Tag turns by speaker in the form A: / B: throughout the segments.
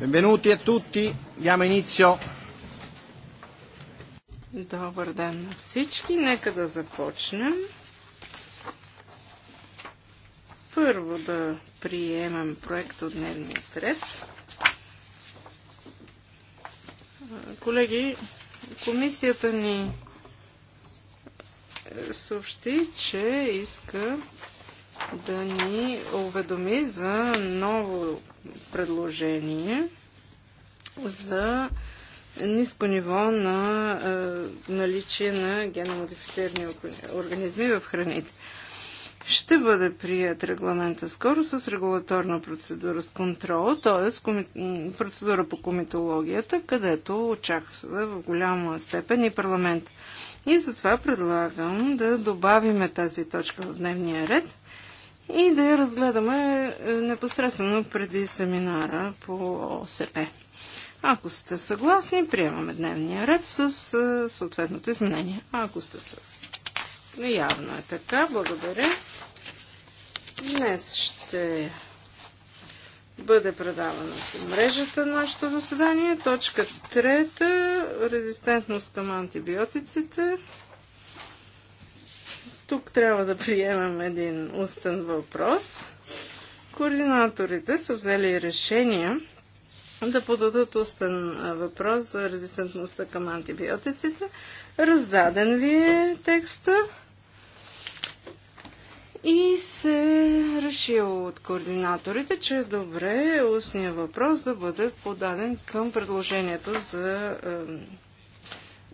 A: Benvenuti a tutti, diamo inizio.
B: Добър ден на всички, нека да започнем. Първо да приемем проект от дневния ред. Колеги, комисията ни е, съобщи, че иска да ни уведоми за ново предложение за ниско ниво на е, наличие на геномодифицирани организми в храните. Ще бъде прият регламента скоро с регулаторна процедура с контрол, т.е. Коми... процедура по комитологията, където очаква в голяма степен и парламент. И затова предлагам да добавиме тази точка в дневния ред и да я разгледаме е, непосредствено преди семинара по ОСП. Ако сте съгласни, приемаме дневния ред с е, съответното изменение. Ако сте съгласни. Явно е така. Благодаря. Днес ще бъде предавано мрежата на нашето заседание. Точка трета. Резистентност към антибиотиците. Тук трябва да приемем един устен въпрос. Координаторите са взели решение да подадат устен въпрос за резистентността към антибиотиците. Раздаден ви е текста и се решило от координаторите, че е добре устния въпрос да бъде подаден към предложението за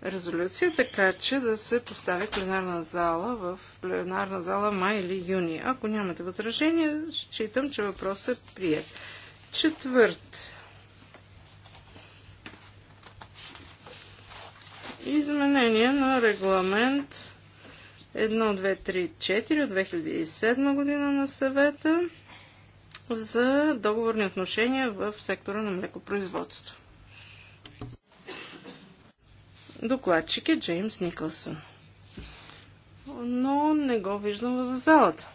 B: резолюция, така че да се постави пленарна зала в пленарна зала май или юни. Ако нямате възражение, считам, че въпросът е прият. Четвърт. Изменение на регламент 1234 от 2007 година на съвета за договорни отношения в сектора на млекопроизводство. Докладчик е Джеймс Никълсън. Но не го виждам в залата.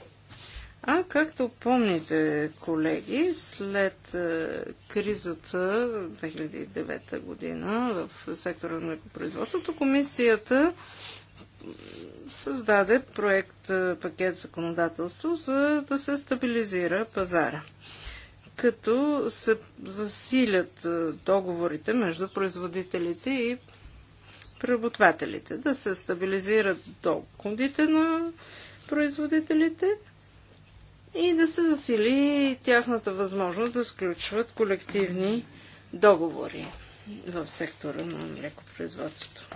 B: А както помните, колеги, след е, кризата 2009 година в сектора на производството, комисията създаде проект е, пакет законодателство, за да се стабилизира пазара като се засилят е, договорите между производителите и преработвателите, да се стабилизират доходите на производителите и да се засили тяхната възможност да сключват колективни договори в сектора на млекопроизводството.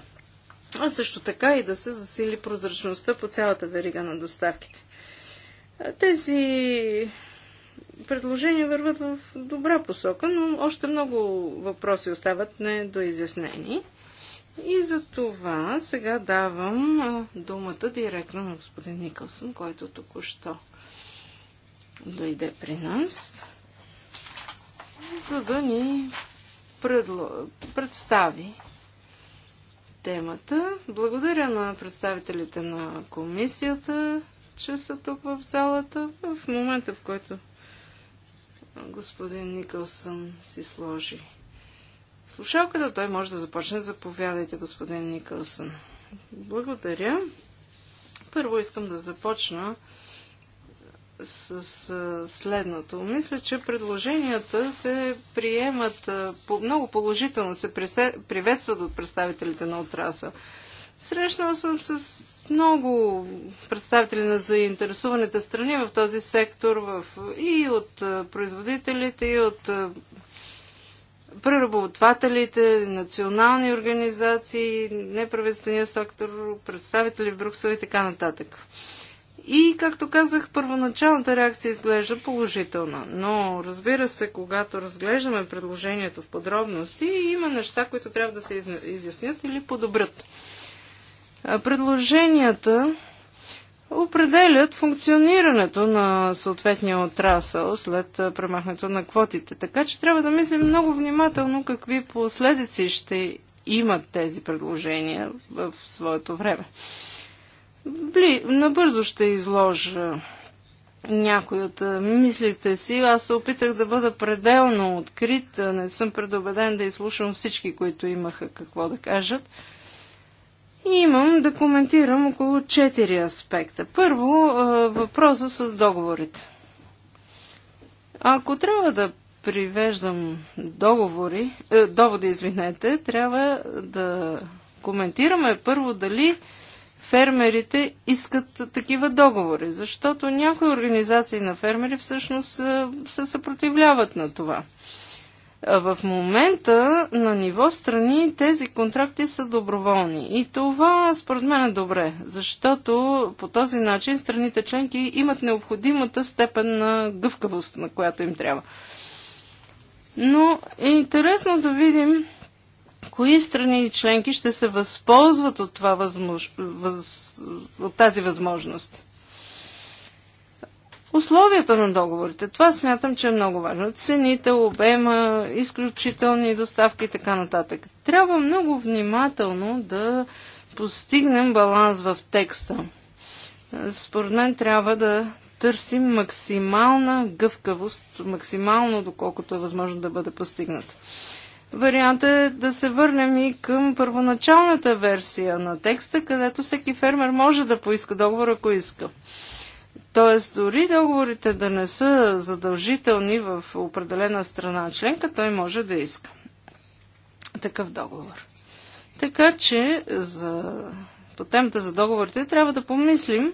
B: А също така и да се засили прозрачността по цялата верига на доставките. Тези предложения върват в добра посока, но още много въпроси остават недоизяснени. И за това сега давам думата директно на господин Никълсън, който току-що дойде при нас, за да ни предло... представи темата. Благодаря на представителите на комисията, че са тук в залата. В момента, в който господин Никълсън си сложи слушалката. Той може да започне. Заповядайте, господин Никълсън. Благодаря. Първо искам да започна с, с следното. Мисля, че предложенията се приемат по, много положително, се приветстват от представителите на отраса. Срещнала съм с много представители на заинтересуваните страни в този сектор в, и от производителите, и от преработвателите, национални организации, неправителствения сектор, представители в Брюксел и така нататък. И, както казах, първоначалната реакция изглежда положителна. Но, разбира се, когато разглеждаме предложението в подробности, има неща, които трябва да се изяснят или подобрят. Предложенията определят функционирането на съответния отрасъл след премахването на квотите. Така че трябва да мислим много внимателно какви последици ще имат тези предложения в своето време. Бли, набързо ще изложа някои от мислите си. Аз се опитах да бъда пределно открит. Не съм предубеден да изслушам всички, които имаха какво да кажат. И имам да коментирам около четири аспекта. Първо, е, въпроса с договорите. Ако трябва да привеждам договори, е, доводи, извинете, трябва да коментираме първо дали фермерите искат такива договори, защото някои организации на фермери всъщност е, се съпротивляват на това. В момента на ниво страни тези контракти са доброволни. И това според мен е добре, защото по този начин страните членки имат необходимата степен на гъвкавост, на която им трябва. Но е интересно да видим кои страни и членки ще се възползват от, това възмож... въз... от тази възможност условията на договорите. Това смятам, че е много важно. Цените, обема, изключителни доставки и така нататък. Трябва много внимателно да постигнем баланс в текста. Според мен трябва да търсим максимална гъвкавост, максимално доколкото е възможно да бъде постигната. Вариантът е да се върнем и към първоначалната версия на текста, където всеки фермер може да поиска договор, ако иска. Тоест, дори договорите да не са задължителни в определена страна членка, той може да иска такъв договор. Така че за, по темата за договорите трябва да помислим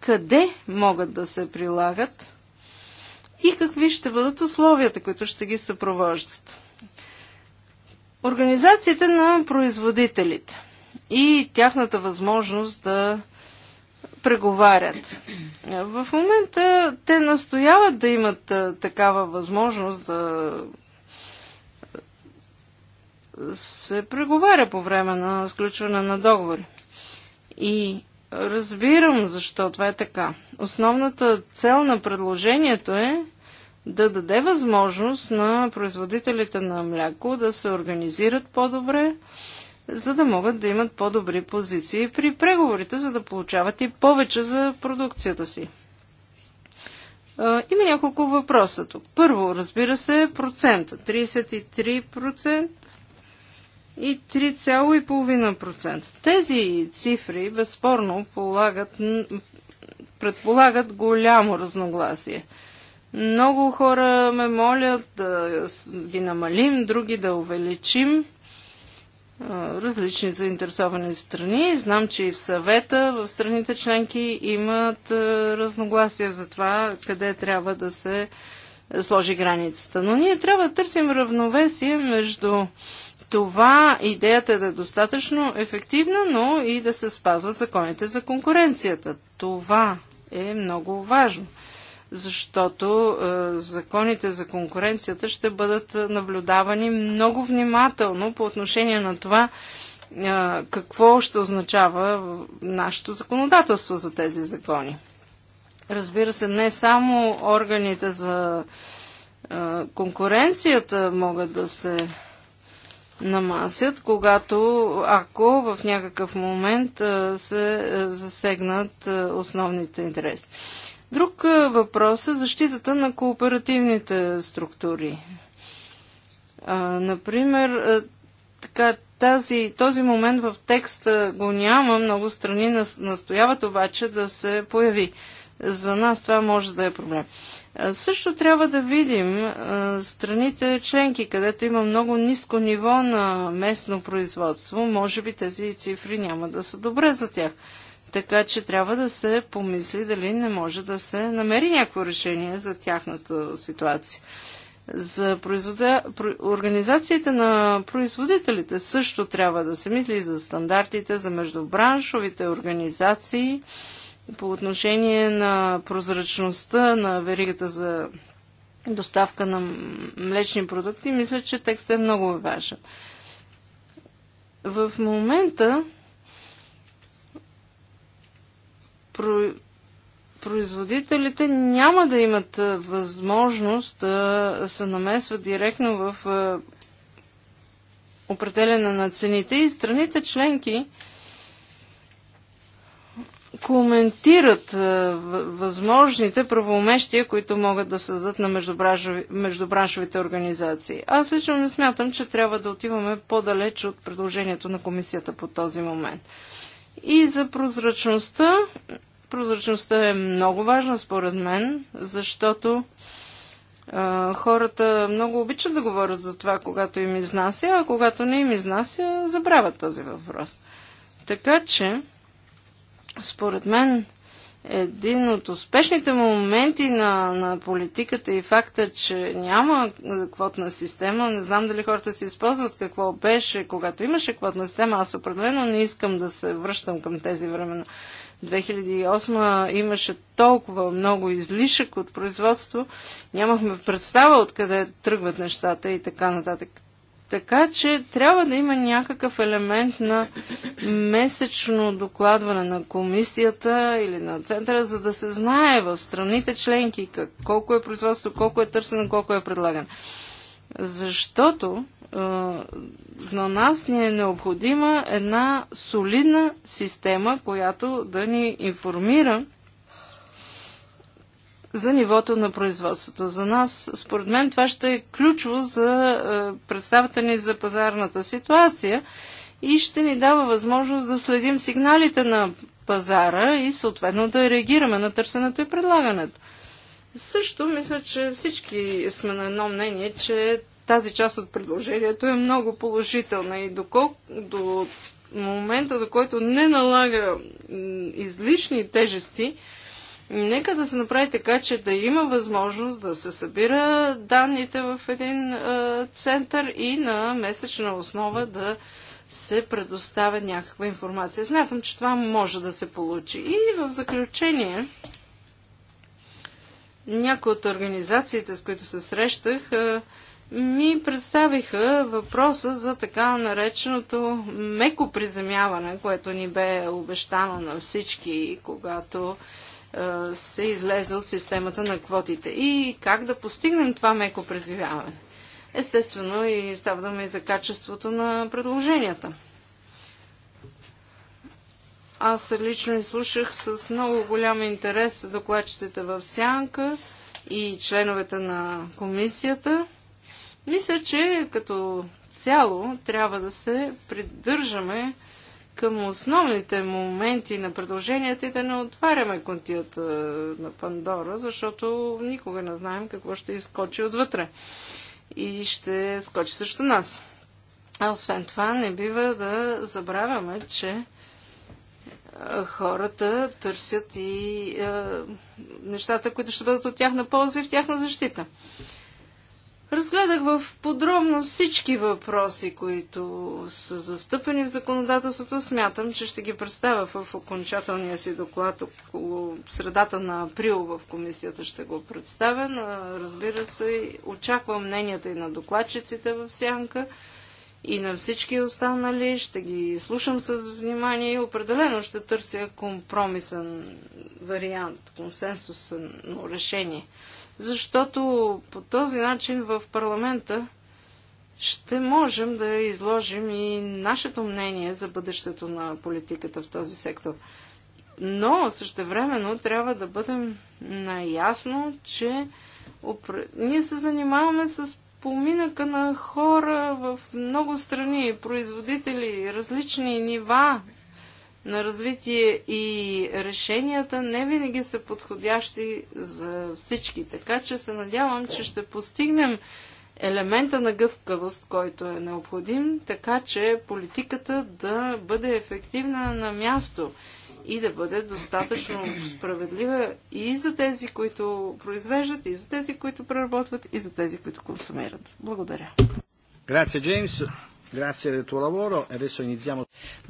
B: къде могат да се прилагат и какви ще бъдат условията, които ще ги съпровождат. Организациите на производителите и тяхната възможност да преговарят. В момента те настояват да имат такава възможност да се преговаря по време на сключване на договори. И разбирам защо това е така. Основната цел на предложението е да даде възможност на производителите на мляко да се организират по-добре, за да могат да имат по-добри позиции при преговорите, за да получават и повече за продукцията си. Има няколко въпроса тук. Първо, разбира се, процента. 33% и 3,5%. Тези цифри безспорно полагат, предполагат голямо разногласие. Много хора ме молят да ги намалим, други да увеличим различни заинтересовани страни. Знам, че и в съвета в страните членки имат разногласия за това къде трябва да се сложи границата. Но ние трябва да търсим равновесие между това идеята е да е достатъчно ефективна, но и да се спазват законите за конкуренцията. Това е много важно защото е, законите за конкуренцията ще бъдат е, наблюдавани много внимателно по отношение на това е, какво ще означава нашето законодателство за тези закони. Разбира се, не само органите за е, конкуренцията могат да се намасят, когато, ако в някакъв момент е, се е, засегнат основните интереси. Друг е, въпрос е защитата на кооперативните структури. А, например, е, така, тази, този момент в текста го няма, много страни настояват обаче да се появи. За нас това може да е проблем. Също трябва да видим страните членки, където има много ниско ниво на местно производство. Може би тези цифри няма да са добре за тях. Така че трябва да се помисли дали не може да се намери някакво решение за тяхната ситуация. За производа... организацията на производителите също трябва да се мисли за стандартите, за междубраншовите организации по отношение на прозрачността на веригата за доставка на млечни продукти. Мисля, че текстът е много важен. В момента производителите няма да имат възможност да се намесват директно в определена на цените и страните членки коментират възможните правомещия, които могат да създадат на междубраншовите организации. Аз лично не смятам, че трябва да отиваме по-далеч от предложението на комисията по този момент. И за прозрачността Прозрачността е много важна според мен, защото а, хората много обичат да говорят за това, когато им изнася, а когато не им изнася, забравят този въпрос. Така че, според мен, един от успешните моменти на, на политиката и факта, че няма квотна система, не знам дали хората си използват какво беше, когато имаше квотна система, аз определено не искам да се връщам към тези времена. 2008 имаше толкова много излишък от производство, нямахме представа откъде тръгват нещата и така нататък. Така че трябва да има някакъв елемент на месечно докладване на комисията или на центъра, за да се знае в страните членки как, колко е производство, колко е търсено, колко е предлагано. Защото на нас ни е необходима една солидна система, която да ни информира за нивото на производството. За нас, според мен, това ще е ключово за е, представата ни за пазарната ситуация и ще ни дава възможност да следим сигналите на пазара и съответно да реагираме на търсенето и предлагането. Също мисля, че всички сме на едно мнение, че тази част от предложението е много положителна и доколко, до момента, до който не налага излишни тежести, нека да се направи така, че да има възможност да се събира данните в един е, център и на месечна основа да се предоставя някаква информация. Смятам, че това може да се получи. И в заключение, някои от организациите, с които се срещах, е, ми представиха въпроса за така нареченото меко приземяване, което ни бе обещано на всички, когато е, се излезе от системата на квотите. И как да постигнем това меко приземяване? Естествено, и става дума и за качеството на предложенията. Аз лично изслушах с много голям интерес докладчетите в Сянка и членовете на комисията. Мисля, че като цяло трябва да се придържаме към основните моменти на предложенията и да не отваряме контията на Пандора, защото никога не знаем какво ще изкочи отвътре. И ще скочи също нас. А освен това, не бива да забравяме, че хората търсят и е, нещата, които ще бъдат от тях на полза и в тяхна защита. Разгледах в подробно всички въпроси, които са застъпени в законодателството. Смятам, че ще ги представя в окончателния си доклад около средата на април в комисията ще го представя. Разбира се, очаквам мненията и на докладчиците в сянка и на всички останали. Ще ги слушам с внимание и определено ще търся компромисен вариант, консенсусно решение защото по този начин в парламента ще можем да изложим и нашето мнение за бъдещето на политиката в този сектор. Но същевременно трябва да бъдем наясно, че ние се занимаваме с поминъка на хора в много страни, производители, различни нива на развитие и решенията не винаги са подходящи за всички. Така че се надявам, че ще постигнем елемента на гъвкавост, който е необходим, така че политиката да бъде ефективна на място и да бъде достатъчно справедлива и за тези, които произвеждат, и за тези, които
A: преработват, и за тези, които консумират. Благодаря. Grazie, James. E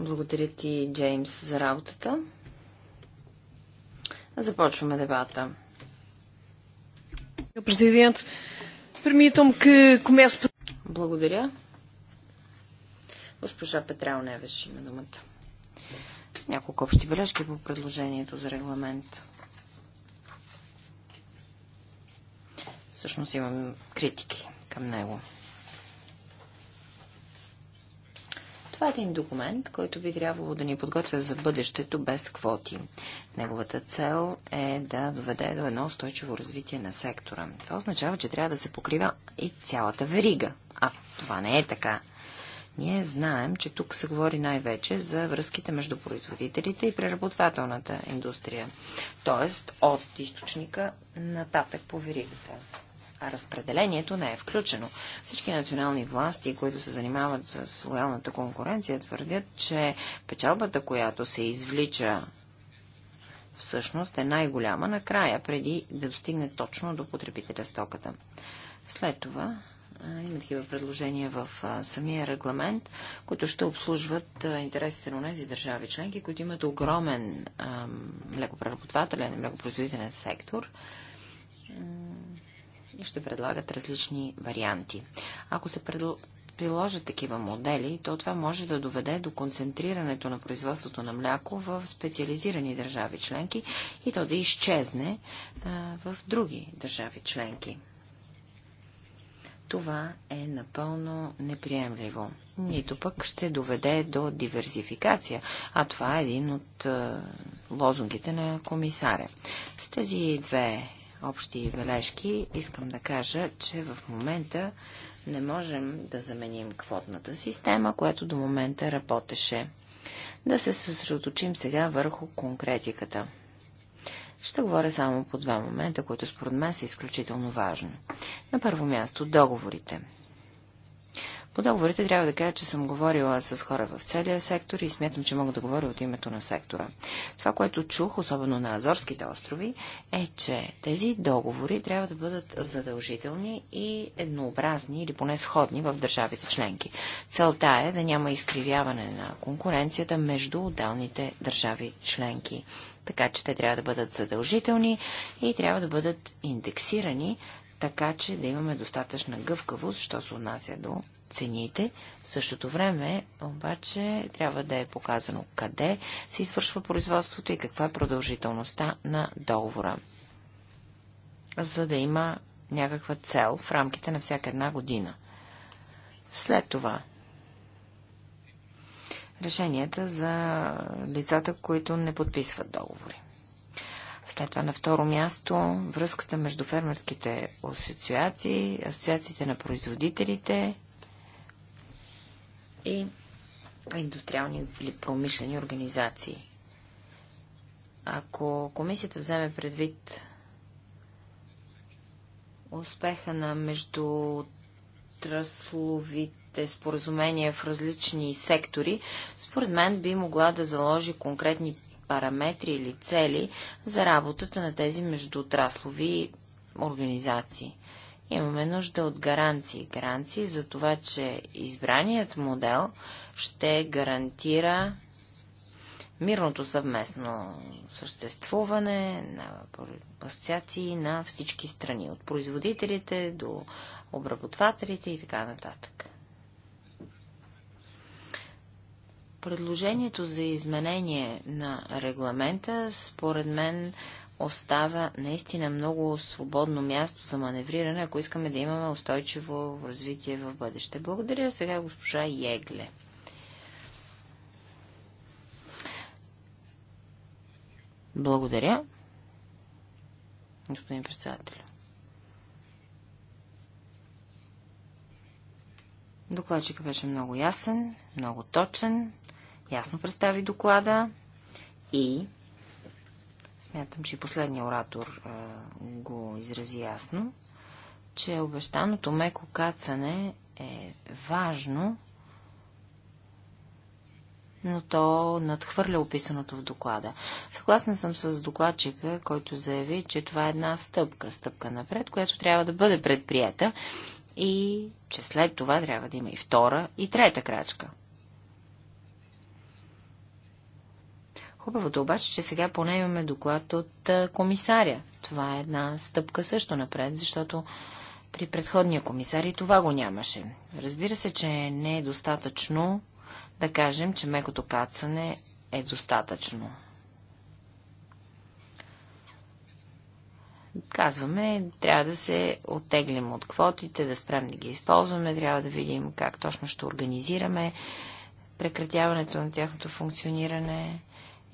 A: Благодаря ти, Джеймс, за работата.
C: Започваме дебата. Президент, Благодаря. Госпожа Петрал Невеш има думата. Няколко общи бележки по предложението за регламент. Всъщност имам критики към него. Това е един документ, който би трябвало да ни подготвя за бъдещето без квоти. Неговата цел е да доведе до едно устойчиво развитие на сектора. Това означава, че трябва да се покрива и цялата верига. А това не е така. Ние знаем, че тук се говори най-вече за връзките между производителите и преработвателната индустрия, т.е. от източника нататък по веригата а разпределението не е включено. Всички национални власти, които се занимават с лоялната конкуренция, твърдят, че печалбата, която се извлича всъщност е най-голяма накрая, преди да достигне точно до потребителя стоката. След това има такива предложения в самия регламент, които ще обслужват интересите на тези държави членки, които имат огромен млекопреработвателен и млекопроизводителен сектор и ще предлагат различни варианти. Ако се предл... приложат такива модели, то това може да доведе до концентрирането на производството на мляко в специализирани държави членки и то да изчезне а, в други държави членки. Това е напълно неприемливо. Нито пък ще доведе до диверсификация, а това е един от лозунгите на комисаря. С тези две общи бележки, искам да кажа, че в момента не можем да заменим квотната система, която до момента работеше. Да се съсредоточим сега върху конкретиката. Ще говоря само по два момента, които според мен са изключително важни. На първо място договорите. По договорите трябва да кажа, че съм говорила с хора в целия сектор и смятам, че мога да говоря от името на сектора. Това, което чух, особено на Азорските острови, е, че тези договори трябва да бъдат задължителни и еднообразни или поне сходни в държавите членки. Целта е да няма изкривяване на конкуренцията между отделните държави членки. Така че те трябва да бъдат задължителни и трябва да бъдат индексирани, така че да имаме достатъчна гъвкавост, що се отнася до цените. В същото време, обаче, трябва да е показано къде се извършва производството и каква е продължителността на договора, за да има някаква цел в рамките на всяка една година. След това, решенията за лицата, които не подписват договори. След това на второ място връзката между фермерските асоциации, асоциациите на производителите и индустриални или промишлени организации. Ако комисията вземе предвид успеха на междутрасловите споразумения в различни сектори, според мен би могла да заложи конкретни параметри или цели за работата на тези междутраслови организации. Имаме нужда от гаранции. Гаранции за това, че избраният модел ще гарантира мирното съвместно съществуване на асоциации на всички страни, от производителите до обработвателите и така нататък. Предложението за изменение на регламента, според мен, остава наистина много свободно място за маневриране, ако искаме да имаме устойчиво развитие в бъдеще. Благодаря сега госпожа Егле. Благодаря, господин председател. Докладчика беше много ясен, много точен, ясно представи доклада и Смятам, че и последния оратор а, го изрази ясно, че обещаното меко кацане е важно, но то надхвърля описаното в доклада. Съгласна съм с докладчика, който заяви, че това е една стъпка, стъпка напред, която трябва да бъде предприета и че след това трябва да има и втора и трета крачка. Хубавото обаче, че сега поне имаме доклад от комисаря. Това е една стъпка също напред, защото при предходния комисар и това го нямаше. Разбира се, че не е достатъчно да кажем, че мекото кацане е достатъчно. Казваме, трябва да се оттеглим от квотите, да спрем да ги използваме, трябва да видим как точно ще организираме прекратяването на тяхното функциониране.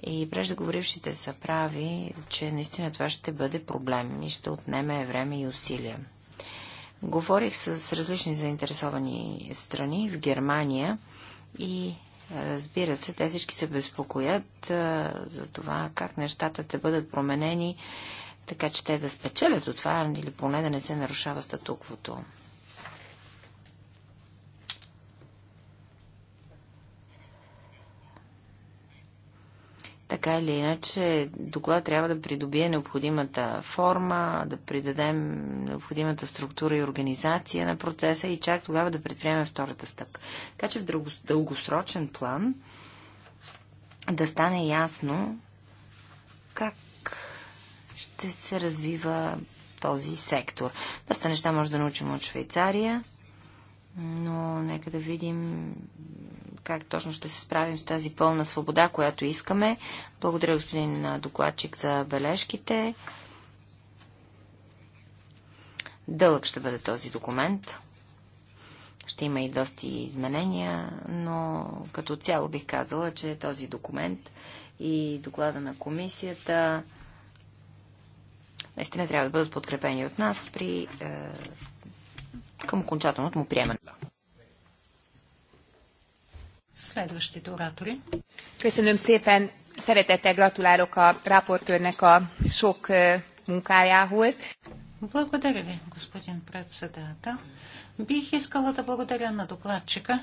C: И преждеговорившите са прави, че наистина това ще бъде проблем и ще отнеме време и усилия. Говорих с различни заинтересовани страни в Германия и разбира се, те всички се безпокоят а, за това как нещата те бъдат променени, така че те да спечелят от това или поне да не се нарушава статуквото. така или иначе доклад трябва да придобие необходимата форма, да придадем необходимата структура и организация на процеса и чак тогава да предприемем втората стъпка. Така че в дългосрочен план да стане ясно как ще се развива този сектор. Доста неща може да научим от Швейцария, но нека да видим как точно ще се справим с тази пълна свобода, която искаме. Благодаря, господин докладчик, за бележките. Дълъг ще бъде този документ. Ще има и доста изменения, но като цяло бих казала, че този документ и доклада на комисията наистина трябва да бъдат подкрепени от нас при, е, към окончателното му приемане.
D: Следващите оратори. Köszönöm szépen. Szeretettel gratulálok a raportőrnek a sok munkájához. Благодаря ви, господин председател. Бих искала да благодаря на докладчика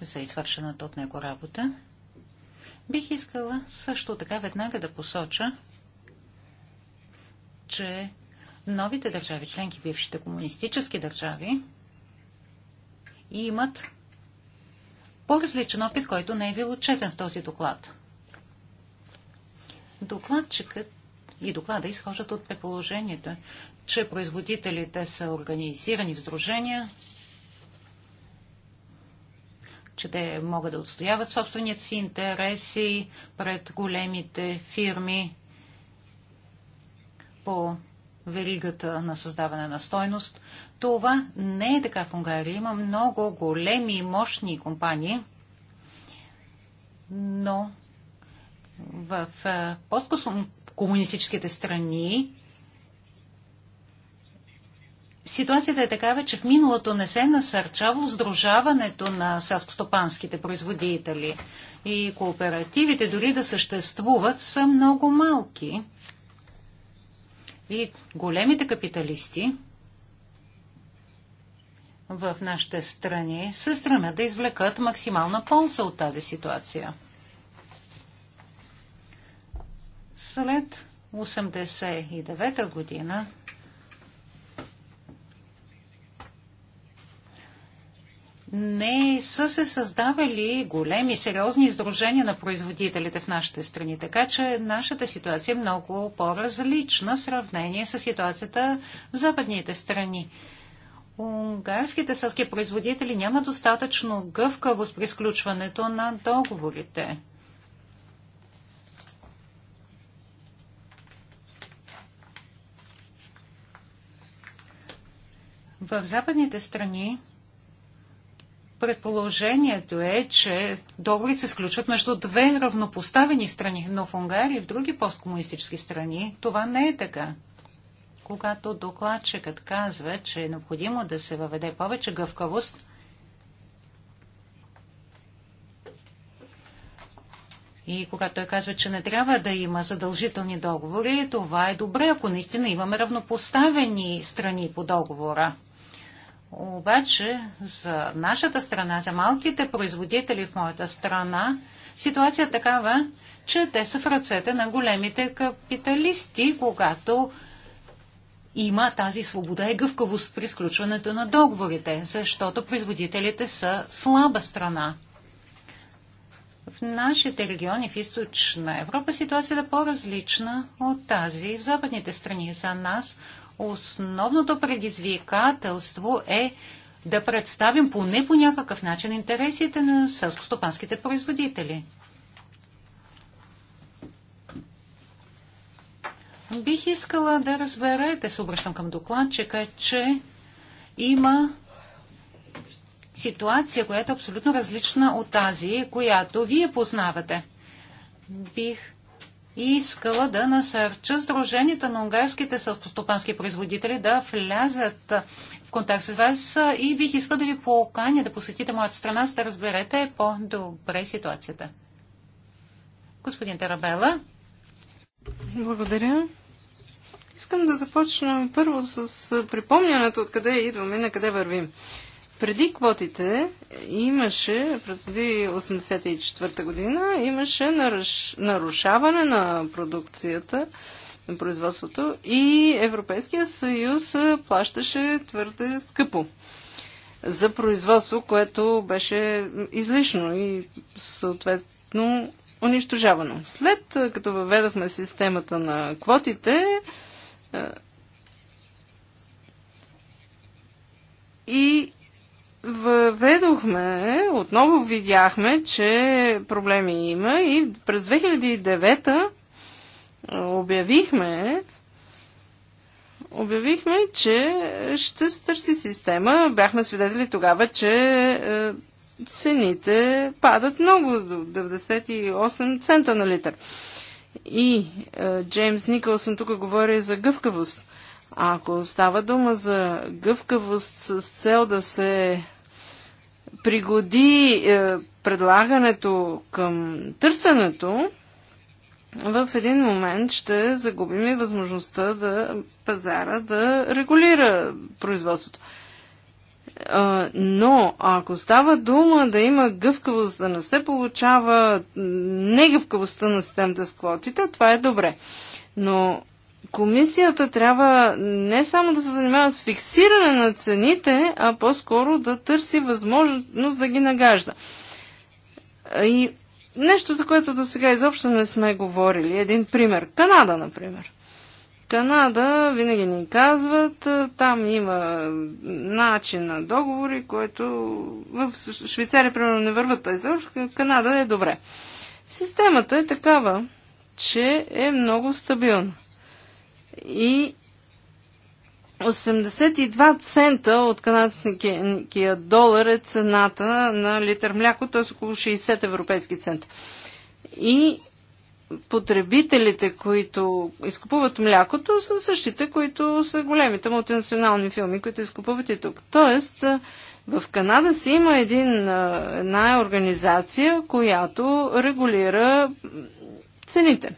D: за извършената от него работа. Бих искала също така веднага да посоча, че новите държави, членки бившите комунистически държави, имат по-различен опит, който не е бил отчетен в този доклад. Докладчикът и доклада изхождат от предположението, че производителите са организирани в сдружения, че те могат да отстояват собствените си интереси пред големите фирми по веригата на създаване на стойност, това не е така в Унгария. Има много големи и мощни компании, но в посткомунистическите страни ситуацията е такава, че в миналото не се е насърчава сдружаването на селскостопанските производители и кооперативите, дори да съществуват, са много малки. И големите капиталисти – в нашите страни се стремят да извлекат максимална полза от тази ситуация. След 89-та година не са се създавали големи, сериозни издружения на производителите в нашите страни. Така че нашата ситуация е много по-различна в сравнение с ситуацията в западните страни унгарските селски производители няма достатъчно гъвкавост при сключването на договорите. В западните страни предположението е, че договорите се сключват между две равнопоставени страни, но в Унгария и в други посткомунистически страни това не е така когато докладчикът казва, че е необходимо да се въведе повече гъвкавост, И когато той казва, че не трябва да има задължителни договори, това е добре, ако наистина имаме равнопоставени страни по договора. Обаче за нашата страна, за малките производители в моята страна, ситуация е такава, че те са в ръцете на големите капиталисти, когато има тази свобода и гъвкавост при сключването на договорите, защото производителите са слаба страна. В нашите региони в източна Европа ситуацията е по-различна от тази в западните страни. За нас основното предизвикателство е да представим поне по някакъв начин интересите на селскостопанските производители. Бих искала да разберете, се обръщам към докладчика, че има ситуация, която е абсолютно различна от тази, която вие познавате. Бих искала да насърча Сдруженията на унгарските селскостопански производители да влязат в контакт с вас и бих искала да ви поканя да посетите моята страна, за да разберете по-добре ситуацията. Господин Тарабела.
B: Благодаря. Искам да започнем първо с припомнянето откъде идваме и на къде вървим. Преди квотите имаше, преди 1984 година, имаше нарушаване на продукцията, на производството и Европейския съюз плащаше твърде скъпо за производство, което беше излишно и съответно унищожавано. След като въведохме системата на квотите, е, и въведохме, отново видяхме, че проблеми има и през 2009 обявихме, обявихме, че ще се търси система. Бяхме свидетели тогава, че е, цените падат много, до 98 цента на литър. И е, Джеймс Никълсън тук говори за гъвкавост. А ако става дума за гъвкавост с цел да се пригоди е, предлагането към търсенето, в един момент ще загубим и възможността да пазара да регулира производството но ако става дума да има гъвкавост, да не се получава негъвкавостта на системата с квотите, това е добре. Но комисията трябва не само да се занимава с фиксиране на цените, а по-скоро да търси възможност да ги нагажда. И нещо, за което до сега изобщо не сме говорили. Един пример. Канада, например. Канада винаги ни казват, е, там има начин на договори, който в Швейцария, примерно, не върват тези, Канада е добре. Системата е такава, че е много стабилна. И 82 цента от канадския долар е цената на литър мляко, т.е. около 60 европейски цента. И потребителите, които изкупуват млякото, са същите, които са големите мултинационални филми, които изкупуват и тук. Тоест, в Канада си има един, една организация, която регулира цените.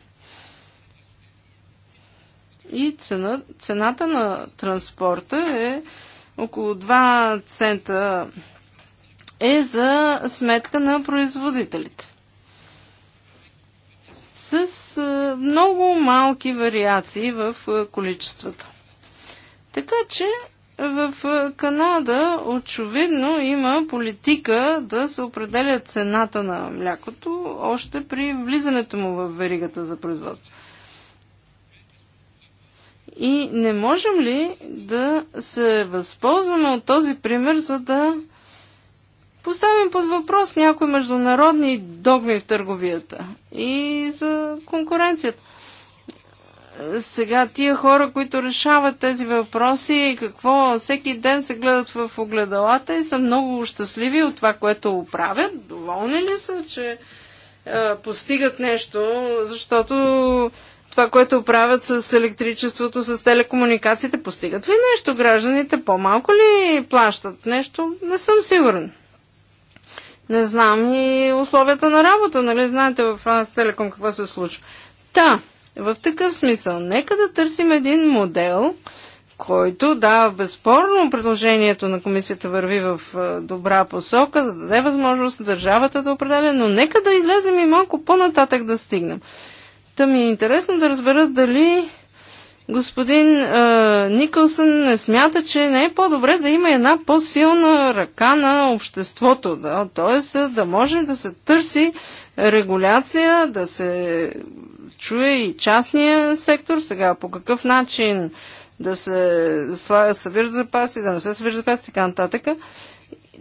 B: И цена, цената на транспорта е около 2 цента е за сметка на производителите с много малки вариации в количествата. Така че в Канада очевидно има политика да се определя цената на млякото още при влизането му в веригата за производство. И не можем ли да се възползваме от този пример, за да поставим под въпрос някои международни догми в търговията и за конкуренцията. Сега тия хора, които решават тези въпроси, какво всеки ден се гледат в огледалата и са много щастливи от това, което правят, доволни ли са, че е, постигат нещо, защото това, което правят с електричеството, с телекомуникациите, постигат ли нещо гражданите? По-малко ли плащат нещо? Не съм сигурен. Не знам и условията на работа, нали знаете в Франс Телеком какво се случва. Та, в такъв смисъл, нека да търсим един модел, който, да, безспорно предложението на комисията върви в добра посока, да даде възможност на държавата да определя, но нека да излезем и малко по-нататък да стигнем. Та ми е интересно да разбера дали господин е, Никълсън не смята, че не е по-добре да има една по-силна ръка на обществото, да? т.е. да може да се търси регуляция, да се чуе и частния сектор. Сега по какъв начин да се събират запаси, да не се събират запаси, така нататък.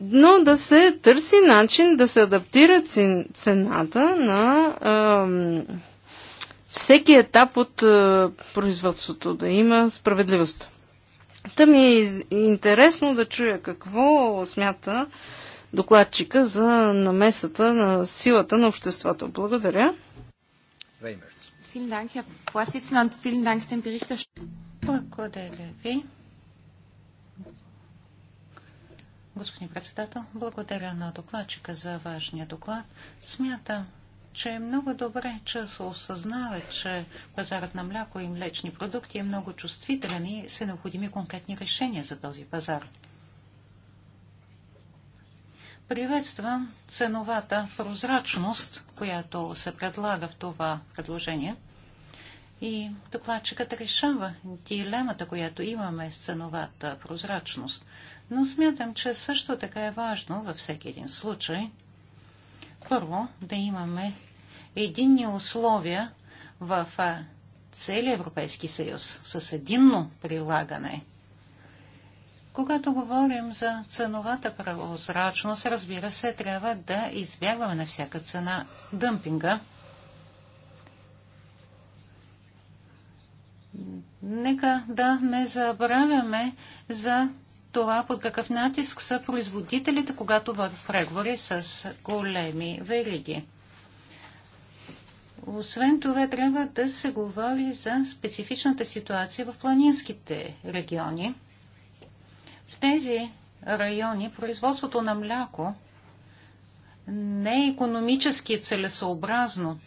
B: Но да се търси начин да се адаптира цената на е, всеки етап от е, производството да има справедливост. Та ми е интересно да чуя какво смята докладчика за намесата на силата на обществото. Благодаря.
D: Благодаря ви. Господин председател, благодаря на докладчика за важния доклад. Смятам, че е много добре, че се осъзнава, че пазарът на мляко и млечни продукти е много чувствителен и са необходими конкретни решения за този пазар. Приветствам ценовата прозрачност, която се предлага в това предложение. И докладчикът решава дилемата, която имаме с ценовата прозрачност. Но смятам, че също така е важно във всеки един случай – първо, да имаме единни условия в целия Европейски съюз с единно прилагане. Когато говорим за ценовата прозрачност, разбира се, трябва да избягваме на всяка цена дъмпинга. Нека да не забравяме за това под какъв натиск са производителите, когато водят преговори с големи вериги. Освен това, трябва да се говори за специфичната ситуация в планинските региони. В тези райони производството на мляко не е економически целесообразно,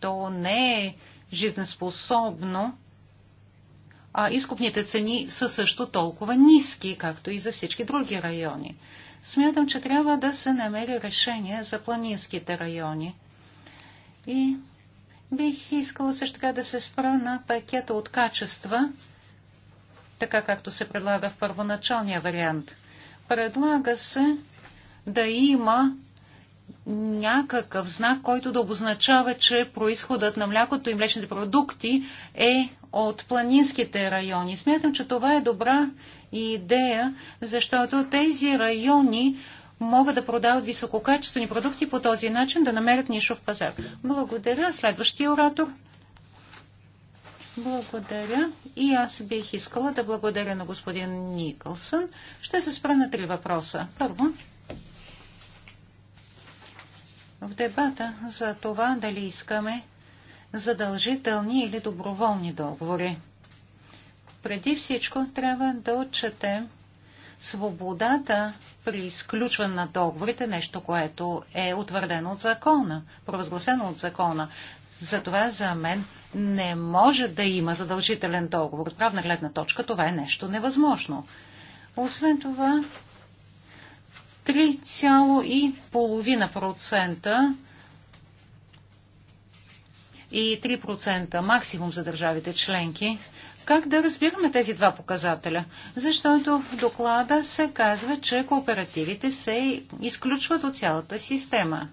D: то не е жизнеспособно а изкупните цени са също толкова ниски, както и за всички други райони. Смятам, че трябва да се намери решение за планинските райони. И бих искала също така да се спра на пакета от качества, така както се предлага в първоначалния вариант. Предлага се да има някакъв знак, който да обозначава, че происходът на млякото и млечните продукти е от планинските райони. Смятам, че това е добра идея, защото тези райони могат да продават висококачествени продукти по този начин да намерят нишов пазар. Благодаря. Следващия оратор. Благодаря. И аз бих искала да благодаря на господин Никълсън. Ще се спра на три въпроса. Първо, в дебата за това дали искаме задължителни или доброволни договори. Преди всичко трябва да отчетем свободата при изключване на договорите, нещо, което е утвърдено от закона, провъзгласено от закона. Затова за мен не може да има задължителен договор. От правна гледна точка това е нещо невъзможно. Освен това, 3,5% и 3% максимум за държавите членки. Как да разбираме тези два показателя? Защото в доклада се казва, че кооперативите се изключват от цялата система.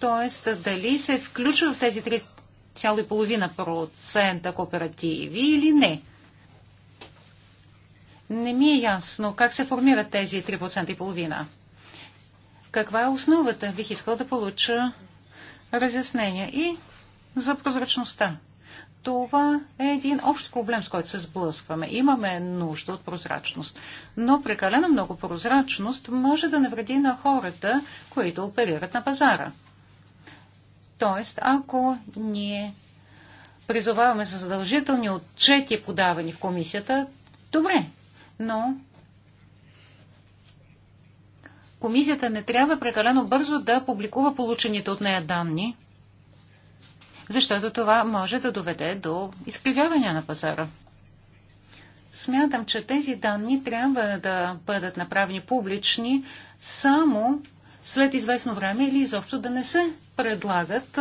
D: Тоест, дали се включва в тези 3,5% кооперативи или не. Не ми е ясно как се формират тези 3% и половина. Каква е основата? Бих искал да получа разяснение. И за прозрачността. Това е един общ проблем, с който се сблъскваме. Имаме нужда от прозрачност. Но прекалено много прозрачност може да навреди на хората, които оперират на пазара. Тоест, ако ние призоваваме за задължителни отчети, подавани в комисията, добре, но комисията не трябва прекалено бързо да публикува получените от нея данни, защото това може да доведе до изкривяване на пазара. Смятам, че тези данни трябва да бъдат направени публични само след известно време или изобщо да не се предлагат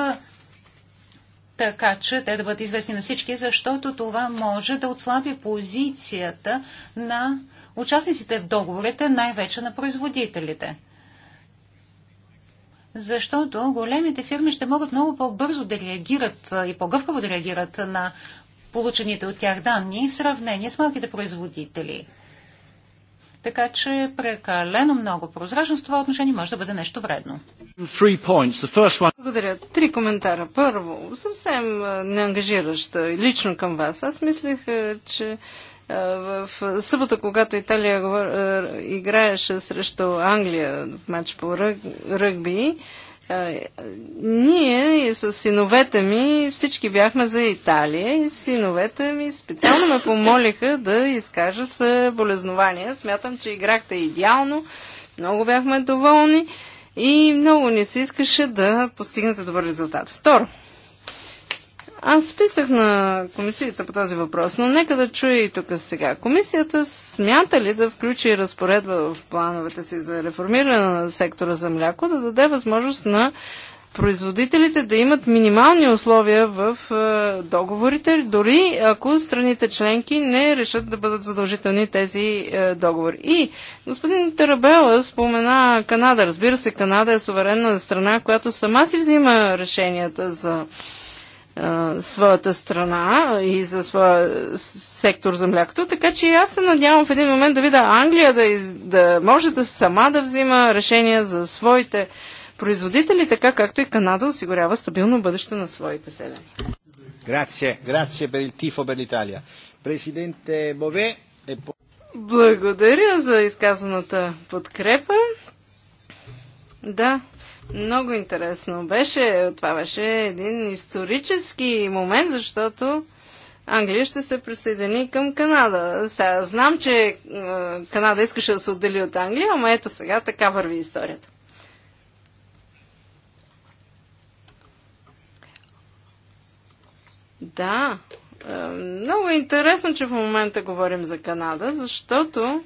D: така че те да бъдат известни на всички, защото това може да отслаби позицията на участниците в договорите, най-вече на производителите. Защото големите фирми ще могат много по-бързо да реагират и по-гъвкаво да реагират на получените от тях данни в сравнение с малките производители. Така че прекалено много прозрачност в това отношение може да бъде нещо вредно.
B: Благодаря. Три коментара. Първо, съвсем неангажираща лично към вас. Аз мислех, че в събота, когато Италия играеше срещу Англия в матч по ръгби, ние с синовете ми всички бяхме за Италия и синовете ми специално ме помолиха да изкажа съболезнования. Смятам, че играхте идеално, много бяхме доволни и много не се искаше да постигнете добър резултат. Второ, аз писах на комисията по този въпрос, но нека да чуя и тук сега. Комисията смята ли да включи разпоредба в плановете си за реформиране на сектора за мляко, да даде възможност на производителите да имат минимални условия в е, договорите, дори ако страните членки не решат да бъдат задължителни тези е, договори. И господин Тарабела спомена Канада. Разбира се, Канада е суверенна страна, която сама си взима решенията за своята страна и за своя сектор за млякото. Така че аз се надявам в един момент да видя Англия да, из, да може да сама да взима решения за своите производители, така както и Канада осигурява стабилно бъдеще на своите селени.
A: per il tifo per l'Italia. Бове е по...
B: Благодаря за изказаната подкрепа. Да, много интересно беше. Това беше един исторически момент, защото Англия ще се присъедини към Канада. Сега, знам, че е, Канада искаше да се отдели от Англия, ама ето сега така върви историята. Да, е, много интересно, че в момента говорим за Канада, защото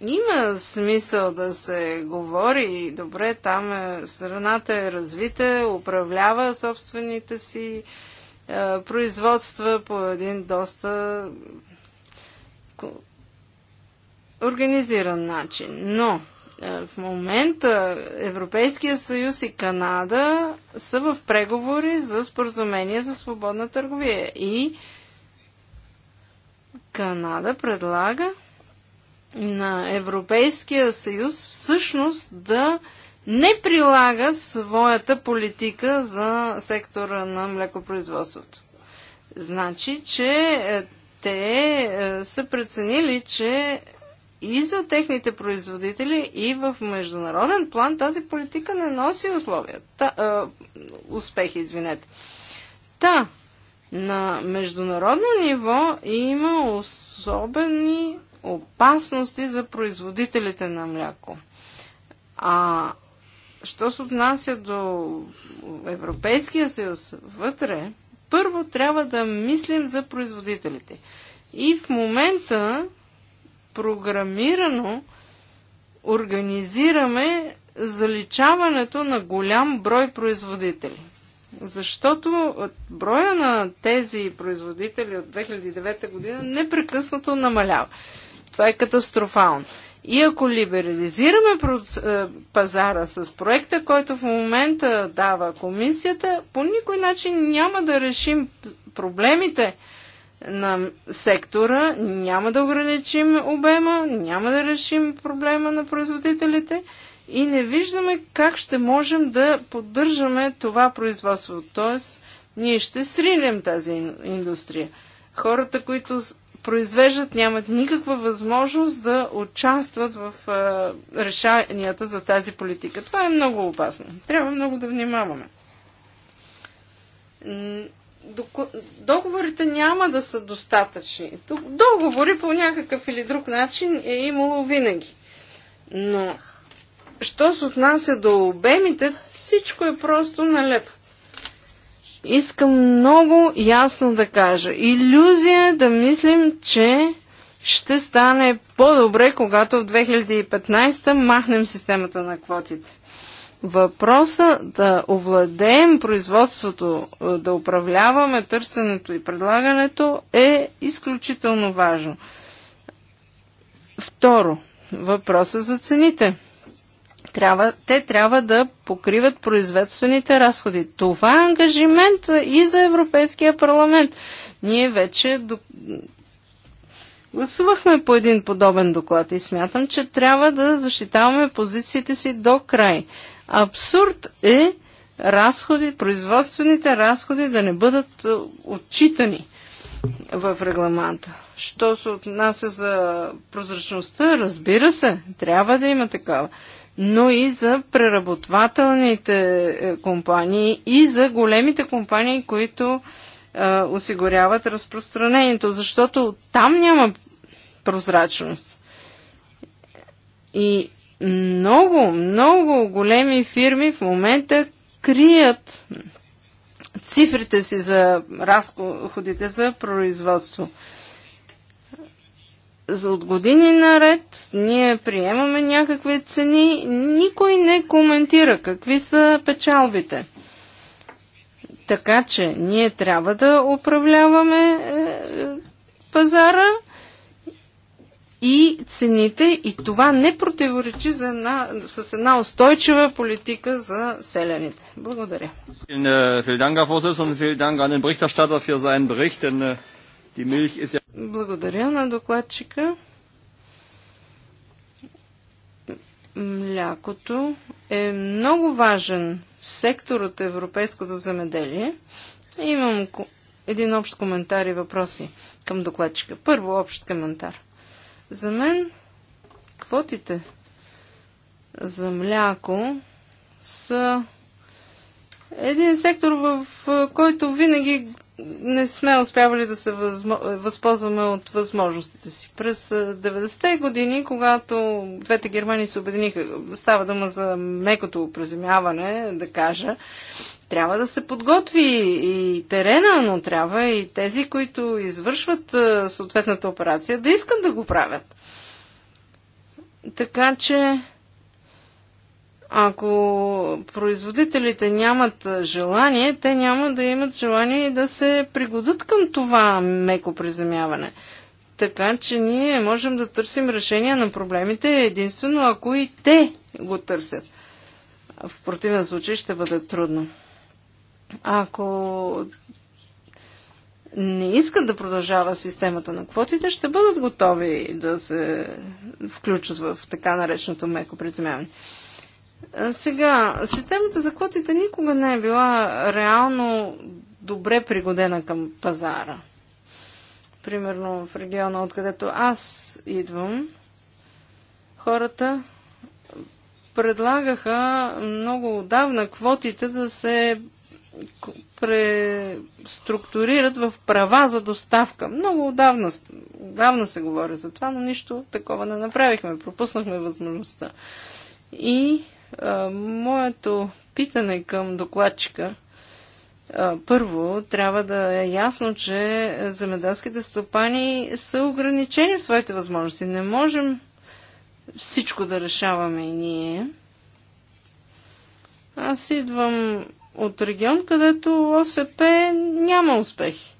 B: има смисъл да се говори. Добре, там е, страната е развита, управлява собствените си е, производства по един доста организиран начин. Но е, в момента Европейския съюз и Канада са в преговори за споразумение за свободна търговия. И Канада предлага на Европейския съюз всъщност да не прилага своята политика за сектора на млекопроизводството. Значи, че е, те е, са преценили, че и за техните производители, и в международен план тази политика не носи условия. Та, е, успехи, извинете. Та, на международно ниво има особени опасности за производителите на мляко. А що се отнася до Европейския съюз вътре, първо трябва да мислим за производителите. И в момента програмирано организираме заличаването на голям брой производители. Защото броя на тези производители от 2009 година непрекъснато намалява. Това е катастрофално. И ако либерализираме е, пазара с проекта, който в момента дава комисията, по никой начин няма да решим проблемите на сектора, няма да ограничим обема, няма да решим проблема на производителите и не виждаме как ще можем да поддържаме това производство. Тоест, ние ще сринем тази индустрия. Хората, които произвеждат, нямат никаква възможност да участват в а, решенията за тази политика. Това е много опасно. Трябва много да внимаваме. Договорите няма да са достатъчни. Договори по някакъв или друг начин е имало винаги. Но, що се отнася до обемите, всичко е просто налепо. Искам много ясно да кажа. Иллюзия е да мислим, че ще стане по-добре, когато в 2015 махнем системата на квотите. Въпроса да овладеем производството, е, да управляваме търсенето и предлагането е изключително важно. Второ, въпроса за цените трябва, те трябва да покриват производствените разходи. Това е ангажимент и за Европейския парламент. Ние вече до... гласувахме по един подобен доклад и смятам, че трябва да защитаваме позициите си до край. Абсурд е разходи, производствените разходи да не бъдат е, отчитани в регламента. Що се отнася за прозрачността, разбира се, трябва да има такава но и за преработвателните е, компании и за големите компании, които а, е, осигуряват разпространението, защото там няма прозрачност. И много, много големи фирми в момента крият цифрите си за разходите за производство за от години наред ние приемаме някакви цени, никой не коментира какви са печалбите. Така че ние трябва да управляваме е, пазара и цените и това не противоречи за една, с една устойчива политика за селяните. Благодаря. Е, благодаря на докладчика. Млякото е много важен сектор от европейското земеделие. Имам един общ коментар и въпроси към докладчика. Първо общ коментар. За мен квотите за мляко са един сектор, в който винаги не сме успявали да се възмо... възползваме от възможностите си. През 90-те години, когато двете Германии се обединиха, става дума за мекото преземяване, да кажа, трябва да се подготви и терена, но трябва и тези, които извършват съответната операция, да искат да го правят. Така че ако производителите нямат желание, те няма да имат желание и да се пригодат към това меко приземяване. Така че ние можем да търсим решение на проблемите единствено ако и те го търсят. В противен случай ще бъде трудно. Ако не искат да продължава системата на квотите, ще бъдат готови да се включат в така нареченото меко приземяване. Сега, системата за квотите никога не е била реално добре пригодена към пазара. Примерно в региона, откъдето аз идвам, хората предлагаха много отдавна квотите да се преструктурират в права за доставка. Много отдавна, отдавна се говори за това, но нищо такова не направихме. Пропуснахме възможността. И Моето питане към докладчика първо трябва да е ясно, че земеделските стопани са ограничени в своите възможности. Не можем всичко да решаваме и ние. Аз идвам от регион, където ОСП няма успехи.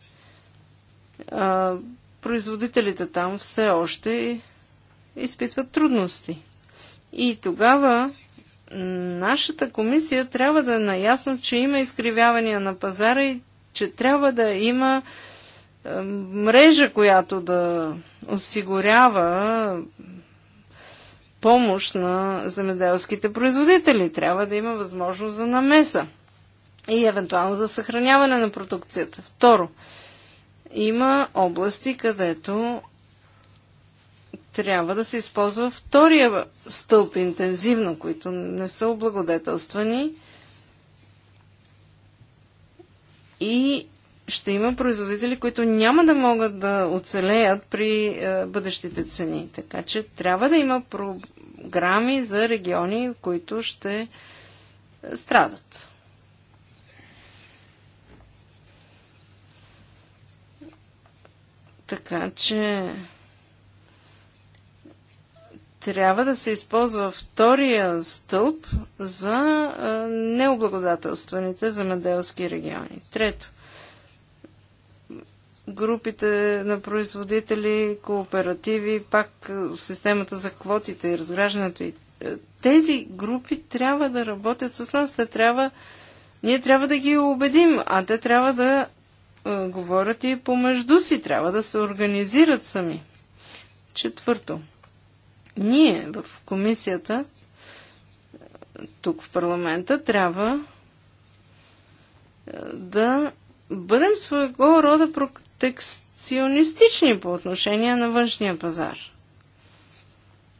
B: А, производителите там все още изпитват трудности. И тогава нашата комисия трябва да е наясно, че има изкривявания на пазара и че трябва да има е, мрежа, която да осигурява помощ на земеделските производители. Трябва да има възможност за намеса и евентуално за съхраняване на продукцията. Второ, има области, където трябва да се използва втория стълб интензивно, които не са облагодетелствани. И ще има производители, които няма да могат да оцелеят при е, бъдещите цени. Така че трябва да има програми за региони, които ще е, страдат. Така че трябва да се използва втория стълб за необлагодателстваните земеделски региони. Трето, групите на производители, кооперативи, пак системата за квотите и разграждането. Тези групи трябва да работят с нас. Те трябва, ние трябва да ги убедим, а те трябва да говорят и помежду си, трябва да се организират сами. Четвърто – ние в комисията, тук в парламента, трябва е, да бъдем своего рода протекционистични по отношение на външния пазар.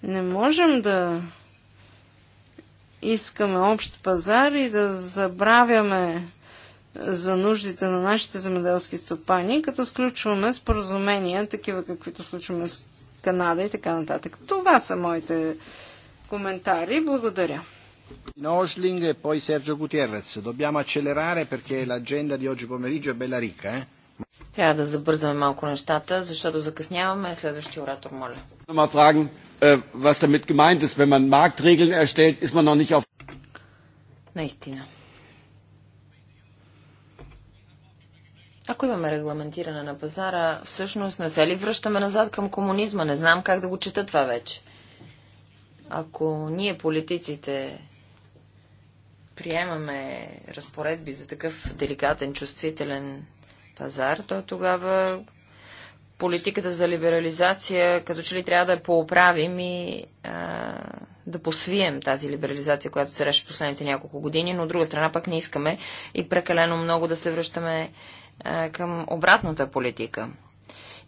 B: Не можем да искаме общ пазар и да забравяме е, за нуждите на нашите земеделски стопани, като сключваме споразумения, такива каквито сключваме с Канада и така нататък. Това са моите коментари. Благодаря.
A: Osling e poi Sergio Gutierrez. Dobbiamo accelerare perché l'agenda di oggi pomeriggio è bella ricca, eh?
C: Трябва да забързаме малко нещата, защото закъсняваме. Следващия оратор, моля.
A: Mal fragen, was damit gemeint ist. Wenn man Marktregeln erstellt, ist man noch nicht auf...
C: Наистина. Ако имаме регламентиране на пазара, всъщност не се ли връщаме назад към комунизма? Не знам как да го чета това вече. Ако ние политиците приемаме разпоредби за такъв деликатен, чувствителен пазар, то тогава политиката за либерализация като че ли трябва да я поуправим и а, да посвием тази либерализация, която се реши последните няколко години, но от друга страна пък не искаме и прекалено много да се връщаме към обратната политика.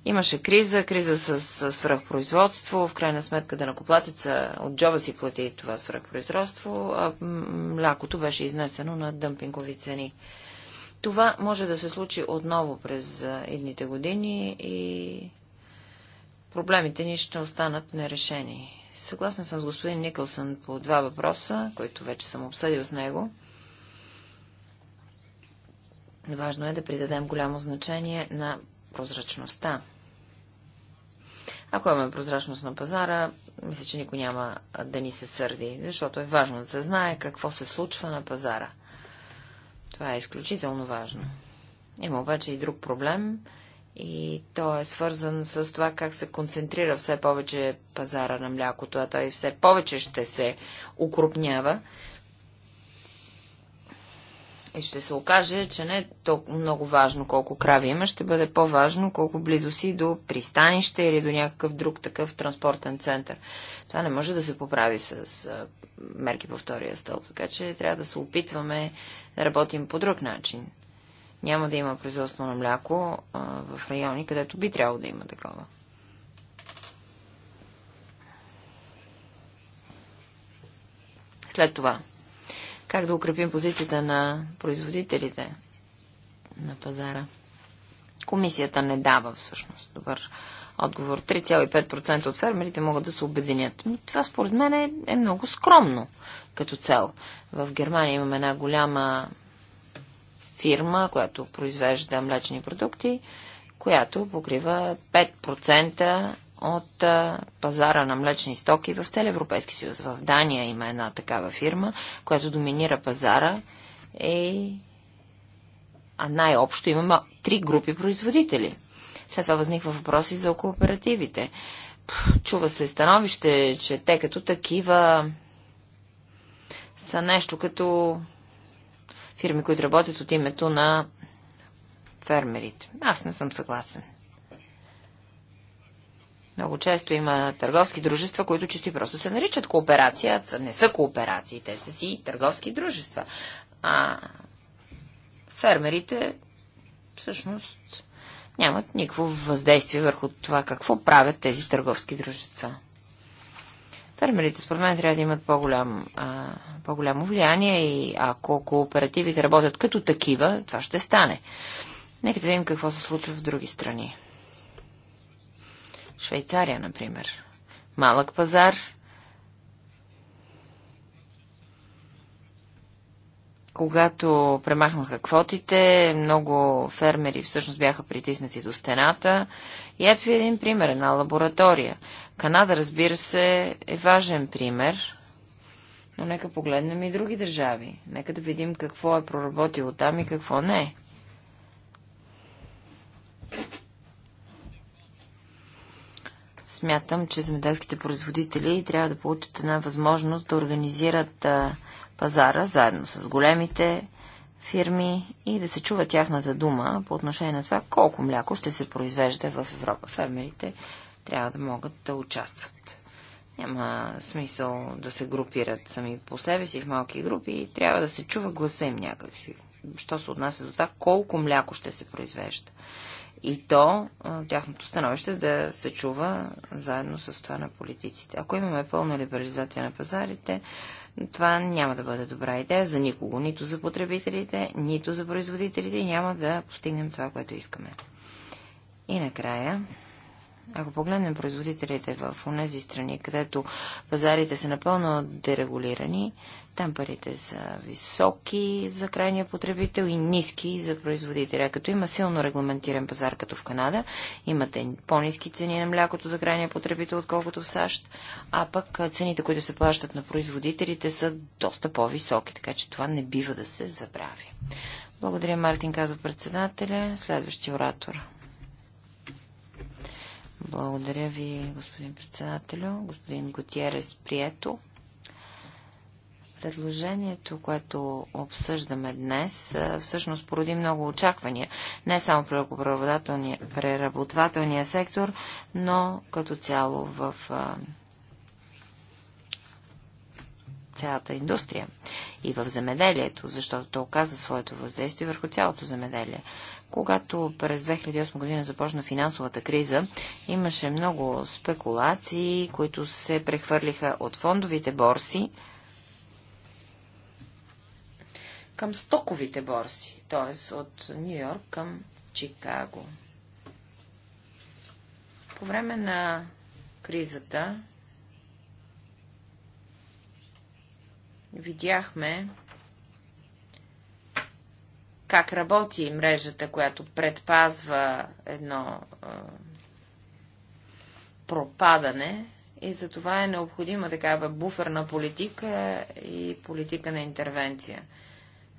C: Имаше криза, криза с, с свръхпроизводство, в крайна сметка да накоплатеца от джоба си плати това свръхпроизводство, а млякото беше изнесено на дъмпингови цени. Това може да се случи отново през едните години и проблемите ни ще останат нерешени. Съгласна съм с господин Никълсън по два въпроса, които вече съм обсъдил с него. Важно е да придадем голямо значение на прозрачността. Ако имаме прозрачност на пазара, мисля, че никой няма да ни се сърди, защото е важно да се знае какво се случва на пазара. Това е изключително важно. Има обаче и друг проблем и то е свързан с това как се концентрира все повече пазара на млякото, а той все повече ще се укрупнява и ще се окаже, че не е толкова много важно колко крави има, ще бъде по-важно колко близо си до пристанище или до някакъв друг такъв транспортен център. Това не може да се поправи с мерки по втория стълб, така че трябва да се опитваме да работим по друг начин. Няма да има производство на мляко а, в райони, където би трябвало да има такова. След това как да укрепим позицията на производителите на пазара. Комисията не дава всъщност добър отговор. 3,5% от фермерите могат да се обединят. Това според мен е, е много скромно като цел. В Германия имаме една голяма фирма, която произвежда млечни продукти, която покрива 5% от пазара на млечни стоки в цел Европейски съюз. В Дания има една такава фирма, която доминира пазара е... а най-общо имаме три групи производители. След това възниква въпроси за кооперативите. Чува се становище, че те като такива са нещо като фирми, които работят от името на фермерите. Аз не съм съгласен. Много често има търговски дружества, които чисто и просто се наричат кооперация, а не са кооперации, те са си търговски дружества. А фермерите всъщност нямат никакво въздействие върху това какво правят тези търговски дружества. Фермерите, според мен, трябва да имат по-голям, по-голямо влияние и ако кооперативите работят като такива, това ще стане. Нека да видим какво се случва в други страни. Швейцария, например. Малък пазар. Когато премахнаха квотите, много фермери всъщност бяха притиснати до стената. И ето ви един пример, една лаборатория. Канада, разбира се, е важен пример, но нека погледнем и други държави. Нека да видим какво е проработило там и какво не Смятам, че земеделските производители трябва да получат една възможност да организират пазара заедно с големите фирми и да се чува тяхната дума по отношение на това колко мляко ще се произвежда в Европа. Фермерите трябва да могат да участват. Няма смисъл да се групират сами по себе си в малки групи и трябва да се чува гласа им някакси. Що се отнася до това, колко мляко ще се произвежда и то тяхното становище да се чува заедно с това на политиците. Ако имаме пълна либерализация на пазарите, това няма да бъде добра идея за никого, нито за потребителите, нито за производителите и няма да постигнем това, което искаме. И накрая, ако погледнем производителите в тези страни, където пазарите са напълно дерегулирани, там парите са високи за крайния потребител и ниски за производителя. Като има силно регламентиран пазар, като в Канада, имате по-низки цени на млякото за крайния потребител, отколкото в САЩ, а пък цените, които се плащат на производителите, са доста по-високи, така че това не бива да се забрави. Благодаря, Мартин, казва председателя. Следващия оратор. Благодаря ви, господин председателю. Господин Готиерес, прието. Предложението, което обсъждаме днес, е, всъщност породи много очаквания. Не само преработвателния сектор, но като цяло в е, цялата индустрия и в земеделието, защото то оказва своето въздействие върху цялото земеделие. Когато през 2008 година започна финансовата криза, имаше много спекулации, които се прехвърлиха от фондовите борси към стоковите борси, т.е. от Нью Йорк към Чикаго. По време на кризата видяхме, как работи мрежата, която предпазва едно а, пропадане и за това е необходима такава буферна политика и политика на интервенция.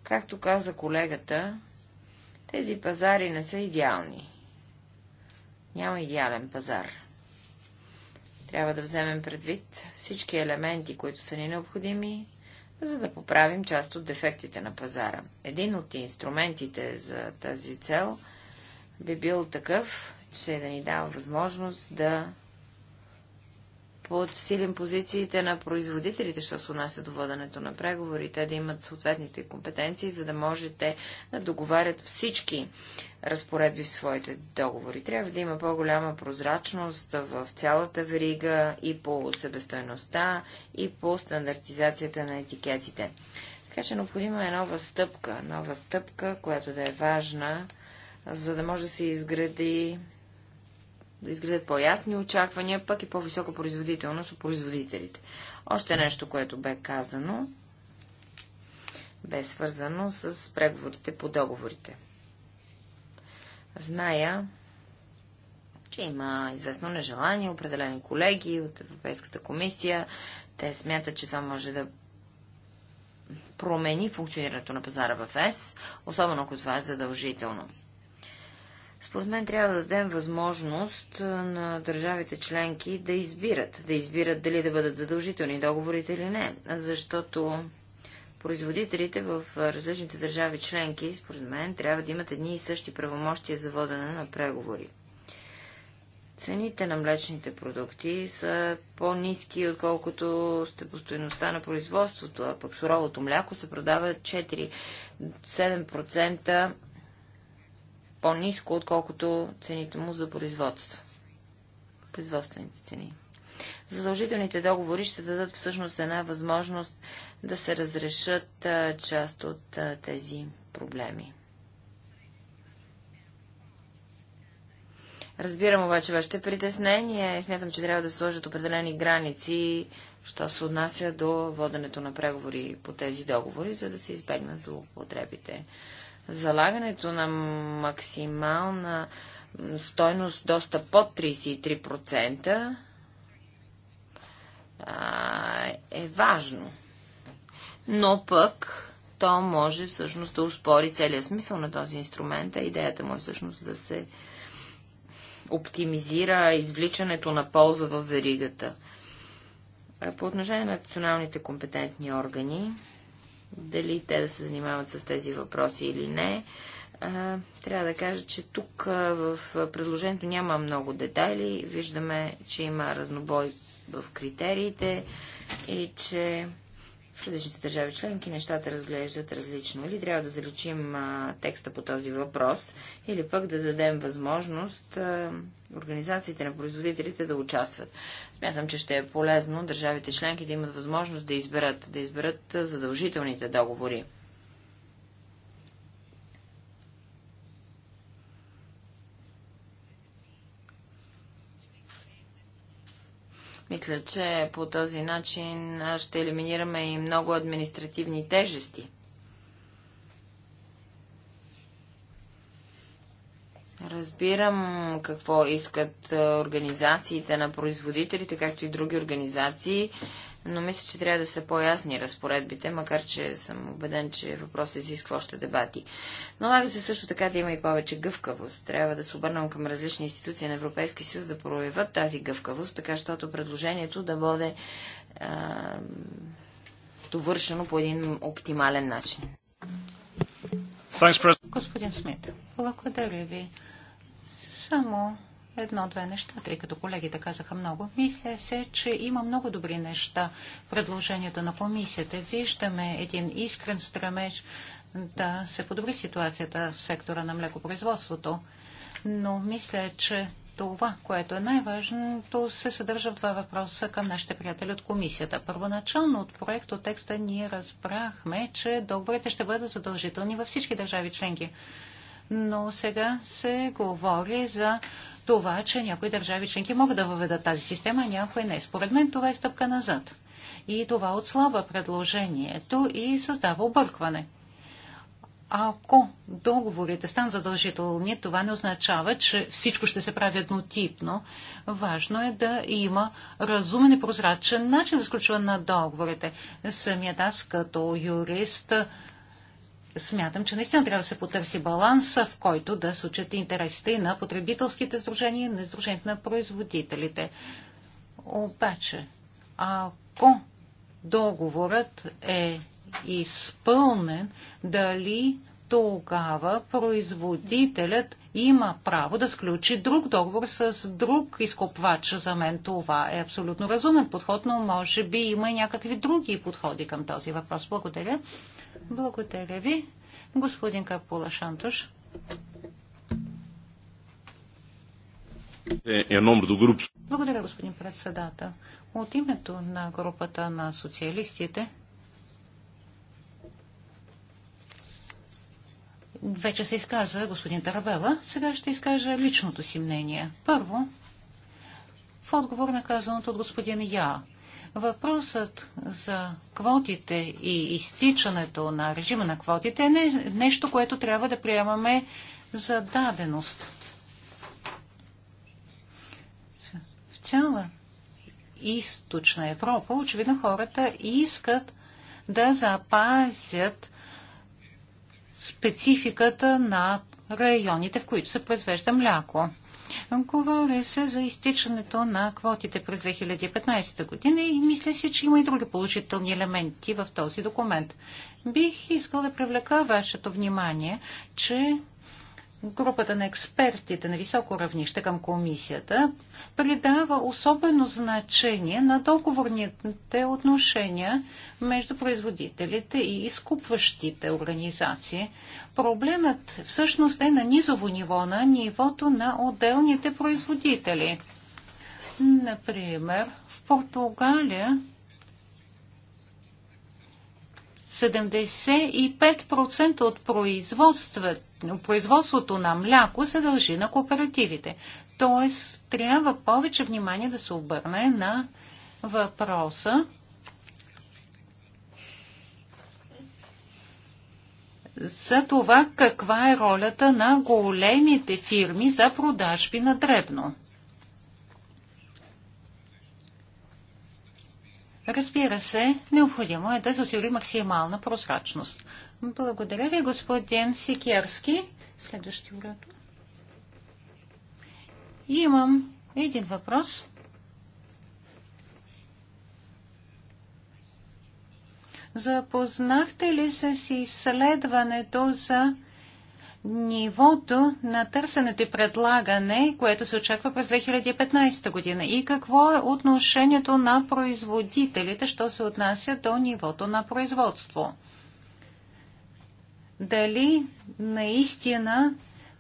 C: Както каза колегата, тези пазари не са идеални. Няма идеален пазар. Трябва да вземем предвид всички елементи, които са ни необходими, за да поправим част от дефектите на пазара. Един от инструментите за тази цел би бил такъв, че да ни дава възможност да подсилим позициите на производителите, що се отнася до воденето на преговори, те да имат съответните компетенции, за да можете да договарят всички разпоредби в своите договори. Трябва да има по-голяма прозрачност в цялата верига и по себестойността, и по стандартизацията на етикетите. Така че необходима е нова стъпка, нова стъпка, която да е важна, за да може да се изгради да изградят по-ясни очаквания, пък и по-висока производителност от производителите. Още нещо, което бе казано, бе свързано с преговорите по договорите. Зная, че има известно нежелание, определени колеги от Европейската комисия, те смятат, че това може да промени функционирането на пазара в ЕС, особено ако това е задължително. Според мен трябва да дадем възможност на държавите членки да избират, да избират дали да бъдат задължителни договорите или не, защото производителите в различните държави членки, според мен, трябва да имат едни и същи правомощия за водене на преговори. Цените на млечните продукти са по-низки, отколкото сте по стоеността на производството, а пък суровото мляко се продава 4-7% по-низко, отколкото цените му за производство. Производствените цени. Задължителните договори ще дадат всъщност една възможност да се разрешат част от тези проблеми. Разбирам обаче вашите притеснения и смятам, че трябва да сложат определени граници, що се отнася до воденето на преговори по тези договори, за да се избегнат злоупотребите залагането на максимална стойност доста под 33% е важно. Но пък то може всъщност да успори целият смисъл на този инструмент, а идеята му е всъщност да се оптимизира извличането на полза в веригата. По отношение на националните компетентни органи, дали те да се занимават с тези въпроси или не. трябва да кажа, че тук в предложението няма много детайли. Виждаме, че има разнобой в критериите и че в различните държави членки нещата разглеждат различно. Или трябва да заличим текста по този въпрос, или пък да дадем възможност организациите на производителите да участват. Смятам, че ще е полезно държавите членки да имат възможност да изберат, да изберат задължителните договори. Мисля, че по този начин ще елиминираме и много административни тежести. Разбирам какво искат организациите на производителите, както и други организации, но мисля, че трябва да са по-ясни разпоредбите, макар че съм убеден, че въпросът изисква още дебати. Налага се също така да има и повече гъвкавост. Трябва да се обърнем към различни институции на Европейския съюз да проявят тази гъвкавост, така защото предложението да бъде а, довършено по един оптимален начин. Господин Смит,
D: благодаря ви. Само едно-две неща, тъй като колегите казаха много. Мисля се, че има много добри неща в предложението на комисията. Виждаме един искрен стремеж да се подобри ситуацията в сектора на млекопроизводството. Но мисля, че това, което е най-важното, се съдържа в два въпроса към нашите приятели от комисията. Първоначално от проекто текста ние разбрахме, че договорите ще бъдат задължителни във всички държави членки но сега се говори за това, че някои държави членки могат да въведат тази система, а някои не. Според мен това е стъпка назад. И това отслабва предложението и създава объркване. Ако договорите станат задължителни, това не означава, че всичко ще се прави еднотипно. Важно е да има разумен и прозрачен начин за сключване на договорите. Самият аз като юрист смятам, че наистина трябва да се потърси баланса, в който да се учат интересите на потребителските сдружения и на сдружението на производителите. Обаче, ако договорът е изпълнен, дали тогава производителят има право да сключи друг договор с друг изкопвач. За мен това е абсолютно разумен подход, но може би има и някакви други подходи към този въпрос. Благодаря. Благодаря ви. Господин Капула Шантош. Е, е Благодаря, господин председател. От името на групата на социалистите вече се изказа господин Тарабела. Сега ще изкажа личното си мнение. Първо, в отговор на казаното от господин Я Въпросът за квотите и изтичането на режима на квотите е нещо, което трябва да приемаме за даденост. В цяла източна Европа, очевидно хората искат да запазят спецификата на районите, в които се произвежда мляко. Говори се за изтичането на квотите през 2015 година и мисля си, че има и други положителни елементи в този документ. Бих искал да привлека вашето внимание, че групата на експертите на високо равнище към комисията придава особено значение на договорните отношения между производителите и изкупващите организации. Проблемът всъщност е на низово ниво, на нивото на отделните производители. Например, в Португалия 75% от производството на мляко се дължи на кооперативите. Тоест, трябва повече внимание да се обърне на въпроса за това каква е ролята на големите фирми за продажби на дребно. Разбира се, необходимо е да се осигури максимална прозрачност. Благодаря ви, господин Сикерски. Следващия оратор. Имам един въпрос. Запознахте ли се с изследването за нивото на търсенето и предлагане, което се очаква през 2015 година? И какво е отношението на производителите, що се отнася до нивото на производство? Дали наистина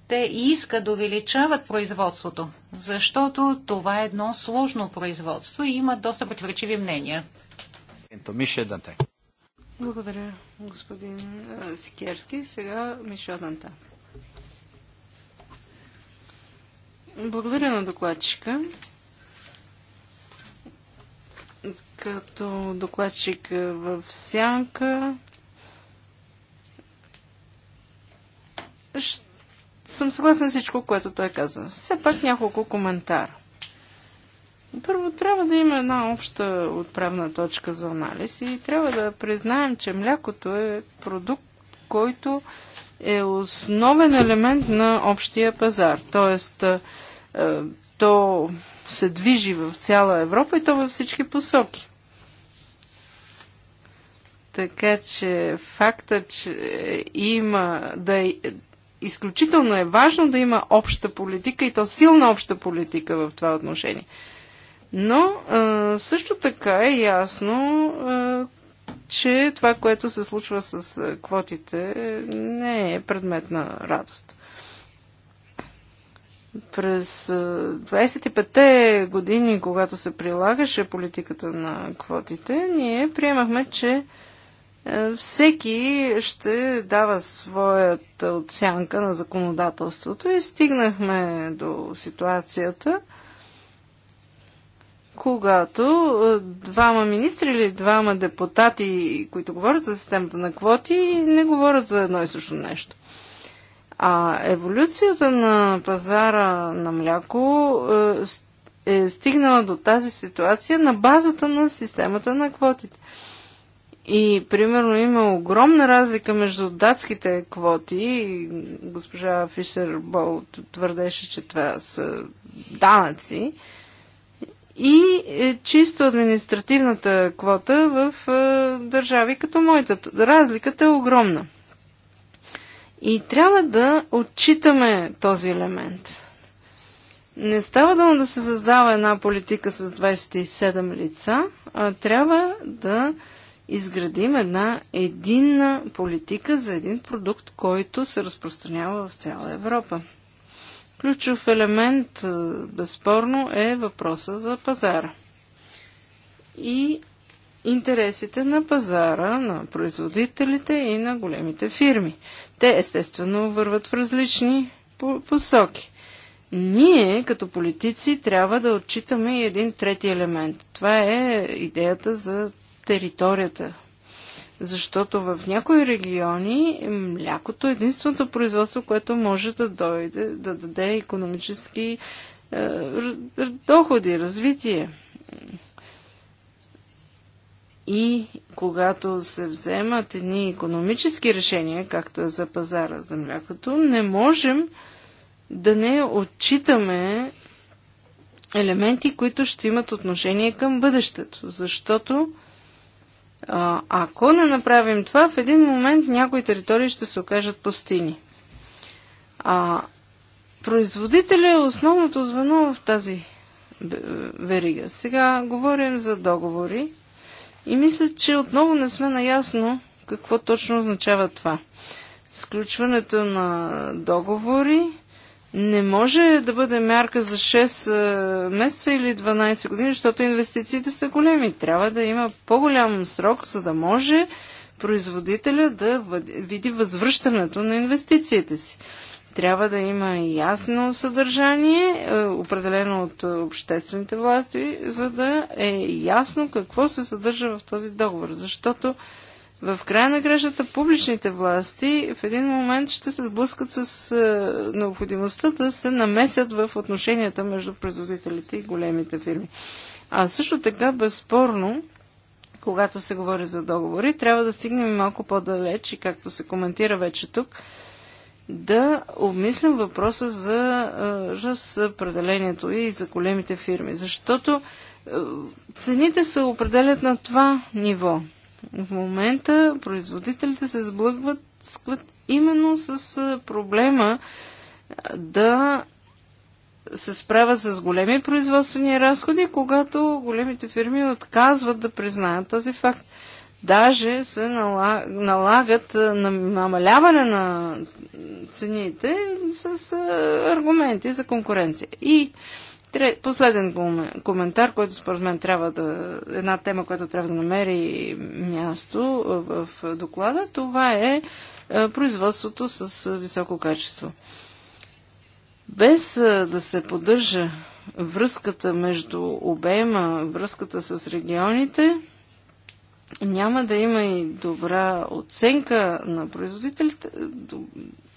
D: те искат да увеличават производството, защото това е едно сложно производство и имат доста противоречиви мнения.
B: Благодаря, господин Сикерски. Сега Мишо Данта. Благодаря на докладчика. Като докладчик в Сянка съм съгласна с всичко, което той каза. Все пак няколко коментара. Първо трябва да има една обща отправна точка за анализ и трябва да признаем, че млякото е продукт, който е основен елемент на общия пазар. Тоест, е, то се движи в цяла Европа и то във всички посоки. Така че факта, че има да е, изключително е важно да има обща политика и то силна обща политика в това отношение. Но също така е ясно, че това, което се случва с квотите, не е предмет на радост. През 25-те години, когато се прилагаше политиката на квотите, ние приемахме, че всеки ще дава своята оценка на законодателството и стигнахме до ситуацията – когато двама министри или двама депутати, които говорят за системата на квоти, не говорят за едно и също нещо. А еволюцията на пазара на мляко е стигнала до тази ситуация на базата на системата на квотите. И, примерно, има огромна разлика между датските квоти. Госпожа Фишер Бол твърдеше, че това са данъци и е, чисто административната квота в е, държави като моята. Разликата е огромна. И трябва да отчитаме този елемент. Не става дума да се създава една политика с 27 лица, а трябва да изградим една единна политика за един продукт, който се разпространява в цяла Европа. Ключов елемент, е, безспорно, е въпроса за пазара. И интересите на пазара, на производителите и на големите фирми. Те, естествено, върват в различни посоки. Ние, като политици, трябва да отчитаме и един трети елемент. Това е идеята за територията, защото в някои региони млякото е единственото производство, което може да дойде, да даде економически е, доходи, развитие. И когато се вземат едни економически решения, както е за пазара за млякото, не можем да не отчитаме елементи, които ще имат отношение към бъдещето. Защото ако не направим това, в един момент някои територии ще се окажат пустини. А производителя е основното звено в тази е, верига. Сега говорим за договори и мисля, че отново не сме наясно какво точно означава това. Сключването на договори не може да бъде мярка за 6 месеца или 12 години, защото инвестициите са големи. Трябва да има по-голям срок, за да може производителя да види възвръщането на инвестициите си. Трябва да има ясно съдържание, е, определено от обществените власти, за да е ясно какво се съдържа в този договор. Защото в края на грешата публичните власти в един момент ще се сблъскат с е, необходимостта да се намесят в отношенията между производителите и големите фирми. А също така, безспорно, когато се говори за договори, трябва да стигнем малко по-далеч и както се коментира вече тук, да обмислям въпроса за разпределението е, и за големите фирми. Защото е, цените се определят на това ниво. В момента производителите се сблъгват именно с проблема да се справят с големи производствени разходи, когато големите фирми отказват да признаят този факт. Даже се налагат на намаляване на цените с аргументи за конкуренция. И Последен коментар, който според мен трябва да... Една тема, която трябва да намери място в доклада, това е производството с високо качество. Без да се поддържа връзката между обема, връзката с регионите, няма да има и добра оценка на производителите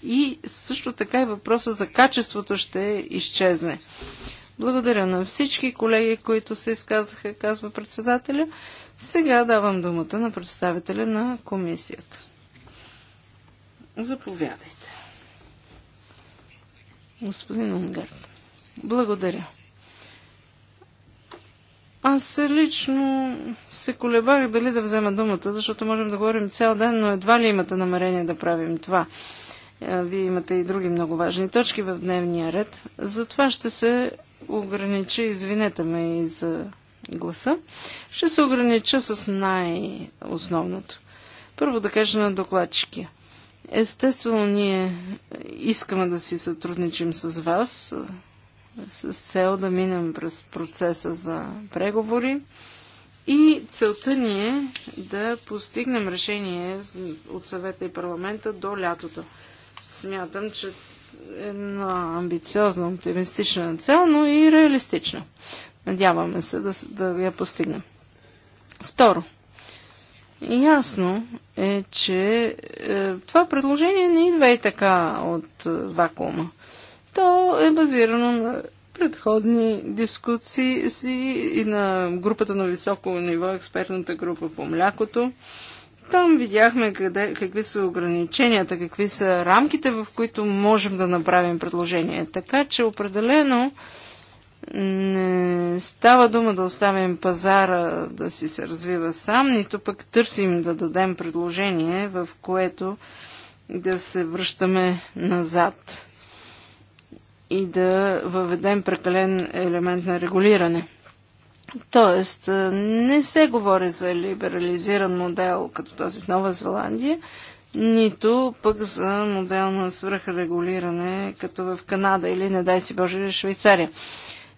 B: и също така и въпроса за качеството ще изчезне. Благодаря на всички колеги, които се изказаха, казва председателя. Сега давам думата на представителя на комисията. Заповядайте. Господин Унгар, благодаря. Аз лично се колебах дали да взема думата, защото можем да говорим цял ден, но едва ли имате намерение да правим това. Е, вие имате и други много важни точки в дневния ред. Затова ще се огранича, извинете ме и за гласа, ще се огранича с най-основното. Първо да кажа на докладчики. Естествено, ние искаме да си сътрудничим с вас с цел да минем през процеса за преговори. И целта ни е да постигнем решение от съвета и парламента до лятото. Смятам, че една амбициозна, оптимистична цел, но и реалистична. Надяваме се да, да я постигнем. Второ, ясно е, че е, това предложение не идва и така от е, вакуума. То е базирано на предходни дискусии и на групата на високо ниво, експертната група по млякото. Е, там видяхме къде, какви са ограниченията, какви са рамките, в които можем да направим предложение. Така че определено не става дума да оставим пазара да си се развива сам, нито пък търсим да дадем предложение, в което да се връщаме назад и да въведем прекален елемент на регулиране. Тоест, не се говори за либерализиран модел като този в Нова Зеландия, нито пък за модел на свръхрегулиране като в Канада или, не дай си Боже, Швейцария.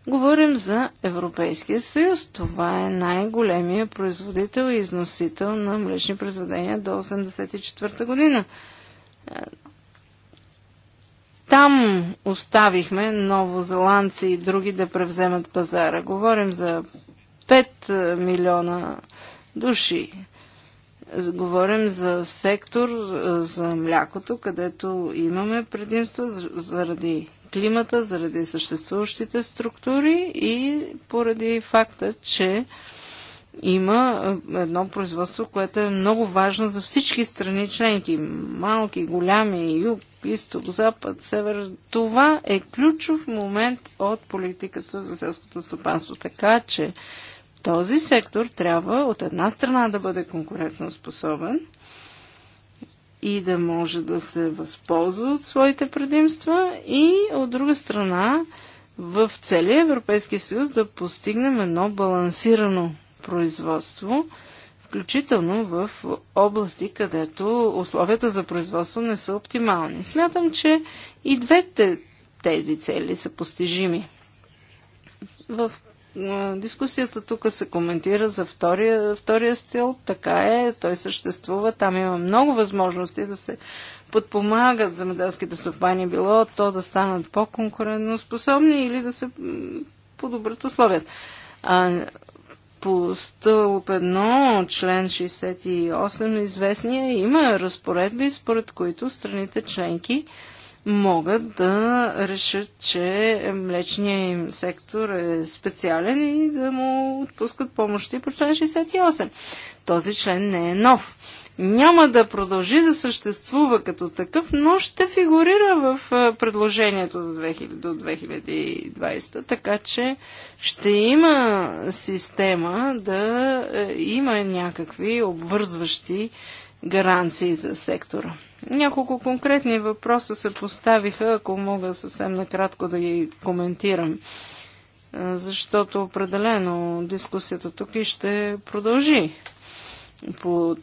B: Говорим за Европейския съюз. Това е най-големия производител и износител на млечни произведения до 1984 година. Там оставихме новозеландци и други да превземат пазара. Говорим за 5 е, милиона души. Говорим за сектор е, за млякото, където имаме предимства заради климата, заради съществуващите структури и поради факта, че има е, едно производство, което е много важно за всички страни членки. Малки, голями, юг, изток, запад, север. Това е ключов момент от политиката за селското стопанство. Така че този сектор трябва от една страна да бъде конкурентно способен и да може да се възползва от своите предимства и от друга страна в целия Европейски съюз да постигнем едно балансирано производство – включително в области, където условията за производство не са оптимални. Смятам, че и двете тези цели са постижими. В дискусията тук се коментира за втория, втория стил. Така е, той съществува. Там има много възможности да се подпомагат земеделските стопани, било то да станат по-конкурентоспособни или да се подобрят условията по стълб 1, член 68, известния, има разпоредби, според които страните членки могат да решат, че млечният им сектор е специален и да му отпускат помощи по член 68. Този член не е нов няма да продължи да съществува като такъв, но ще фигурира в предложението до 2020, така че ще има система да е, има някакви обвързващи гаранции за сектора. Няколко конкретни въпроса се поставиха, ако мога съвсем накратко да ги коментирам защото определено дискусията тук и ще продължи по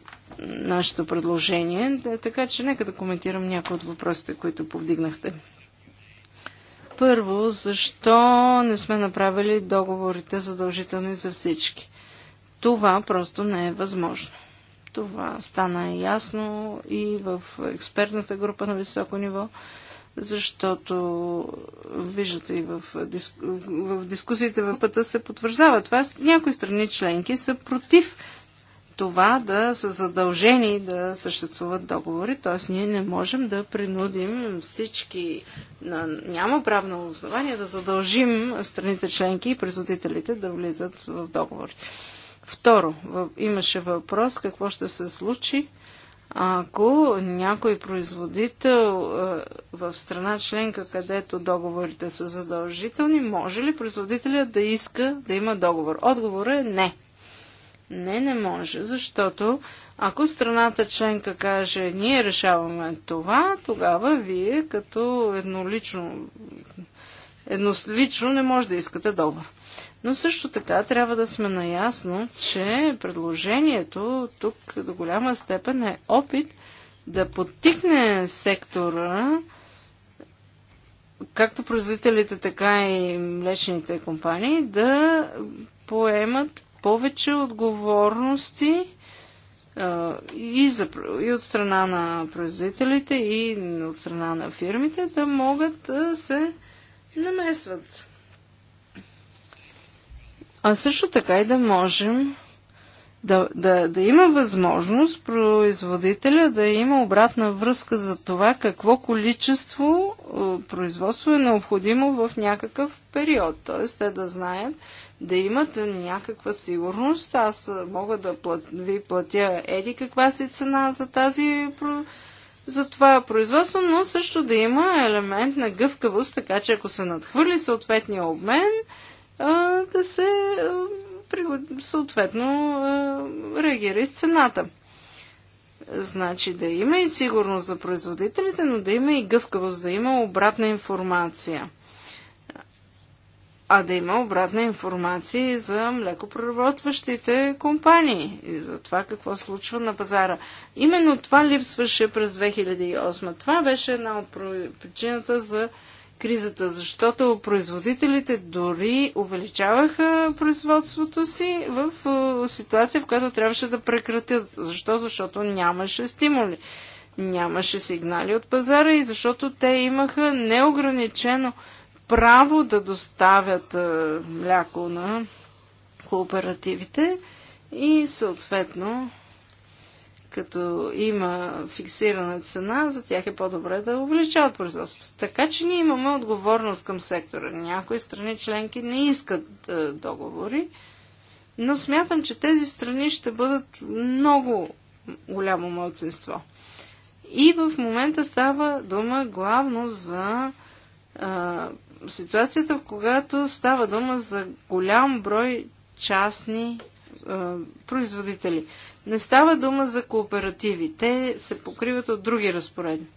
B: нашето предложение. Така че нека да коментирам някои от въпросите, които повдигнахте. Първо, защо не сме направили договорите задължителни за всички? Това просто не е възможно. Това стана ясно и в експертната група на високо ниво, защото виждате и в, диску... в дискусиите в пъта се потвърждава това. Някои страни членки са против това да са задължени да съществуват договори, т.е. ние не можем да принудим всички, няма правно основание да задължим страните членки и производителите да влизат в договори. Второ, имаше въпрос какво ще се случи, ако някой производител е, в страна членка, където договорите са задължителни, може ли производителят да иска да има договор? Отговорът е не. Не, не може, защото ако страната членка каже, ние решаваме това, тогава вие като еднолично, еднолично не може да искате договор. Но също така трябва да сме наясно, че предложението тук до голяма степен е опит да подтикне сектора, както производителите, така и млечните компании, да поемат повече отговорности и, за, и от страна на производителите, и от страна на фирмите да могат да се намесват. А също така и да можем да, да, да има възможност производителя да има обратна връзка за това какво количество производство е необходимо в някакъв период. Тоест, те да знаят, да имат някаква сигурност. Аз мога да плат, ви платя еди каква си цена за тази за това производство, но също да има елемент на гъвкавост, така че ако се надхвърли съответния обмен, да се съответно реагира и с цената. Значи да има и сигурност за производителите, но да има и гъвкавост, да има обратна информация а да има обратна информация за млекопреработващите компании и за това какво случва на пазара. Именно това липсваше през 2008. Това беше една от причината за кризата, защото производителите дори увеличаваха производството си в ситуация, в която трябваше да прекратят. Защо? Защото нямаше стимули. Нямаше сигнали от пазара и защото те имаха неограничено право да доставят мляко на кооперативите и съответно като има фиксирана цена, за тях е по-добре да увеличават производството. Така че ние имаме отговорност към сектора. Някои страни членки не искат е, договори, но смятам, че тези страни ще бъдат много голямо младсинство. И в момента става дума главно за ситуацията, в когато става дума за голям брой частни е, производители. Не става дума за кооперативи. Те се покриват от други разпоредни.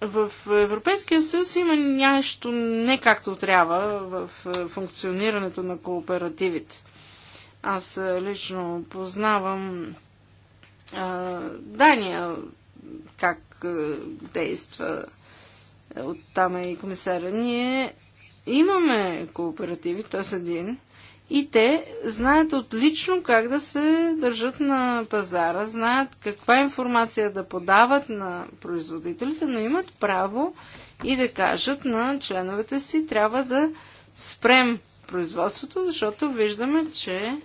B: В Европейския съюз има нещо не както трябва в е, функционирането на кооперативите. Аз е, лично познавам а, е, Дания, как а, действа Оттам е и комисаря. Ние имаме кооперативи, т.е. един, и те знаят отлично как да се държат на пазара, знаят каква информация да подават на производителите, но имат право и да кажат на членовете си, трябва да спрем производството, защото виждаме, че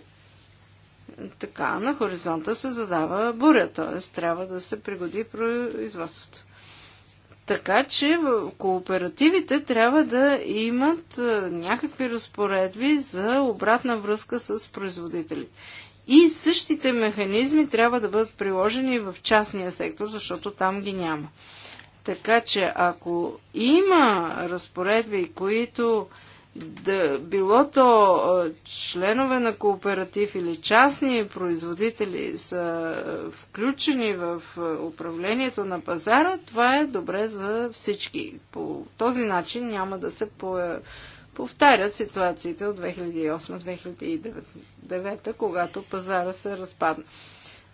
B: така на хоризонта се задава буря, т.е. трябва да се пригоди производството. Така че кооперативите трябва да имат е, някакви разпоредби за обратна връзка с производителите. И същите механизми трябва да бъдат приложени в частния сектор, защото там ги няма. Така че ако има разпоредби, които да, било то членове на кооператив или частни производители са включени в управлението на пазара, това е добре за всички. По този начин няма да се повтарят ситуациите от 2008-2009, когато пазара се разпадна.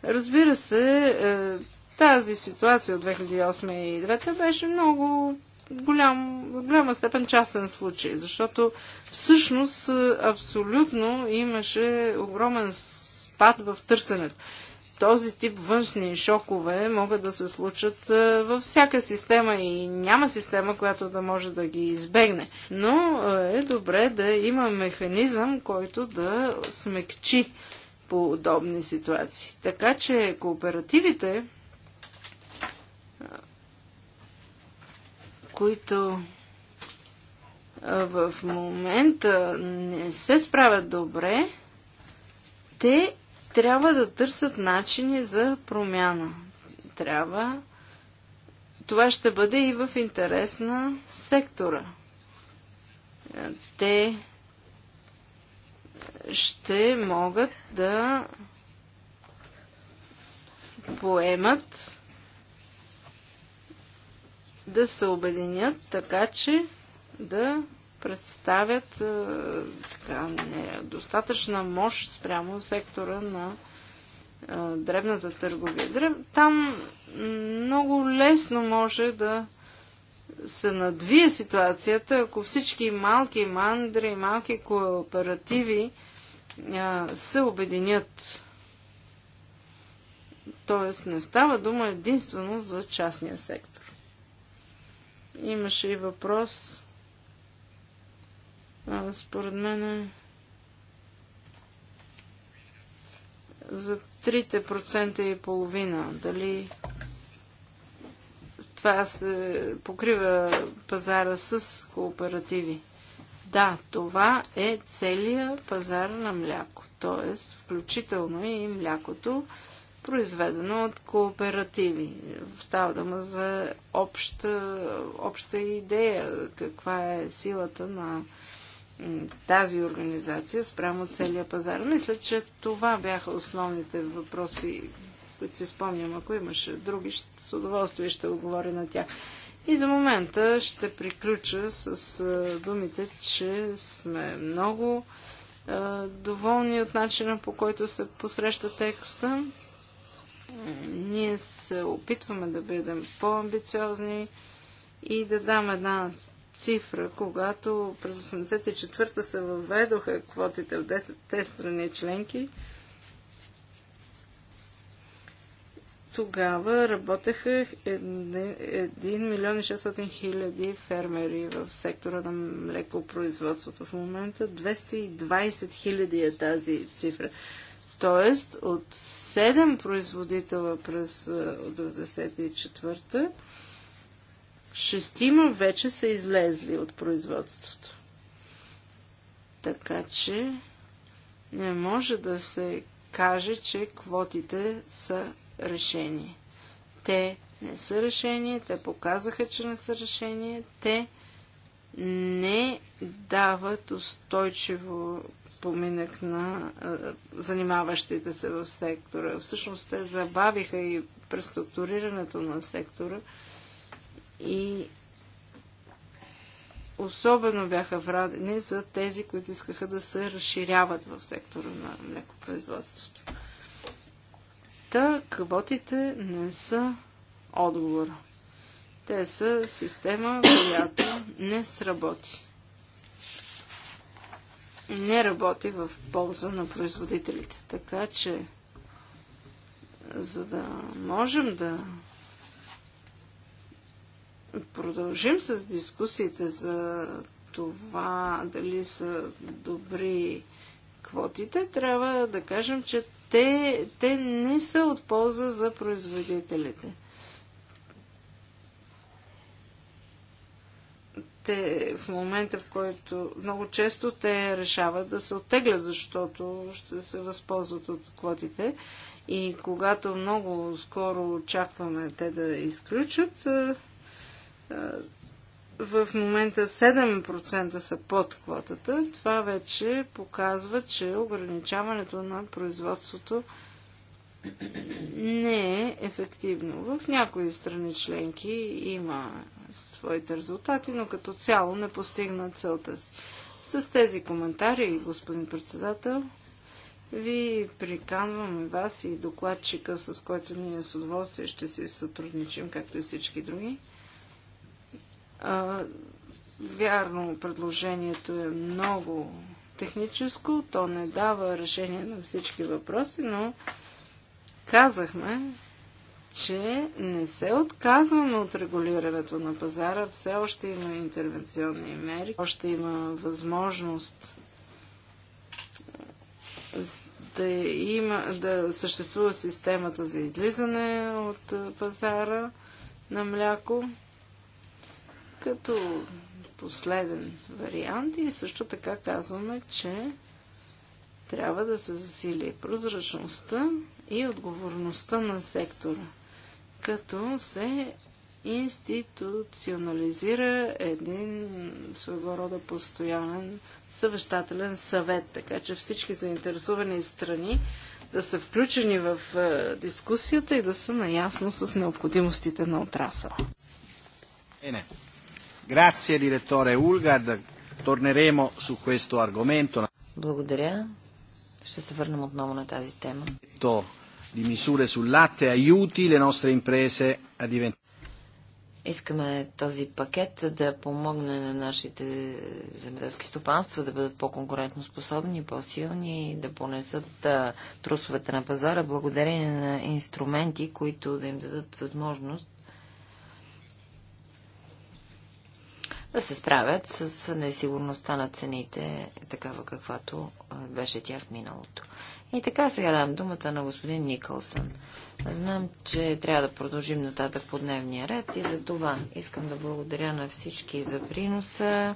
B: Разбира се, е, тази ситуация от 2008 и 2009 беше много голям, в голяма степен частен случай, защото всъщност е, абсолютно имаше огромен спад в търсенето. Този тип външни шокове могат да се случат е, във всяка система и няма система, която да може да ги избегне. Но е добре да има механизъм, който да смекчи подобни ситуации. Така че кооперативите които в момента не се справят добре, те трябва да търсят начини за промяна. Трябва. Това ще бъде и в интерес на сектора. Те ще могат да поемат да се обединят така, че да представят е, така, не, достатъчна мощ спрямо сектора на а, е, дребната търговия. Дреб... Там много лесно може да се надвие ситуацията, ако всички малки мандри и малки кооперативи а, е, се обединят. Тоест не става дума единствено за частния сектор. Имаше и въпрос. А, според мен е за 3% и половина. Дали това се покрива пазара с кооперативи? Да, това е целият пазар на мляко, т.е. включително и млякото произведено от кооперативи. Става дума за обща, обща идея, каква е силата на тази организация спрямо целия пазар. Мисля, че това бяха основните въпроси, които си спомням. Ако имаше други, с удоволствие ще отговоря на тях. И за момента ще приключа с думите, че сме много доволни от начина по който се посреща текста. Ние се опитваме да бъдем по-амбициозни и да дам една цифра, когато през 84-та се въведоха квотите в 10-те страни членки, тогава работеха 1 милион и 600 хиляди фермери в сектора на млекопроизводството. В момента 220 хиляди е тази цифра. Т.е. от 7 производителя през 1994 е, шестима вече са излезли от производството. Така че не може да се каже, че квотите са решени. Те не са решение, те показаха, че не са решение, те не дават устойчиво споменах на занимаващите се в сектора. Всъщност те забавиха и преструктурирането на сектора и особено бяха врадени за тези, които искаха да се разширяват в сектора на млекопроизводството. Та квотите не са отговора. Те са система, която не сработи не работи в полза на производителите. Така че, за да можем да продължим с дискусиите за това дали са добри квотите, трябва да кажем, че те, те не са от полза за производителите. те в момента, в който много често те решават да се оттеглят, защото ще се възползват от квотите. И когато много скоро очакваме те да изключат, в момента 7% са под квотата. Това вече показва, че ограничаването на производството не е ефективно. В някои страни членки има своите резултати, но като цяло не постигна целта си. С тези коментари, господин председател, ви приканваме вас и докладчика, с който ние с удоволствие ще си сътрудничим, както и всички други. А, вярно, предложението е много техническо, то не дава решение на всички въпроси, но казахме, че не се отказваме от регулирането на пазара, все още има интервенционни мерки, още има възможност е, да, има, да съществува системата за излизане от е, пазара на мляко като последен вариант и също така казваме, че трябва да се засили прозрачността и отговорността на сектора като се институционализира един своего рода постоянен съвещателен съвет, така че всички заинтересовани страни да са включени в е, дискусията и да са наясно с необходимостите на отрасъла.
A: Bene. Grazie direttore Ulgard. Torneremo su questo argomento.
C: Благодаря. Ще се върнем отново на тази тема
A: di misure sul latte aiuti le nostre imprese a diventare.
C: Искаме този пакет да помогне на нашите земеделски стопанства да бъдат по-конкурентно способни, по-силни и да понесат трусовете на пазара благодарение на инструменти, които да им дадат възможност да се справят с несигурността на цените, такава каквато беше тя в миналото. И така сега дам думата на господин Никълсън. Знам, че трябва да продължим нататък по дневния ред и за това искам да благодаря на всички за приноса.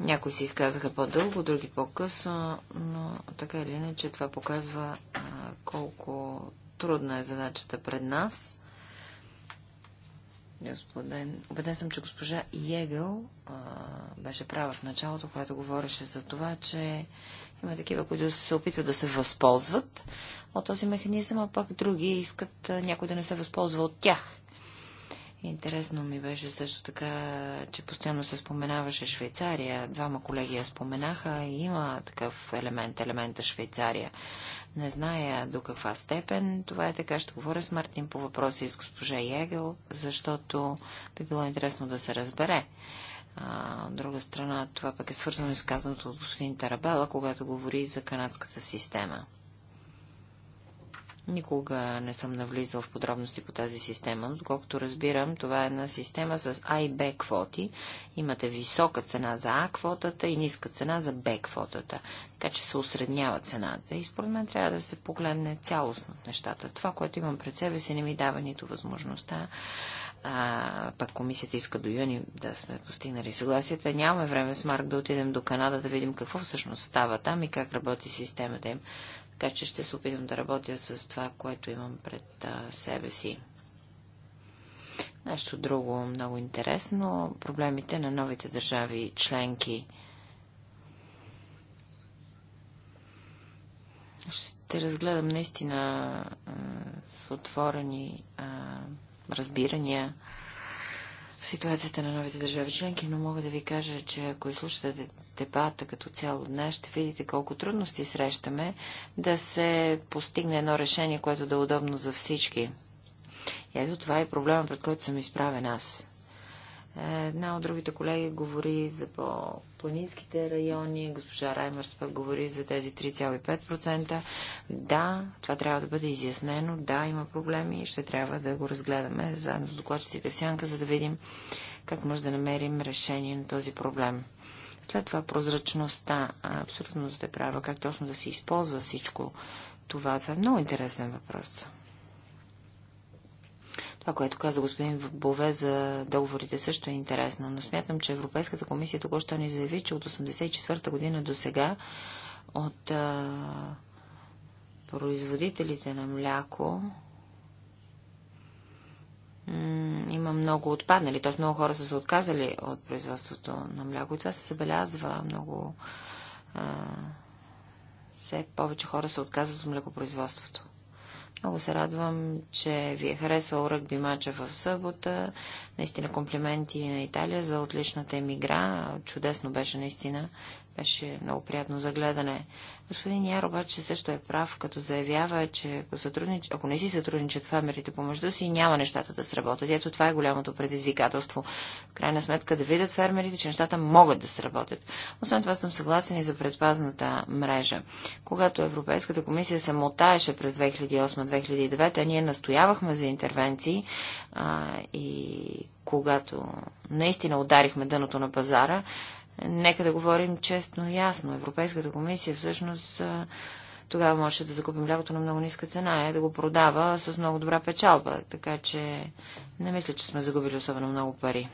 C: Някои си изказаха по-дълго, други по-късно, но така или иначе това показва а, колко трудна е задачата пред нас господин. Обеден съм, че госпожа Йегъл а, беше права в началото, която говореше за това, че има такива, които се опитват да се възползват от този механизъм, а пък други искат някой да не се възползва от тях. Интересно ми беше също така, че постоянно се споменаваше Швейцария. Двама колеги я споменаха и има такъв елемент, елемента Швейцария. Не зная до каква степен. Това е така. Ще говоря с Мартин по въпроси с госпожа Егел, защото би било интересно да се разбере. А, от друга страна, това пък е свързано и с казаното от господин Тарабела, когато говори за канадската система. Никога не съм навлизал в подробности по тази система, но доколкото разбирам, това е една система с А и Б квоти. Имате висока цена за А квотата и ниска цена за Б квотата. Така че се осреднява цената и според мен трябва да се погледне цялостно от нещата. Това, което имам пред себе си, не ми дава нито възможността. А, пък комисията иска до юни да сме постигнали съгласията. Нямаме време с Марк да отидем до Канада да видим какво всъщност става там и как работи системата им. Така че ще се опитам да работя с това, което имам пред себе си. Нещо друго много интересно. Проблемите на новите държави членки. Ще разгледам наистина с отворени разбирания ситуацията на новите държави членки, но мога да ви кажа, че ако изслушате дебата като цяло днес, ще видите колко трудности срещаме да се постигне едно решение, което да е удобно за всички. И ето това е проблема, пред който съм изправен аз. Е, една от другите колеги говори за по-планинските райони, госпожа Раймърс пък говори за тези 3,5%. Да, това трябва да бъде изяснено, да, има проблеми и ще трябва да го разгледаме заедно с докладчиците в сянка, за да видим как може да намерим решение на този проблем. След това прозрачността. Абсолютно сте права как точно да се използва всичко това. Това е много интересен въпрос. Това, което каза господин Бове за договорите също е интересно, но смятам, че Европейската комисия тук още ни заяви, че от 1984 година до сега от а, производителите на мляко има много отпаднали, т.е. много хора са се отказали от производството на мляко и това се събелязва много. А, все повече хора се отказват от млекопроизводството. Много се радвам, че ви е харесвал ръгби мача в събота. Наистина комплименти на Италия за отличната им игра. Чудесно беше наистина. Беше много приятно за гледане. Господин Яр обаче също е прав, като заявява, че ако, сътруднич... ако не си сътрудничат фермерите помежду си, няма нещата да сработят. Ето това е голямото предизвикателство. В крайна сметка да видят фермерите, че нещата могат да сработят. Освен това съм съгласен и за предпазната мрежа. Когато Европейската комисия се мотаеше през 2008-2009, ние настоявахме за интервенции а, и когато наистина ударихме дъното на пазара, Нека да говорим честно и ясно. Европейската комисия всъщност тогава можеше да закупи млякото на много ниска цена и е, да го продава с много добра печалба. Така че не мисля, че сме загубили особено много пари.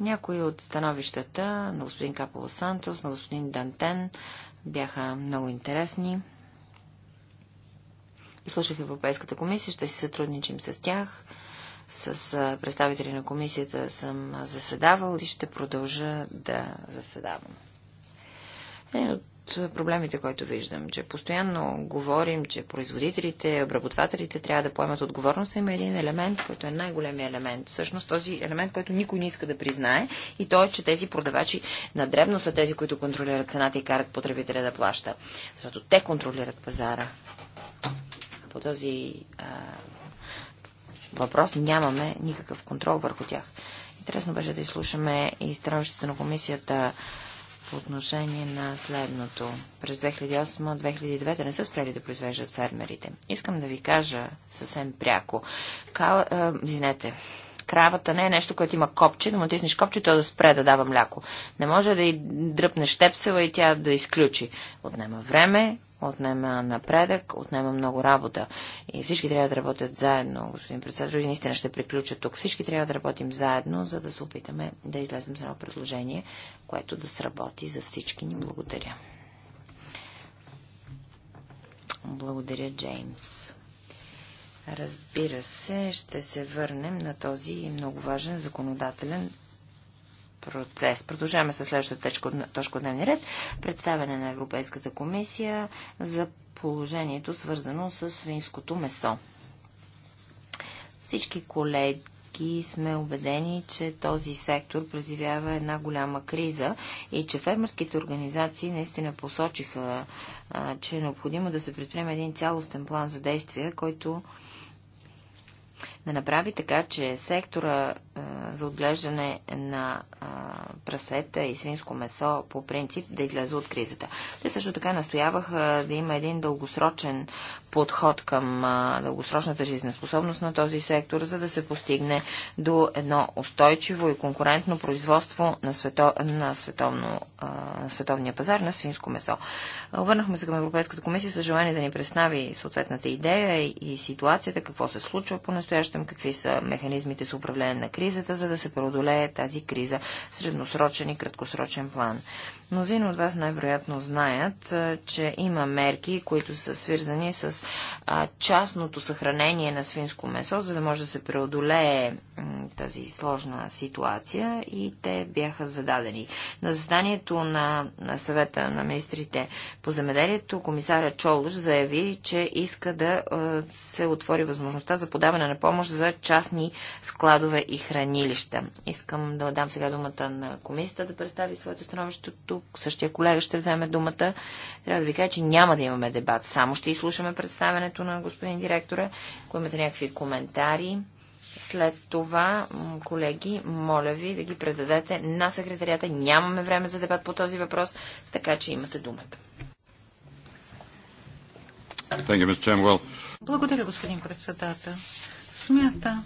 C: Някои от становищата на господин Каполо Сантос, на господин Дантен бяха много интересни. Слушах Европейската комисия, ще си сътрудничим с тях с представители на комисията съм заседавал и ще продължа да заседавам. Един от проблемите, който виждам, че постоянно говорим, че производителите, обработвателите трябва да поемат отговорност, има един елемент, който е най-големия елемент. Всъщност този елемент, който никой не иска да признае и то е, че тези продавачи на дребно са тези, които контролират цената и карат потребителя да плаща. Защото те контролират пазара. По този а, въпрос. Нямаме никакъв контрол върху тях. Интересно беше да изслушаме и становището на комисията по отношение на следното. През 2008-2009 не са спрели да произвеждат фермерите. Искам да ви кажа съвсем пряко. Кал... А, извинете, кравата не е нещо, което има копче, да му тиснеш копче, то да спре да дава мляко. Не може да и дръпнеш тепсела и тя да изключи. Отнема време, отнема напредък, отнема много работа. И всички трябва да работят заедно, господин председател, и наистина ще приключа тук. Всички трябва да работим заедно, за да се опитаме да излезем с едно предложение, което да сработи за всички ни. Благодаря. Благодаря, Джеймс. Разбира се, ще се върнем на този много важен законодателен процес. Продължаваме с следващата точка, точка от дневния ред. Представяне на Европейската комисия за положението, свързано с свинското месо. Всички колеги и сме убедени, че този сектор преживява една голяма криза и че фермерските организации наистина посочиха, че е необходимо да се предприеме един цялостен план за действия, който да направи така, че сектора е, за отглеждане на е, прасета и свинско месо по принцип да излезе от кризата. Те също така настояваха е, да има един дългосрочен подход към дългосрочната жизнеспособност на този сектор, за да се постигне до едно устойчиво и конкурентно производство на, свето, на, световно, на световния пазар на свинско месо. Обърнахме се към Европейската комисия с желание да ни представи съответната идея и ситуацията, какво се случва по настоящ сещам какви са механизмите с управление на кризата, за да се преодолее тази криза в средносрочен и краткосрочен план. Мнозина от вас най-вероятно знаят, че има мерки, които са свързани с частното съхранение на свинско месо, за да може да се преодолее тази сложна ситуация и те бяха зададени. На заседанието на, на съвета на министрите по земеделието комисаря Чолуш заяви, че иска да се отвори възможността за подаване на помощ за частни складове и хранилища. Искам да дам сега думата на комисията да представи своето становището тук същия колега ще вземе думата. Трябва да ви кажа, че няма да имаме дебат. Само ще изслушаме представенето на господин директора. Ако имате някакви коментари, след това, колеги, моля ви да ги предадете на секретарията. Нямаме време за дебат по този въпрос, така че имате думата.
D: Благодаря, господин председател. Смята,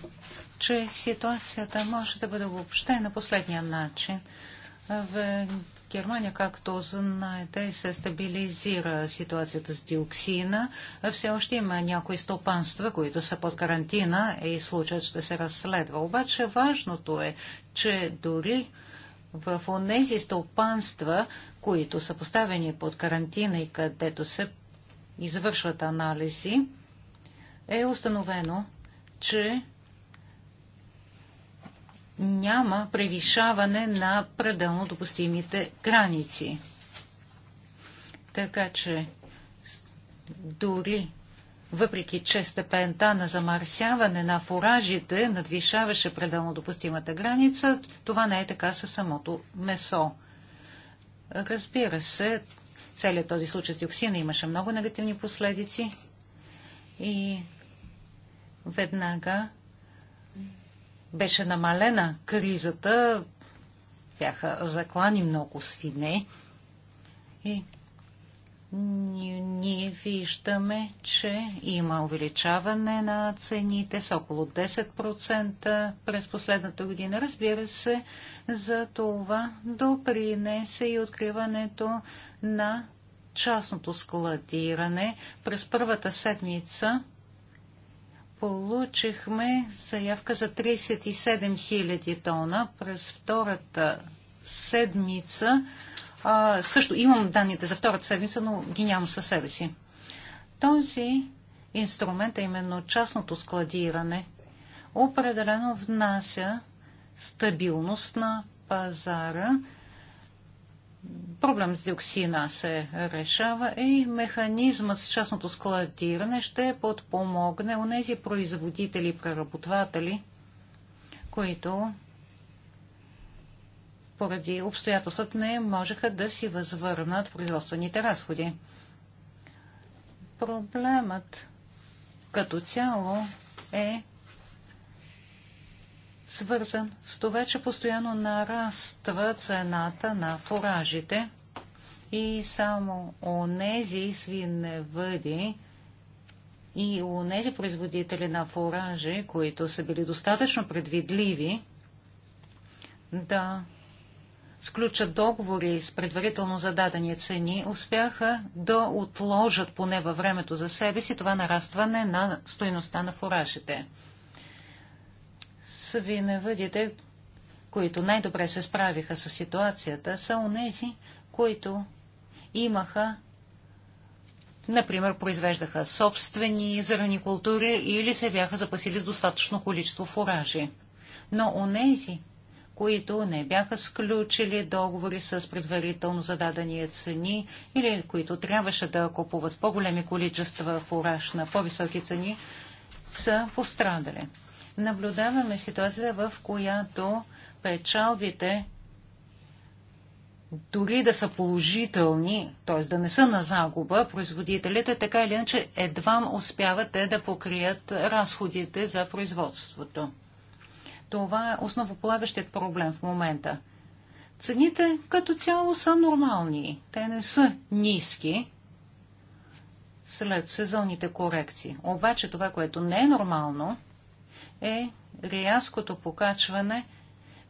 D: че ситуацията може да бъде въобще на последния начин. В Германия, както знаете, се стабилизира ситуацията с диоксина. Все още има някои стопанства, които са под карантина и случаят ще се разследва. Обаче важното е, че дори в тези стопанства, които са поставени под карантина и където се извършват анализи, е установено, че няма превишаване на пределно допустимите граници. Така че дори въпреки че степента на замърсяване на фуражите надвишаваше пределно допустимата граница, това не е така със самото месо. Разбира се, целият този случай с диоксина имаше много негативни последици и веднага беше намалена кризата, бяха заклани много свине и ние виждаме, че има увеличаване на цените с около 10% през последната година. Разбира се, за това допринесе и откриването на частното складиране през първата седмица получихме заявка за 37 000 тона през втората седмица. А, също имам данните за втората седмица, но ги нямам със себе си. Този инструмент, а именно частното складиране, определено внася стабилност на пазара проблем с диоксина се решава и механизмът с частното складиране ще подпомогне у нези производители и преработватели, които поради обстоятелствата не можеха да си възвърнат производствените разходи. Проблемът като цяло е свързан с това, че постоянно нараства цената на фуражите и само онези свиневъди и онези производители на фуражи, които са били достатъчно предвидливи да сключат договори с предварително зададени цени, успяха да отложат поне във времето за себе си това нарастване на стоеността на фуражите виноводите, които най-добре се справиха с ситуацията, са онези, които имаха, например, произвеждаха собствени зърни култури или се бяха запасили с достатъчно количество фуражи. Но онези, които не бяха сключили договори с предварително зададени цени или които трябваше да купуват по-големи количества фураж на по-високи цени, са пострадали наблюдаваме ситуация, в която печалбите дори да са положителни, т.е. да не са на загуба, производителите така или иначе едва успяват те да покрият разходите за производството. Това е основополагащият проблем в момента. Цените като цяло са нормални. Те не са ниски след сезонните корекции. Обаче това, което не е нормално, е рязкото покачване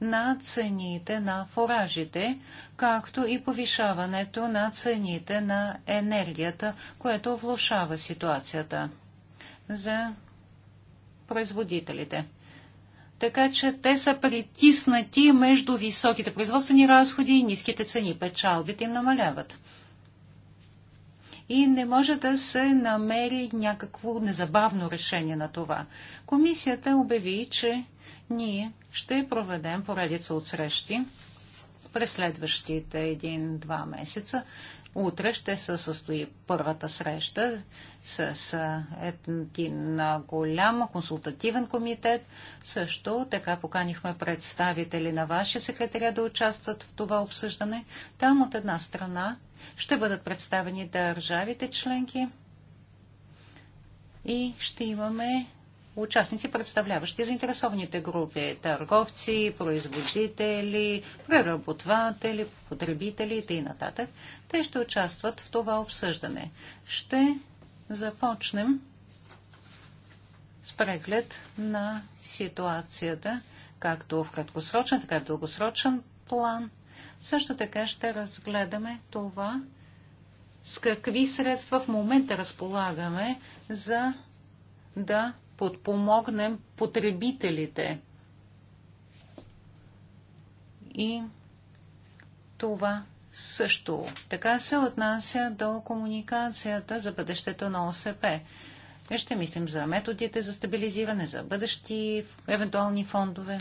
D: на цените на фуражите, както и повишаването на цените на енергията, което влушава ситуацията за производителите. Така че те са притиснати между високите производствени разходи и ниските цени. Печалбите им намаляват и не може да се намери някакво незабавно решение на това. Комисията обяви, че ние ще проведем поредица от срещи през следващите един-два месеца, Утре ще се състои първата среща с един голям консултативен комитет. Също така поканихме представители на вашия секретаря да участват в това обсъждане. Там от една страна ще бъдат представени държавите членки и ще имаме участници, представляващи заинтересованите групи – търговци, производители, преработватели, потребители и нататък. Те ще участват в това обсъждане. Ще започнем с преглед на ситуацията, както в краткосрочен, така и в дългосрочен план. Също така ще разгледаме това, с какви средства в момента разполагаме, за да подпомогнем потребителите. И това също така се отнася до комуникацията за бъдещето на ОСП. Ще мислим за методите за стабилизиране, за бъдещи евентуални фондове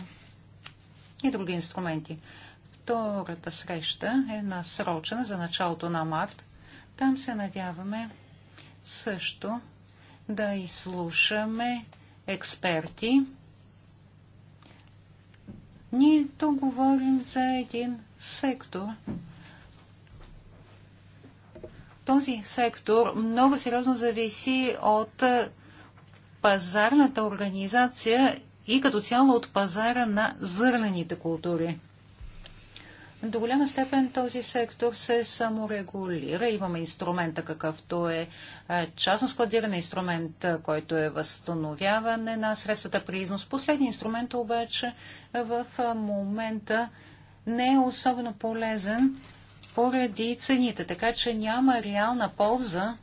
D: и други инструменти. Втората среща е насрочена за началото на март. Там се надяваме също да изслушаме експерти. Ние тук говорим за един сектор. Този сектор много сериозно зависи от пазарната организация и като цяло от пазара на зърнените култури. До голяма степен този сектор се саморегулира. Имаме инструмента, какъвто е, е частно складиране, инструмент, е, който е възстановяване на средствата при износ. Последният инструмент обаче в е, момента не е особено полезен поради цените, така че няма реална полза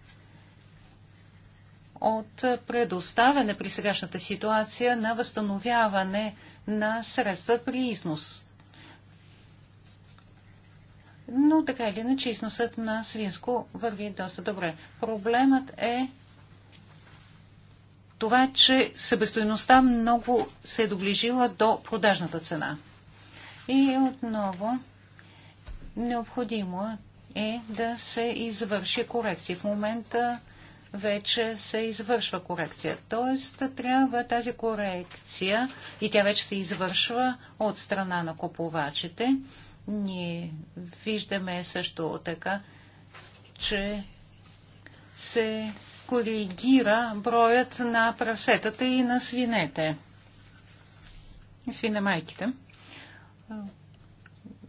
D: от предоставяне при сегашната ситуация на възстановяване на средства при износ но така или иначе износът на свинско върви доста добре. Проблемът е това, че събестоеността много се е доближила до продажната цена. И отново необходимо е да се извърши корекция. В момента вече се извършва корекция. Тоест, трябва тази корекция и тя вече се извършва от страна на купувачите. Ние виждаме също така, че се коригира броят на прасетата и на свинете. свинемайките.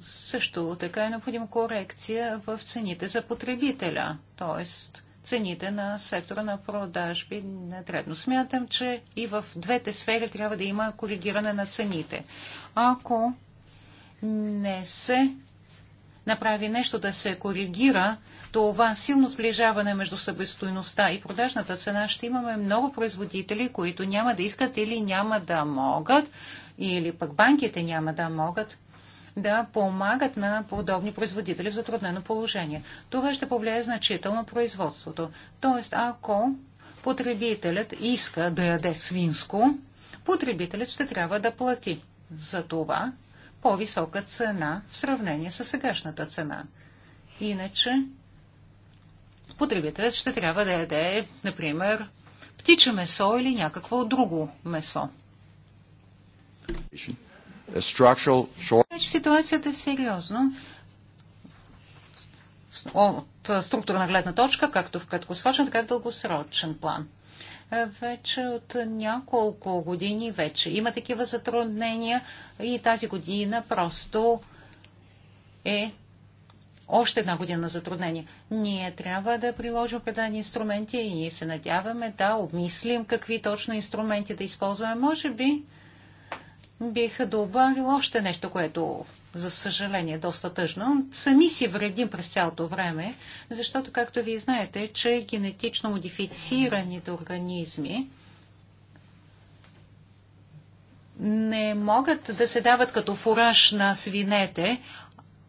D: Също така е необходима корекция в цените за потребителя, т.е. цените на сектора на продажби на Смятам, че и в двете сфери трябва да има коригиране на цените. Ако не се направи нещо да се коригира това силно сближаване между събестойността и продажната цена, ще имаме много производители, които няма да искат или няма да могат, или пък банките няма да могат да помагат на подобни производители в затруднено положение. Това ще повлияе значително производството. Тоест, ако потребителят иска да яде свинско, потребителят ще трябва да плати за това по-висока цена в сравнение с сегашната цена. Иначе потребителят ще трябва да яде, например, птиче месо или някакво друго месо. Значи ситуацията е сериозна. От структурна гледна точка, както в краткосрочен, така и в дългосрочен план вече от няколко години вече има такива затруднения и тази година просто е още една година затруднение. Ние трябва да приложим определени инструменти и ние се надяваме да обмислим какви точно инструменти да използваме. Може би бих добавил още нещо, което за съжаление, доста тъжно. Сами си вредим през цялото време, защото, както вие знаете, че генетично модифицираните организми не могат да се дават като фураж на свинете,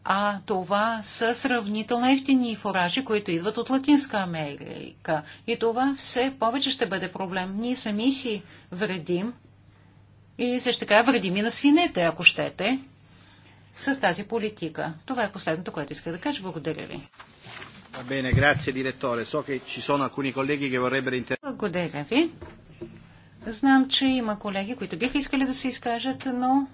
D: а това са сравнително ефтини фуражи, които идват от Латинска Америка. И това все повече ще бъде проблем. Ние сами си вредим и също така вредим и на свинете, ако щете с тази политика. Това е последното, което иска да кажа. Благодаря ви. Благодаря ви. Знам, че има колеги, които биха искали да се изкажат, но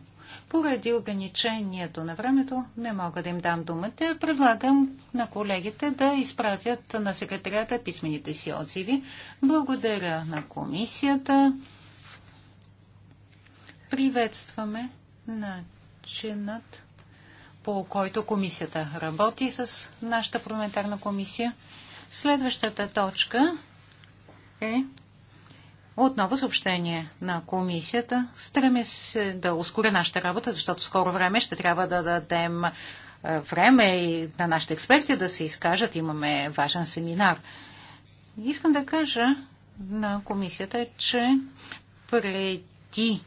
D: поради ограничението на времето не мога да им дам думата. Предлагам на колегите да изпратят на секретарията писмените си отзиви. Благодаря на комисията. Приветстваме начинът по който комисията работи с нашата парламентарна комисия. Следващата точка е отново съобщение на комисията. Стреме се да ускоря нашата работа, защото в скоро време ще трябва да дадем е, време и на нашите експерти да се изкажат. Имаме важен семинар. Искам да кажа на комисията, че преди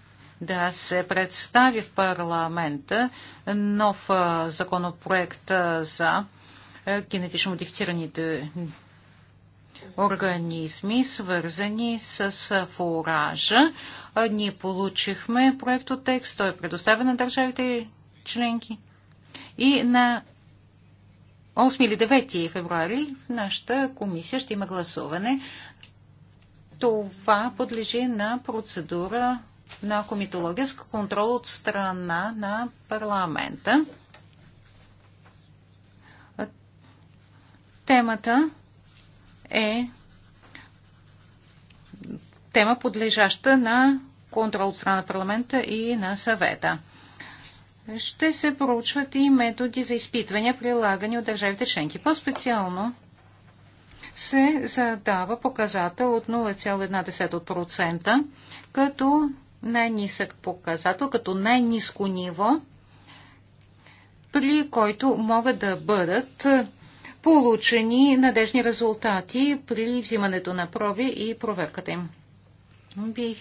D: да се представи в парламента нов законопроект за генетично модифицираните организми, свързани с фуража. Ние получихме проект от текст, той е предоставен на държавите членки. И на 8 или 9 февруари в нашата комисия ще има гласуване. Това подлежи на процедура на комитологическа контрол от страна на парламента. Темата е тема подлежаща на контрол от страна на парламента и на съвета. Ще се проучват и методи за изпитвания, прилагани от държавите членки. По-специално се задава показател от 0,1%, като най-нисък показател, като най-ниско ниво, при който могат да бъдат получени надежни резултати при взимането на проби и проверката им. Бих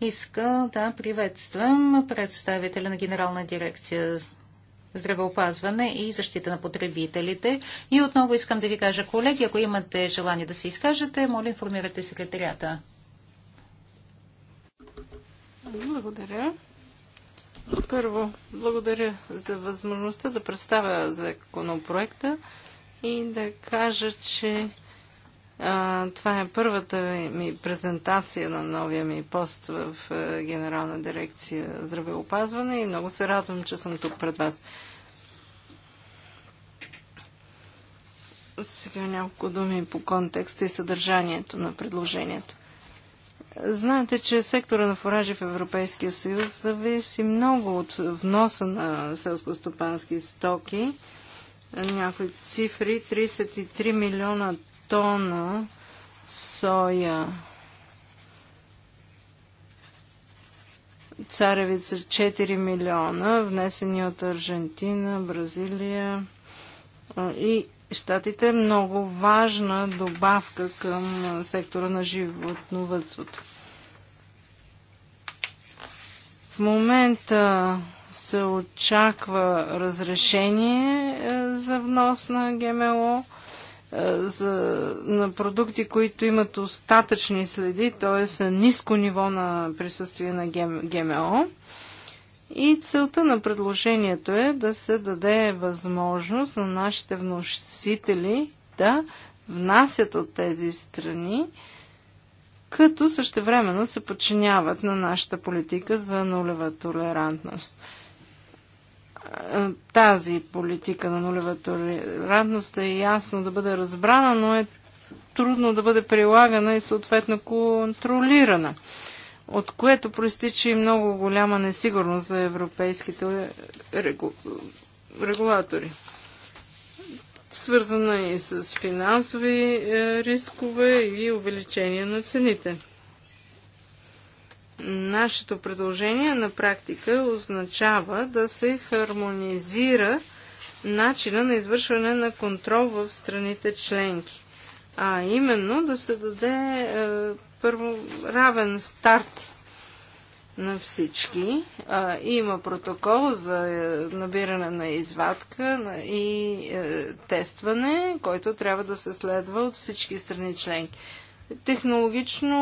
D: искал да приветствам представителя на Генерална дирекция здравеопазване и защита на потребителите. И отново искам да ви кажа, колеги, ако имате желание да се изкажете, моля информирате секретарията.
B: Благодаря. Първо, благодаря за възможността да представя законопроекта и да кажа, че а, това е първата ми презентация на новия ми пост в а, Генерална дирекция здравеопазване и много се радвам, че съм тук пред вас. Сега няколко думи по контекста и съдържанието на предложението. Знаете, че сектора на фуражи в Европейския съюз зависи много от вноса на селско-стопански стоки. Някои цифри 33 милиона тона соя, царевица 4 милиона, внесени от Аржентина, Бразилия и щатите е много важна добавка към сектора на животновътството. В момента се очаква разрешение е, за внос на ГМО е, за, на продукти, които имат остатъчни следи, т.е. ниско ниво на присъствие на ГМО. И целта на предложението е да се даде възможност на нашите вносители да внасят от тези страни, като същевременно се подчиняват на нашата политика за нулева толерантност. Тази политика на нулева толерантност е ясно да бъде разбрана, но е трудно да бъде прилагана и съответно контролирана от което проистича и много голяма несигурност за европейските е, регу... регулатори. Свързана е и с финансови е, рискове и увеличение на цените. Нашето предложение на практика означава да се хармонизира начина на извършване на контрол в страните членки. А именно да се даде първо равен старт на всички. А, има протокол за е, набиране на извадка и е, тестване, който трябва да се следва от всички страни членки. Технологично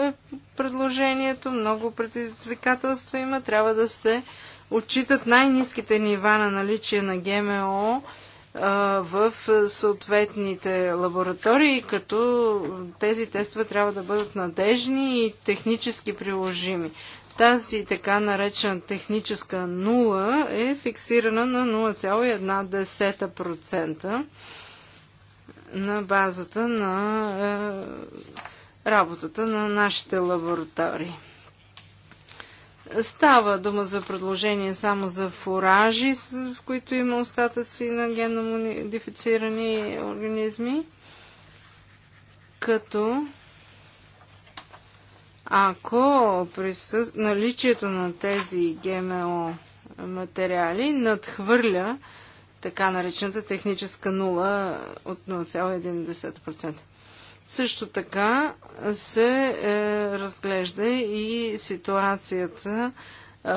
B: е предложението, много предизвикателства има, трябва да се отчитат най-низките нива на наличие на ГМО в съответните лаборатории, като тези тества трябва да бъдат надежни и технически приложими. Тази така наречена техническа нула е фиксирана на 0,1% на базата на е, работата на нашите лаборатории. Става дума за предложение само за фуражи, в които има остатъци на генно модифицирани организми, като ако при наличието на тези ГМО материали надхвърля така наречената техническа нула от 0,1%. Също така се е, разглежда и ситуацията е,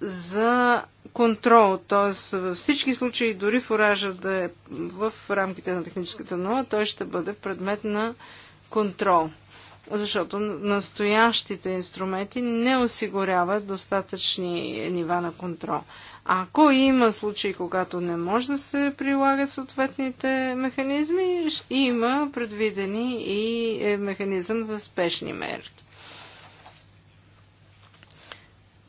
B: за контрол, т.е. във всички случаи, дори фуража да е в рамките на техническата нова, той ще бъде предмет на контрол. Защото настоящите инструменти не осигуряват достатъчни нива на контрол. Ако има случаи, когато не може да се прилагат съответните механизми, има предвидени и е, механизъм за спешни мерки.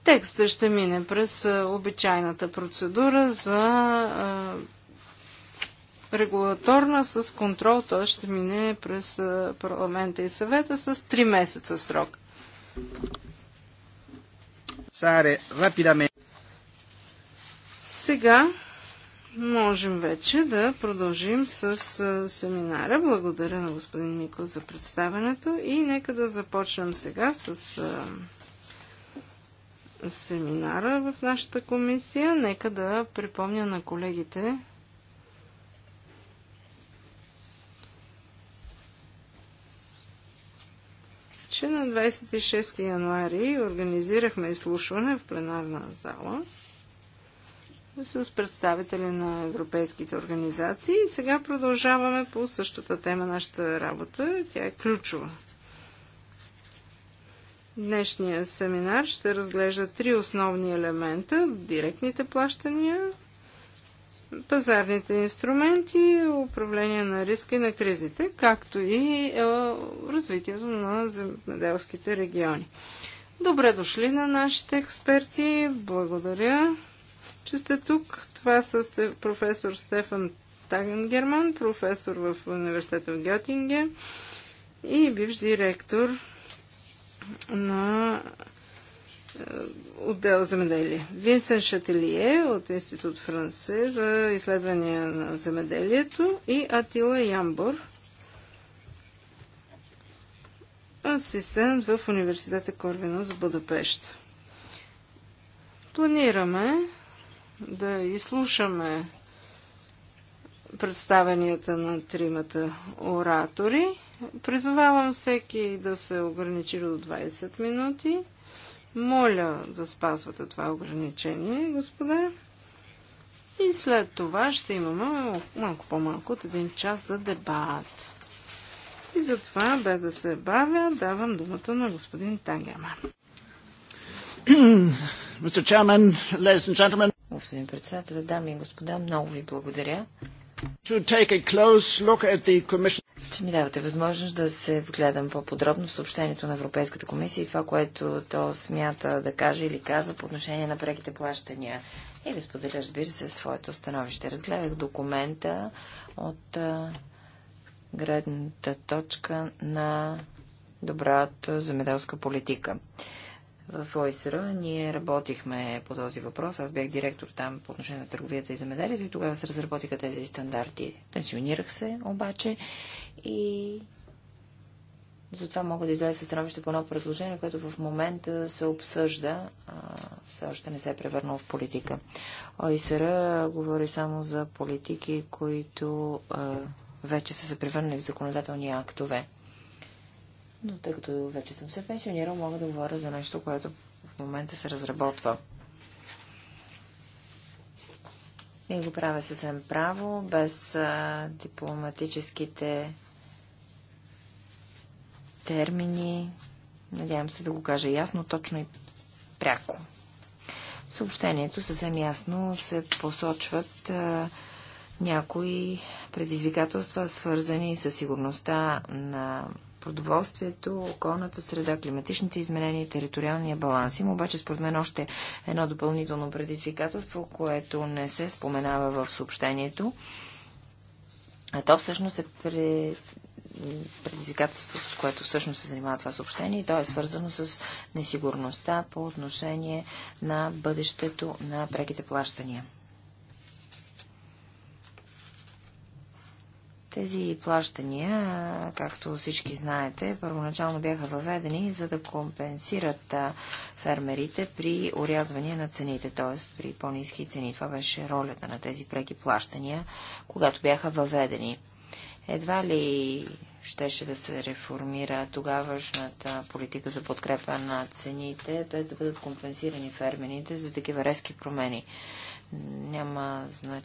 B: Текстът ще мине през е, обичайната процедура за е, регулаторна с контрол. Той ще мине през парламента и съвета с 3 месеца срок. Сега можем вече да продължим с семинара. Благодаря на господин Мико за представенето и нека да започнем сега с семинара в нашата комисия. Нека да припомня на колегите, че на 26 януари организирахме изслушване в пленарна зала – с представители на европейските организации. Сега продължаваме по същата тема нашата работа. Тя е ключова. Днешния семинар ще разглежда три основни елемента директните плащания, пазарните инструменти, управление на риска и на кризите, както и е, развитието на земеделските региони. Добре дошли на нашите експерти. Благодаря че сте тук. Това са професор Стефан Тагенгерман, професор в университета в Гьотинге и бивш директор на е, отдел земеделие. Винсен Шателие от Институт Франсе за изследвания на земеделието и Атила Ямбор, асистент в Университета Корвинус в Будапешта. Планираме да изслушаме представенията на тримата оратори. Призовавам всеки да се ограничи до 20 минути. Моля да спазвате това ограничение, господа. И след това ще имаме малко по-малко от един час за дебат. И затова, без да се бавя, давам думата на
C: господин Тангема. Мистер Chairman, ladies и gentlemen господин председател. Дами и господа, много ви благодаря. Ще ми давате възможност да се вгледам по-подробно в съобщението на Европейската комисия и това, което то смята да каже или казва по отношение на преките плащания. И да споделя, разбира се, своето становище. Разгледах документа от гредната точка на добрата земеделска политика в Войсера. Ние работихме по този въпрос. Аз бях директор там по отношение на търговията и замеделието и тогава се разработиха тези стандарти. Пенсионирах се обаче и затова мога да изляза със становище по едно предложение, което в момента се обсъжда, а, все още не се е превърнало в политика. ОИСР говори само за политики, които а, вече са се превърнали в законодателни актове но тъй като вече съм се пенсионирал, мога да говоря за нещо, което в момента се разработва. И го правя съвсем право, без а, дипломатическите термини. Надявам се да го кажа ясно, точно и пряко. В съобщението съвсем ясно се посочват а, някои предизвикателства, свързани с сигурността на продоволствието, околната среда, климатичните изменения и териториалния баланс. Има обаче според мен още едно допълнително предизвикателство, което не се споменава в съобщението. А то всъщност е пред предизвикателството, с което всъщност се занимава това съобщение, и то е свързано с несигурността по отношение на бъдещето на преките плащания. Тези плащания, както всички знаете, първоначално бяха въведени, за да компенсират фермерите при урязване на цените, т.е. при по-низки цени. Това беше ролята на тези преки плащания, когато бяха въведени. Едва ли щеше да се реформира тогавашната политика за подкрепа на цените, без да бъдат компенсирани фермените за такива резки промени. Няма значение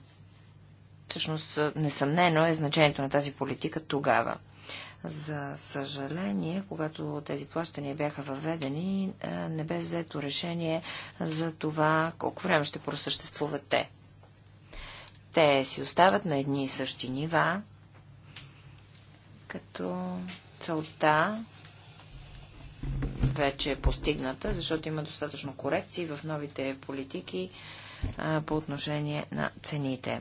C: Всъщност, несъмнено е значението на тази политика тогава. За съжаление, когато тези плащания бяха въведени, не бе взето решение за това колко време ще просъществуват те. Те си остават на едни и същи нива, като целта вече е постигната, защото има достатъчно корекции в новите политики по отношение на цените.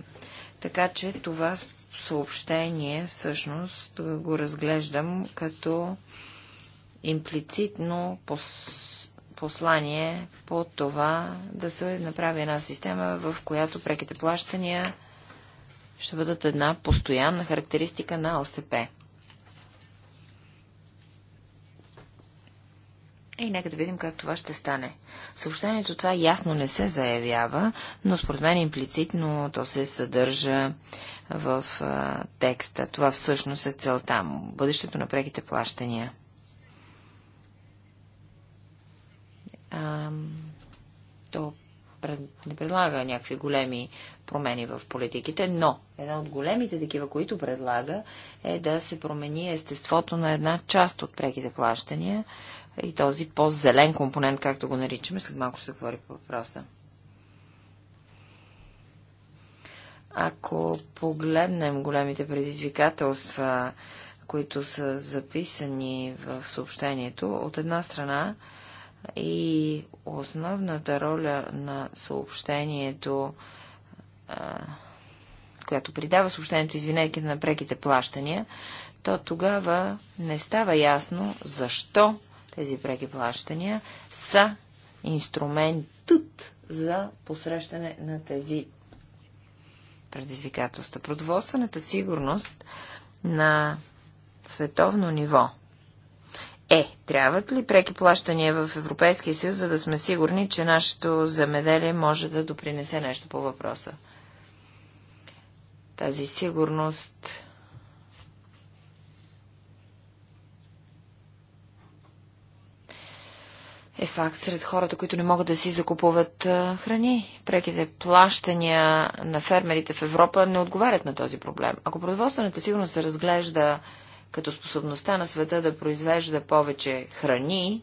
C: Така че това съобщение всъщност го разглеждам като имплицитно послание по това да се направи една система, в която преките плащания ще бъдат една постоянна характеристика на ОСП. И нека да видим как това ще стане. Съобщението това ясно не се заявява, но според мен имплицитно то се съдържа в а, текста. Това всъщност е целта му. Бъдещето на преките плащания. А, то пред, не предлага някакви големи промени в политиките, но една от големите такива, които предлага, е да се промени естеството на една част от преките плащания, и този по-зелен компонент, както го наричаме. След малко ще говори по въпроса. Ако погледнем големите предизвикателства, които са записани в съобщението, от една страна и основната роля на съобщението, която придава съобщението, извинейки на преките плащания, то тогава не става ясно защо тези преки плащания са инструментът за посрещане на тези предизвикателства. Продоволствената сигурност на световно ниво. Е, трябват ли преки плащания в Европейския съюз, за да сме сигурни, че нашето замеделие може да допринесе нещо по въпроса? Тази сигурност е факт сред хората, които не могат да си закупуват храни. Преките плащания на фермерите в Европа не отговарят на този проблем. Ако продоволствената сигурност се разглежда като способността на света да произвежда повече храни,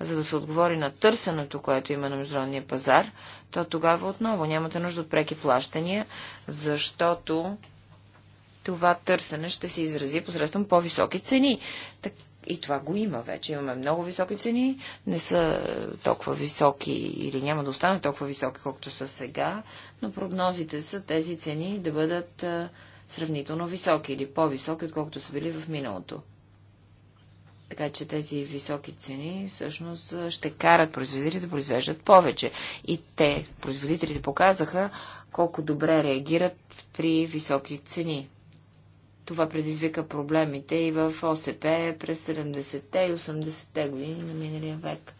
C: за да се отговори на търсенето, което има на международния пазар, то тогава отново нямате нужда от преки плащания, защото това търсене ще се изрази посредством по-високи цени. И това го има вече. Имаме много високи цени, не са е, толкова високи или няма да останат толкова високи, колкото са сега, но прогнозите са тези цени да бъдат е, сравнително високи или по-високи, отколкото са били в миналото. Така че тези високи цени всъщност е, ще карат производителите да произвеждат повече. И те, производителите, показаха колко добре реагират при високи цени. Това предизвика проблемите и в ОСП през 70-те и 80-те години на миналия век.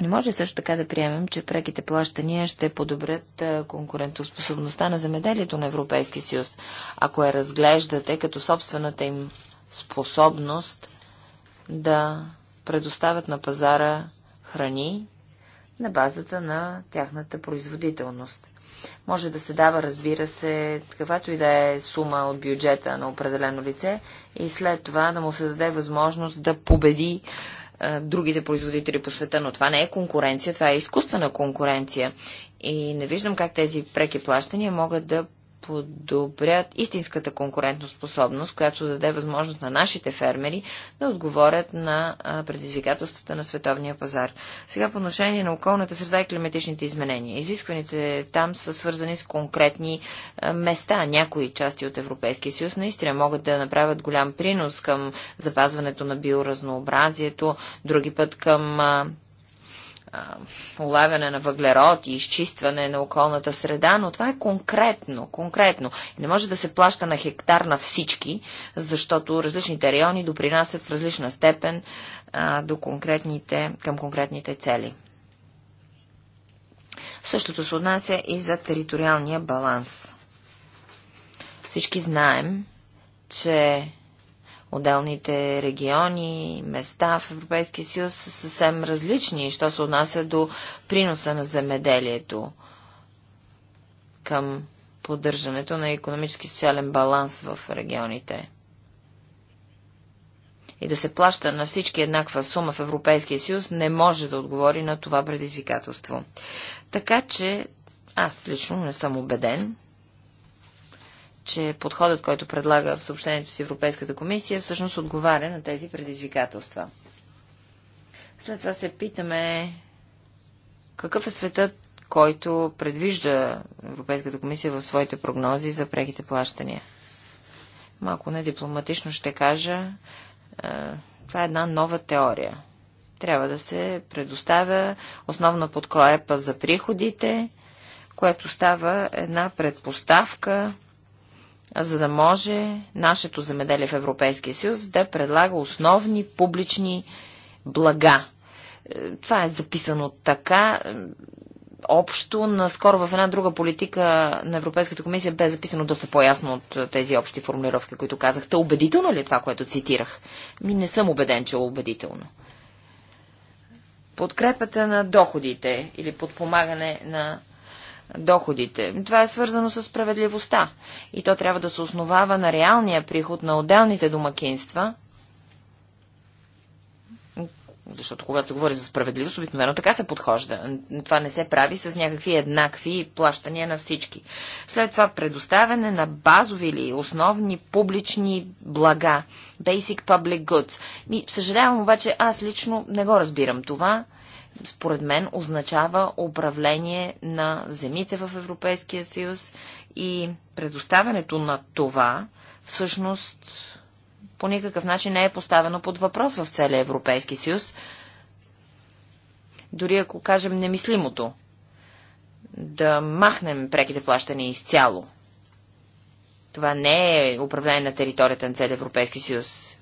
C: Не може също така да приемем, че преките плащания ще подобрят конкурентоспособността на земеделието на Европейския съюз, ако я разглеждате като собствената им способност да предоставят на пазара храни на базата на тяхната производителност. Може да се дава, разбира се, каквато и да е сума от бюджета на определено лице и след това да му се даде възможност да победи а, е, другите производители по света, но това не е конкуренция, това е изкуствена конкуренция. И не виждам как тези преки плащания могат да подобрят истинската конкурентоспособност, която даде възможност на нашите фермери да отговорят на предизвикателствата на световния пазар. Сега по отношение на околната среда и климатичните изменения. Изискваните там са свързани с конкретни места. Някои части от Европейския съюз наистина могат да направят голям принос към запазването на биоразнообразието, други път към улавяне на въглерод и изчистване на околната среда, но това е конкретно, конкретно. Не може да се плаща на хектар на всички, защото различните райони допринасят в различна степен а, до конкретните, към конкретните цели. Същото се отнася и за териториалния баланс. Всички знаем, че Отделните региони, места в Европейския съюз са съвсем различни, що се отнася до приноса на земеделието към поддържането на економически и социален баланс в регионите. И да се плаща на всички еднаква сума в Европейския съюз не може да отговори на това предизвикателство. Така че аз лично не съм убеден, че подходът, който предлага в съобщението си Европейската комисия, всъщност отговаря на тези предизвикателства. След това се питаме какъв е светът, който предвижда Европейската комисия в своите прогнози за преките плащания. Малко недипломатично ще кажа, е, това е една нова теория. Трябва да се предоставя основна подкрепа за приходите, което става една предпоставка за да може нашето земеделие в Европейския съюз да предлага основни публични блага. Е, това е записано така. Е, общо, наскоро в една друга политика на Европейската комисия бе записано доста по-ясно от е, тези общи формулировки, които казахте. Убедително ли е това, което цитирах? Ми не съм убеден, че е убедително. Подкрепата на доходите или подпомагане на доходите. Това е свързано с справедливостта и то трябва да се основава на реалния приход на отделните домакинства, защото когато се говори за справедливост, обикновено така се подхожда. Това не се прави с някакви еднакви плащания на всички. След това предоставяне на базови или основни публични блага, basic public goods. Ми, съжалявам обаче, аз лично не го разбирам това според мен, означава управление на земите в Европейския съюз и предоставянето на това всъщност по никакъв начин не е поставено под въпрос в целия Европейски съюз, дори ако кажем немислимото, да махнем преките плащания изцяло. Това не е управление на територията на целия Европейски съюз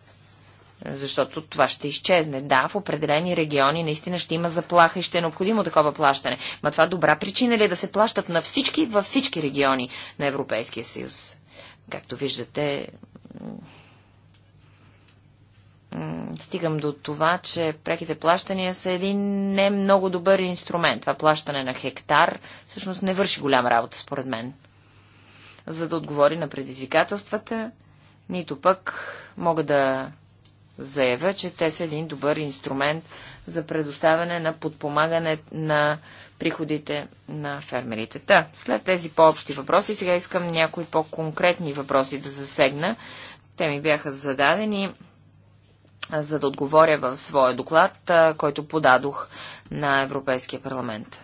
C: защото това ще изчезне. Да, в определени региони наистина ще има заплаха и ще е необходимо такова плащане. Ма това добра причина ли е да се плащат на всички, във всички региони на Европейския съюз? Както виждате, стигам до това, че преките плащания са един не много добър инструмент. Това плащане на хектар всъщност не върши голяма работа, според мен. За да отговори на предизвикателствата, нито пък мога да заявя, че те са един добър инструмент за предоставяне на подпомагане на приходите на фермерите. Та, да, след тези по-общи въпроси, сега искам някои по-конкретни въпроси да засегна. Те ми бяха зададени, за да отговоря в своя доклад, който подадох на Европейския парламент.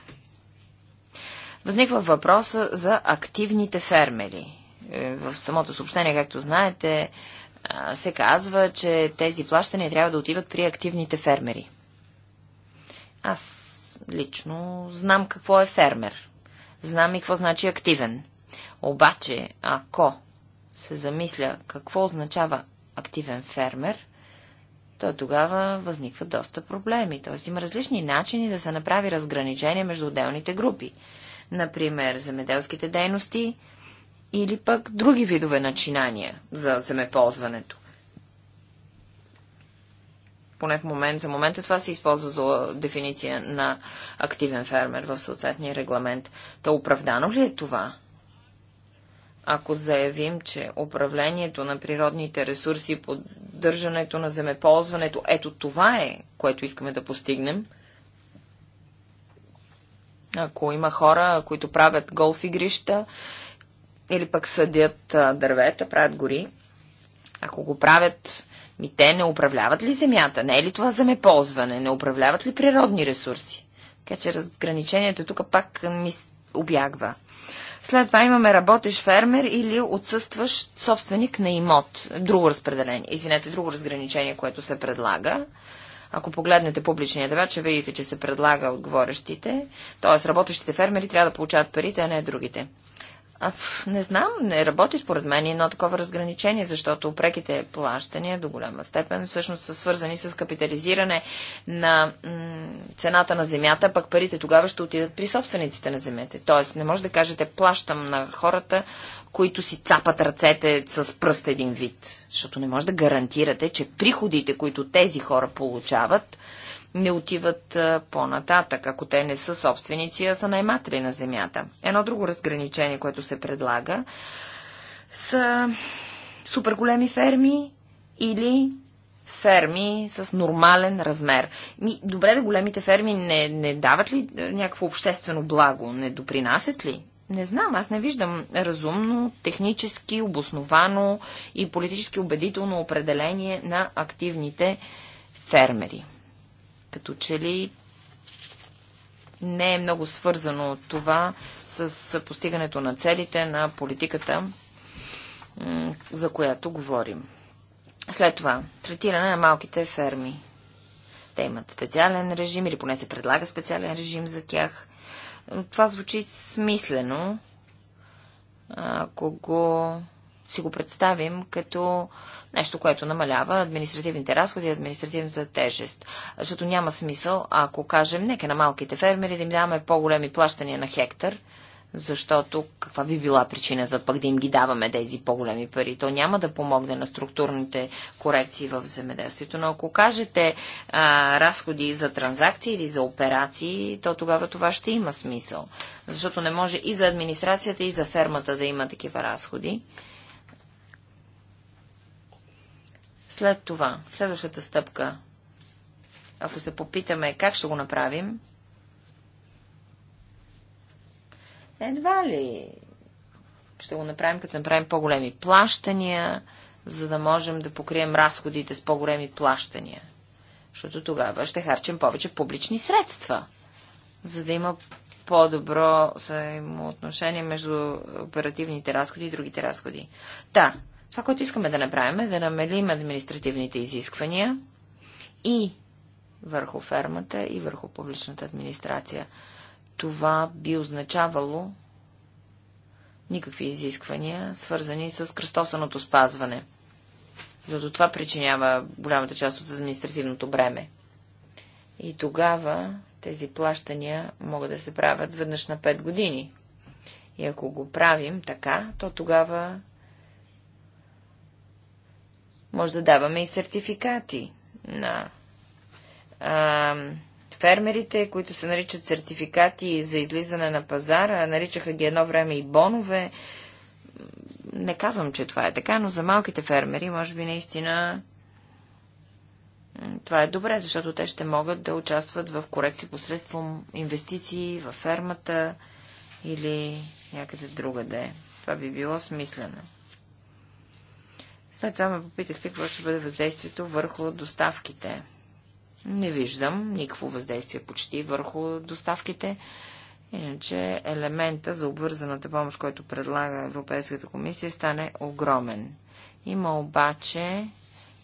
C: Възниква въпроса за активните фермери. Е, в самото съобщение, както знаете, се казва, че тези плащания трябва да отиват при активните фермери. Аз лично знам какво е фермер. Знам и какво значи активен. Обаче, ако се замисля какво означава активен фермер, то тогава възникват доста проблеми. Т.е. има различни начини да се направи разграничение между отделните групи. Например, земеделските дейности, или пък други видове начинания за земеползването. Поне в момент, за момента това се използва за дефиниция на активен фермер в съответния регламент. Та оправдано ли е това? Ако заявим, че управлението на природните ресурси, поддържането на земеползването, ето това е, което искаме да постигнем – ако има хора, които правят голф игрища или пък съдят дървета, правят гори. Ако го правят, ми те не управляват ли земята? Не е ли това земеползване? Не управляват ли природни ресурси? Така че разграничението тук пак ми обягва. След това имаме работещ фермер или отсъстващ собственик на имот. Друго разпределение, извинете, друго разграничение, което се предлага. Ако погледнете публичния дебат, ще видите, че се предлага отговорящите, т.е. работещите фермери трябва да получават парите, а не другите. А, не знам, не работи според мен едно такова разграничение, защото преките плащания до голяма степен всъщност са свързани с капитализиране на цената на земята, пък парите тогава ще отидат при собствениците на земята. Тоест, не може да кажете плащам на хората, които си цапат ръцете с пръст един вид, защото не може да гарантирате, че приходите, които тези хора получават, не отиват по-нататък, ако те не са собственици, а са найматели на земята. Едно друго разграничение, което се предлага, са супер големи ферми или ферми с нормален размер. Ми, добре да големите ферми не, не дават ли някакво обществено благо? Не допринасят ли? Не знам, аз не виждам разумно, технически, обосновано и политически убедително определение на активните фермери. Като че ли не е много свързано от това с постигането на целите на политиката, за която говорим. След това, третиране на малките ферми. Те имат специален режим или поне се предлага специален режим за тях. Това звучи смислено, ако го си го представим като нещо, което намалява административните разходи и административната тежест. Защото няма смисъл, ако кажем, нека на малките фермери да им даваме по-големи плащания на хектар, защото каква би била причина за пък да им ги даваме тези по-големи пари? То няма да помогне на структурните корекции в земеделствието, но ако кажете а, разходи за транзакции или за операции, то тогава това ще има смисъл, защото не може и за администрацията, и за фермата да има такива разходи. След това, следващата стъпка, ако се попитаме как ще го направим, едва ли ще го направим, като направим по-големи плащания, за да можем да покрием разходите с по-големи плащания. Защото тогава ще харчим повече публични средства, за да има по-добро взаимоотношение между оперативните разходи и другите разходи. Та, да, това, което искаме да направим е да намалим административните изисквания и върху фермата, и върху публичната администрация. Това би означавало никакви изисквания, свързани с кръстосаното спазване. Зато това причинява голямата част от административното бреме. И тогава тези плащания могат да се правят веднъж на 5 години. И ако го правим така, то тогава може да даваме и сертификати на а, фермерите, които се наричат сертификати за излизане на пазара. Наричаха ги едно време и бонове. Не казвам, че това е така, но за малките фермери, може би наистина това е добре, защото те ще могат да участват в корекции посредством инвестиции в фермата или някъде другаде. Това би било смислено. След това ме попитахте какво ще бъде въздействието върху доставките. Не виждам никакво въздействие почти върху доставките. Иначе елемента за обвързаната помощ, който предлага Европейската комисия, стане огромен. Има обаче,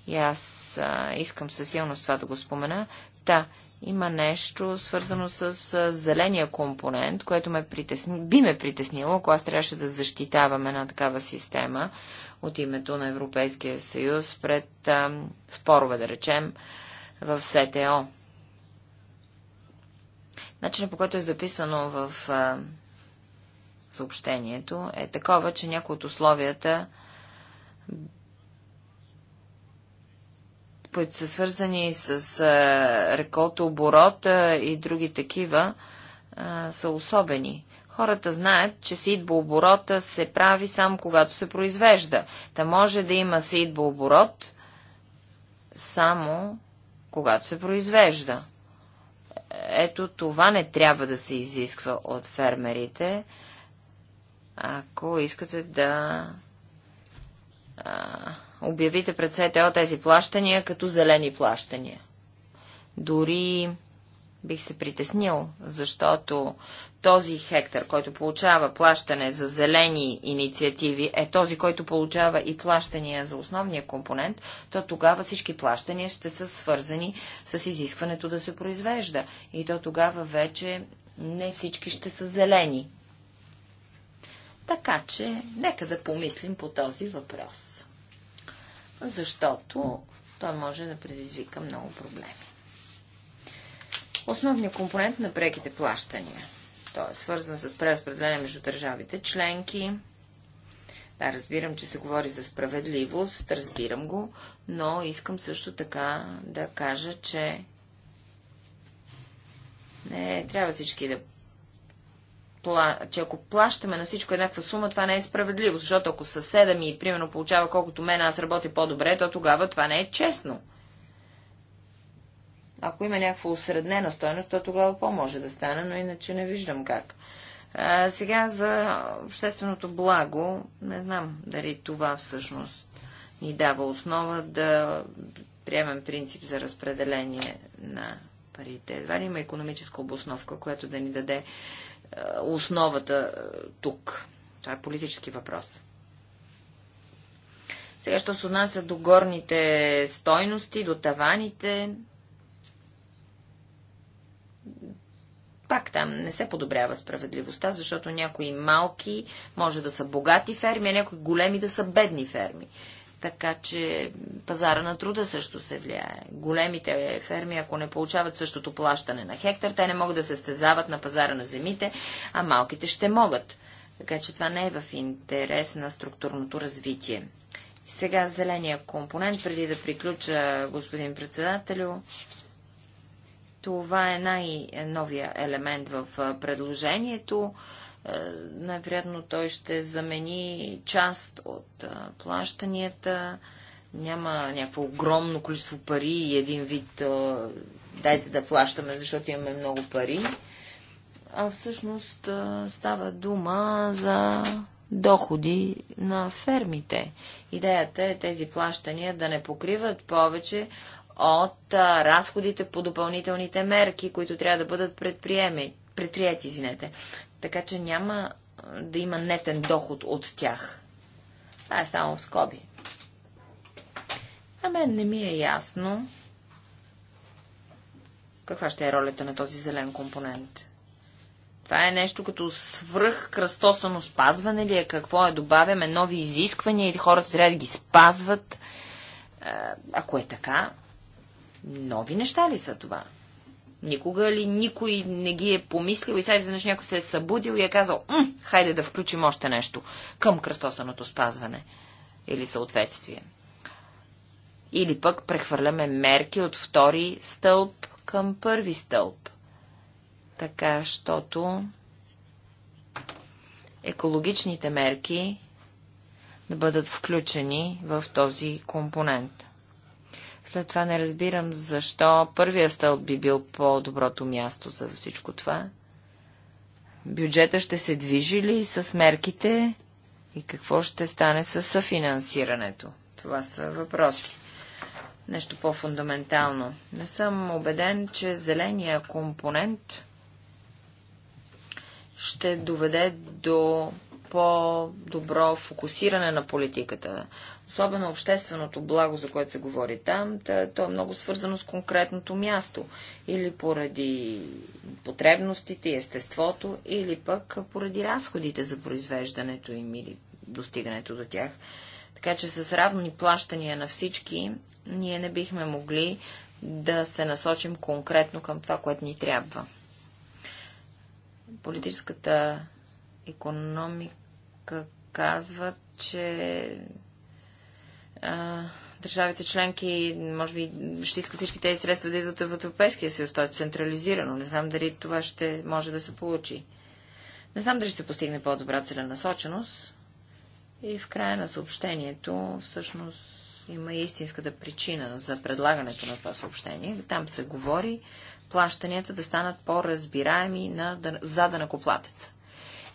C: и аз а, искам със силност това да го спомена, да, има нещо свързано с а, зеления компонент, което ме притесни, би ме притеснило, ако аз трябваше да защитавам една такава система, от името на Европейския съюз пред а, спорове, да речем, в СТО. Начинът по който е записано в а, съобщението е такова, че някои от условията които са свързани с а, реколта оборота и други такива, а, са особени. Хората знаят, че оборота се прави само когато се произвежда. Та може да има оборот, само когато се произвежда. Ето това не трябва да се изисква от фермерите, ако искате да а, обявите пред СТО тези плащания като зелени плащания. Дори бих се притеснил, защото този хектар, който получава плащане за зелени инициативи, е този, който получава и плащания за основния компонент, то тогава всички плащания ще са свързани с изискването да се произвежда. И то тогава вече не всички ще са зелени. Така че, нека да помислим по този въпрос. Защото той може да предизвика много проблеми. Основният компонент на преките плащания. Той е свързан с преразпределение между държавите членки. Да, разбирам, че се говори за справедливост, разбирам го, но искам също така да кажа, че не трябва всички да че ако плащаме на всичко еднаква сума, това не е справедливо, защото ако съседа ми, примерно, получава колкото мен, аз работя по-добре, то тогава това не е честно. Ако има някаква осреднена стойност, то тогава по-може да стане, но иначе не виждам как. А, сега за общественото благо, не знам дали това всъщност ни дава основа да приемем принцип за разпределение на парите. Едва ли има економическа обосновка, която да ни даде основата тук. Това е политически въпрос. Сега, що се отнася до горните стойности, до таваните, пак там не се подобрява справедливостта, защото някои малки може да са богати ферми, а някои големи да са бедни ферми. Така че пазара на труда също се влияе. Големите ферми, ако не получават същото плащане на хектар, те не могат да се стезават на пазара на земите, а малките ще могат. Така че това не е в интерес на структурното развитие. И сега зеления компонент, преди да приключа, господин председателю, това е най-новия елемент в предложението. Най-вероятно той ще замени част от плащанията. Няма някакво огромно количество пари и един вид дайте да плащаме, защото имаме много пари. А всъщност става дума за доходи на фермите. Идеята е тези плащания да не покриват повече от а, разходите по допълнителните мерки, които трябва да бъдат предприеми, предприяти. Извинете. Така че няма да има нетен доход от тях. Това е само в скоби. А мен не ми е ясно каква ще е ролята на този зелен компонент. Това е нещо като свръх кръстосано спазване ли е? Какво е? Добавяме нови изисквания и хората трябва да ги спазват. Е, ако е така, Нови неща ли са това? Никога ли никой не ги е помислил и сега изведнъж някой се е събудил и е казал, М, хайде да включим още нещо към кръстосаното спазване или съответствие. Или пък прехвърляме мерки от втори стълб към първи стълб. Така, щото екологичните мерки да бъдат включени в този компонент. След това не разбирам защо първия стълб би бил по-доброто място за всичко това. Бюджета ще се движи ли с мерките и какво ще стане с съфинансирането? Това са въпроси. Нещо по-фундаментално. Не съм убеден, че зеления компонент ще доведе до по-добро фокусиране на политиката. Особено общественото благо, за което се говори там, то е много свързано с конкретното място. Или поради потребностите, естеството, или пък поради разходите за произвеждането им или достигането до тях. Така че с равни плащания на всички, ние не бихме могли да се насочим конкретно към това, което ни трябва. Политическата економика казват, че а, държавите членки, може би, ще искат всички тези средства да идват в Европейския съюз, т.е. централизирано. Не знам дали това ще може да се получи. Не знам дали ще постигне по-добра целенасоченост. И в края на съобщението, всъщност, има и истинската причина за предлагането на това съобщение. Там се говори плащанията да станат по-разбираеми на, за данъкоплатеца.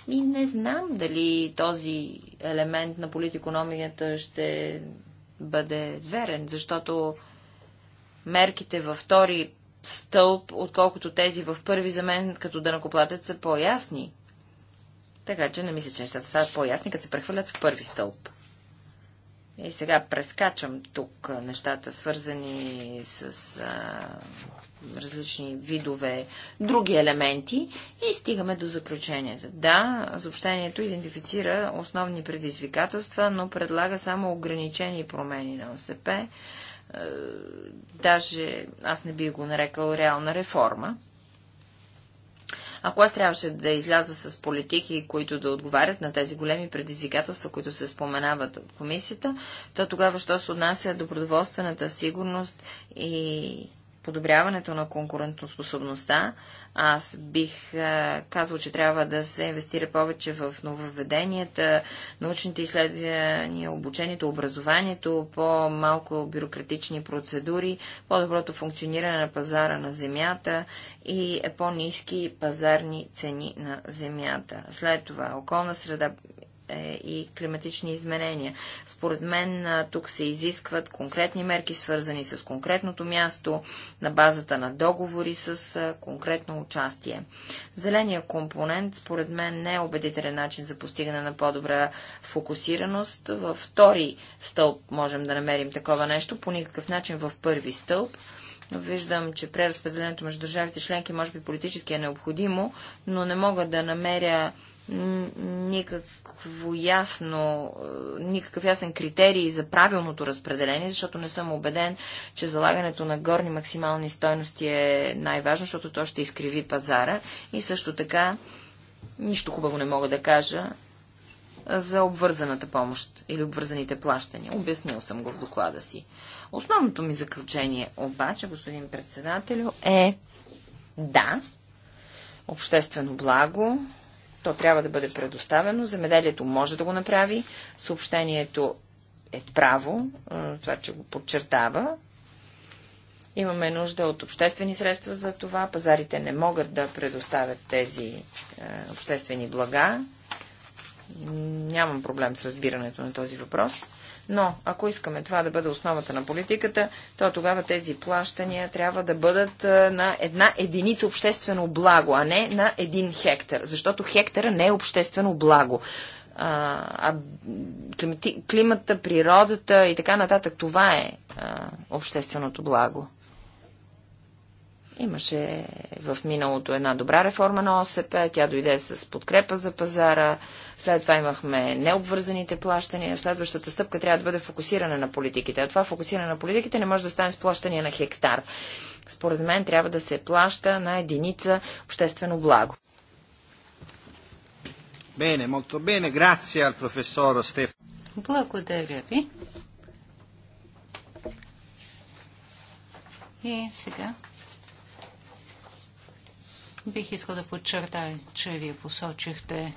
C: И не знам дали този елемент на политикономията ще бъде верен, защото мерките във втори стълб, отколкото тези в първи за мен като дънакоплатец са по-ясни. Така че не мисля, че нещата са по-ясни, като се прехвърлят в първи стълб. И сега прескачам тук нещата, свързани с а, различни видове, други елементи и стигаме до заключенията. Да, съобщението идентифицира основни предизвикателства, но предлага само ограничени промени на ОСП. Е, даже аз не би го нарекал реална реформа. Ако аз трябваше да изляза с политики, които да отговарят на тези големи предизвикателства, които се споменават от комисията, то тогава, що се отнася до продоволствената сигурност и подобряването на конкурентоспособността. Аз бих е, казал, че трябва да се инвестира повече в нововведенията, научните изследвания, обучението, образованието, по-малко бюрократични процедури, по-доброто функциониране на пазара на земята и по-низки пазарни цени на земята. След това околна среда е, и климатични изменения. Според мен тук се изискват конкретни мерки, свързани с конкретното място, на базата на договори с конкретно участие. Зеления компонент, според мен, не е убедителен начин за постигане на по-добра фокусираност. Във втори стълб можем да намерим такова нещо, по никакъв начин в първи стълб но виждам, че преразпределението между държавите членки може би политически е необходимо, но не мога да намеря никакво ясно, е, никакъв ясен критерий за правилното разпределение, защото не съм убеден, че залагането на горни максимални стойности е най-важно, защото то ще изкриви пазара и също така нищо хубаво не мога да кажа за обвързаната помощ или обвързаните плащания. Обяснил съм го в доклада си. Основното ми заключение обаче, господин председателю, е да, обществено благо, то трябва да бъде предоставено. Земеделието може да го направи. Съобщението е право, това, че го подчертава. Имаме нужда от обществени средства за това. Пазарите не могат да предоставят тези е, обществени блага. Нямам проблем с разбирането на този въпрос. Но, ако искаме това да бъде основата на политиката, то тогава тези плащания трябва да бъдат на една единица обществено благо, а не на един хектар. Защото хектара не е обществено благо а, климата, природата и така нататък. Това е а, общественото благо. Имаше в миналото една добра реформа на ОСП, тя дойде с подкрепа за пазара, след това имахме необвързаните плащания, следващата стъпка трябва да бъде фокусиране на политиките, а това фокусиране на политиките не може да стане с плащания на хектар. Според мен трябва да се плаща на единица обществено благо.
A: Bene, molto bene, grazie al professor Stefano.
C: Благодаря ви.
D: И сега Бих искал да подчертая, че вие посочихте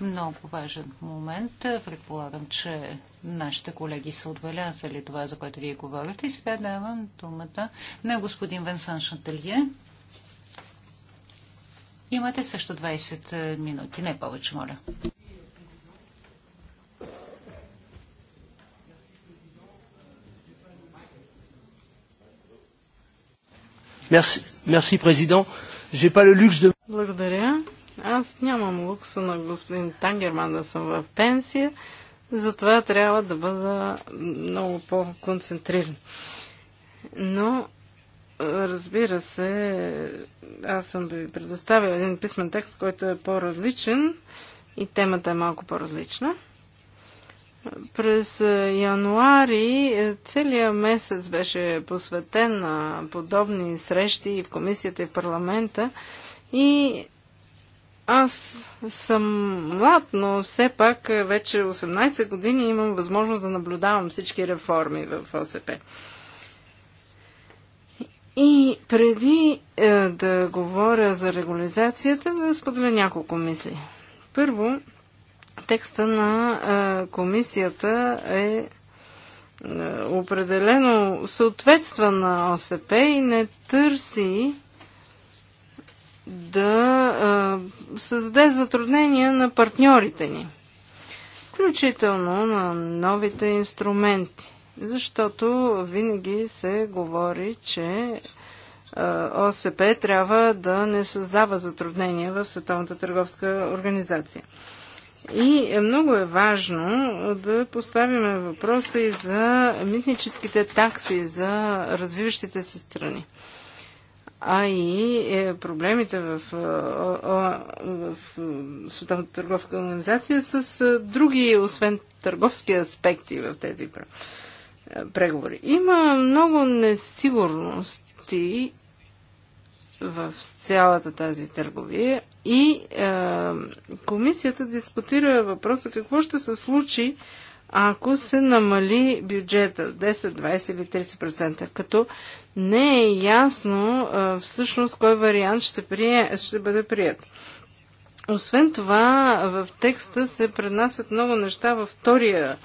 D: много важен момент. Предполагам, че нашите колеги са отбелязали това, за което вие говорите. И сега давам думата на господин Венсан Шантелье. Имате също 20 е, минути, не повече, моля. Merci,
E: merci président. J'ai pas le luxe de...
B: Благодаря. Аз нямам лукса на господин Тангерман да съм в пенсия, затова трябва да бъда много по-концентриран. Но, разбира се, аз съм ви предоставил един писмен текст, който е по-различен и темата е малко по-различна. През януари е, целият месец беше посветен на подобни срещи и в комисията и в парламента. И аз съм млад, но все пак е, вече 18 години имам възможност да наблюдавам всички реформи в ОСП. И преди е, да говоря за регулизацията, да споделя няколко мисли. Първо, Текста на комисията е, е определено съответства на ОСП и не търси да създаде затруднения на партньорите ни, включително на новите инструменти, защото винаги се говори, че ОСП трябва да не създава затруднения в Световната търговска организация. И много е важно да поставим въпроса и за митническите такси за развиващите се страни, а и е, проблемите в, е, в е, Световната търговска организация с други, освен търговски аспекти в тези преговори. Има много несигурности в цялата тази търговия, и а, е, комисията дискутира въпроса какво ще се случи, ако се намали бюджета 10, 20 или 30%, като не е ясно а, е, всъщност кой вариант ще, прие, ще бъде прият. Освен това, в текста се преднасят много неща във втория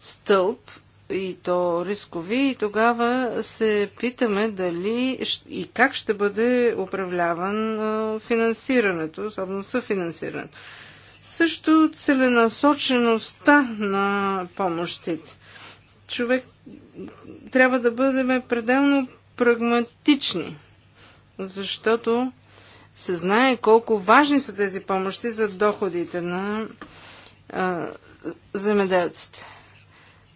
B: стълб и то рискови и тогава се питаме дали и как ще бъде управляван финансирането, особено съфинансирането. Също целенасочеността на помощите. Човек трябва да бъдем пределно прагматични, защото се знае колко важни са тези помощи за доходите на а, земеделците.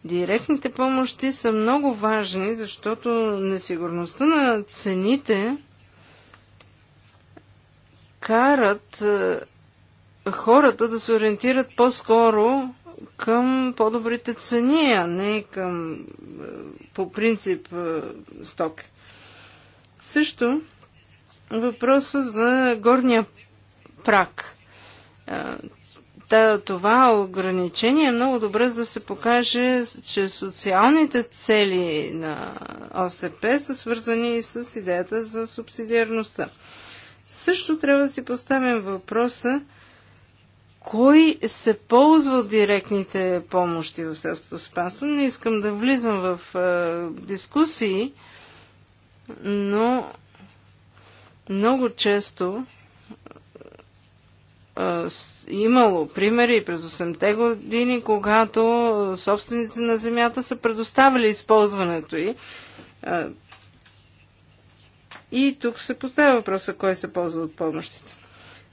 B: Директните помощи са много важни, защото несигурността на цените карат е, хората да се ориентират по-скоро към по-добрите цени, а не към е, по принцип е, стоки. Също въпроса за горния прак това ограничение е много добре за да се покаже, че социалните цели на ОСП са свързани с идеята за субсидиарността. Също трябва да си поставим въпроса кой се ползва от директните помощи в селското стопанство. Не искам да влизам в е, дискусии, но много често имало примери през 8-те години, когато собственици на земята са предоставили използването й. И тук се поставя въпроса, кой се ползва от помощите.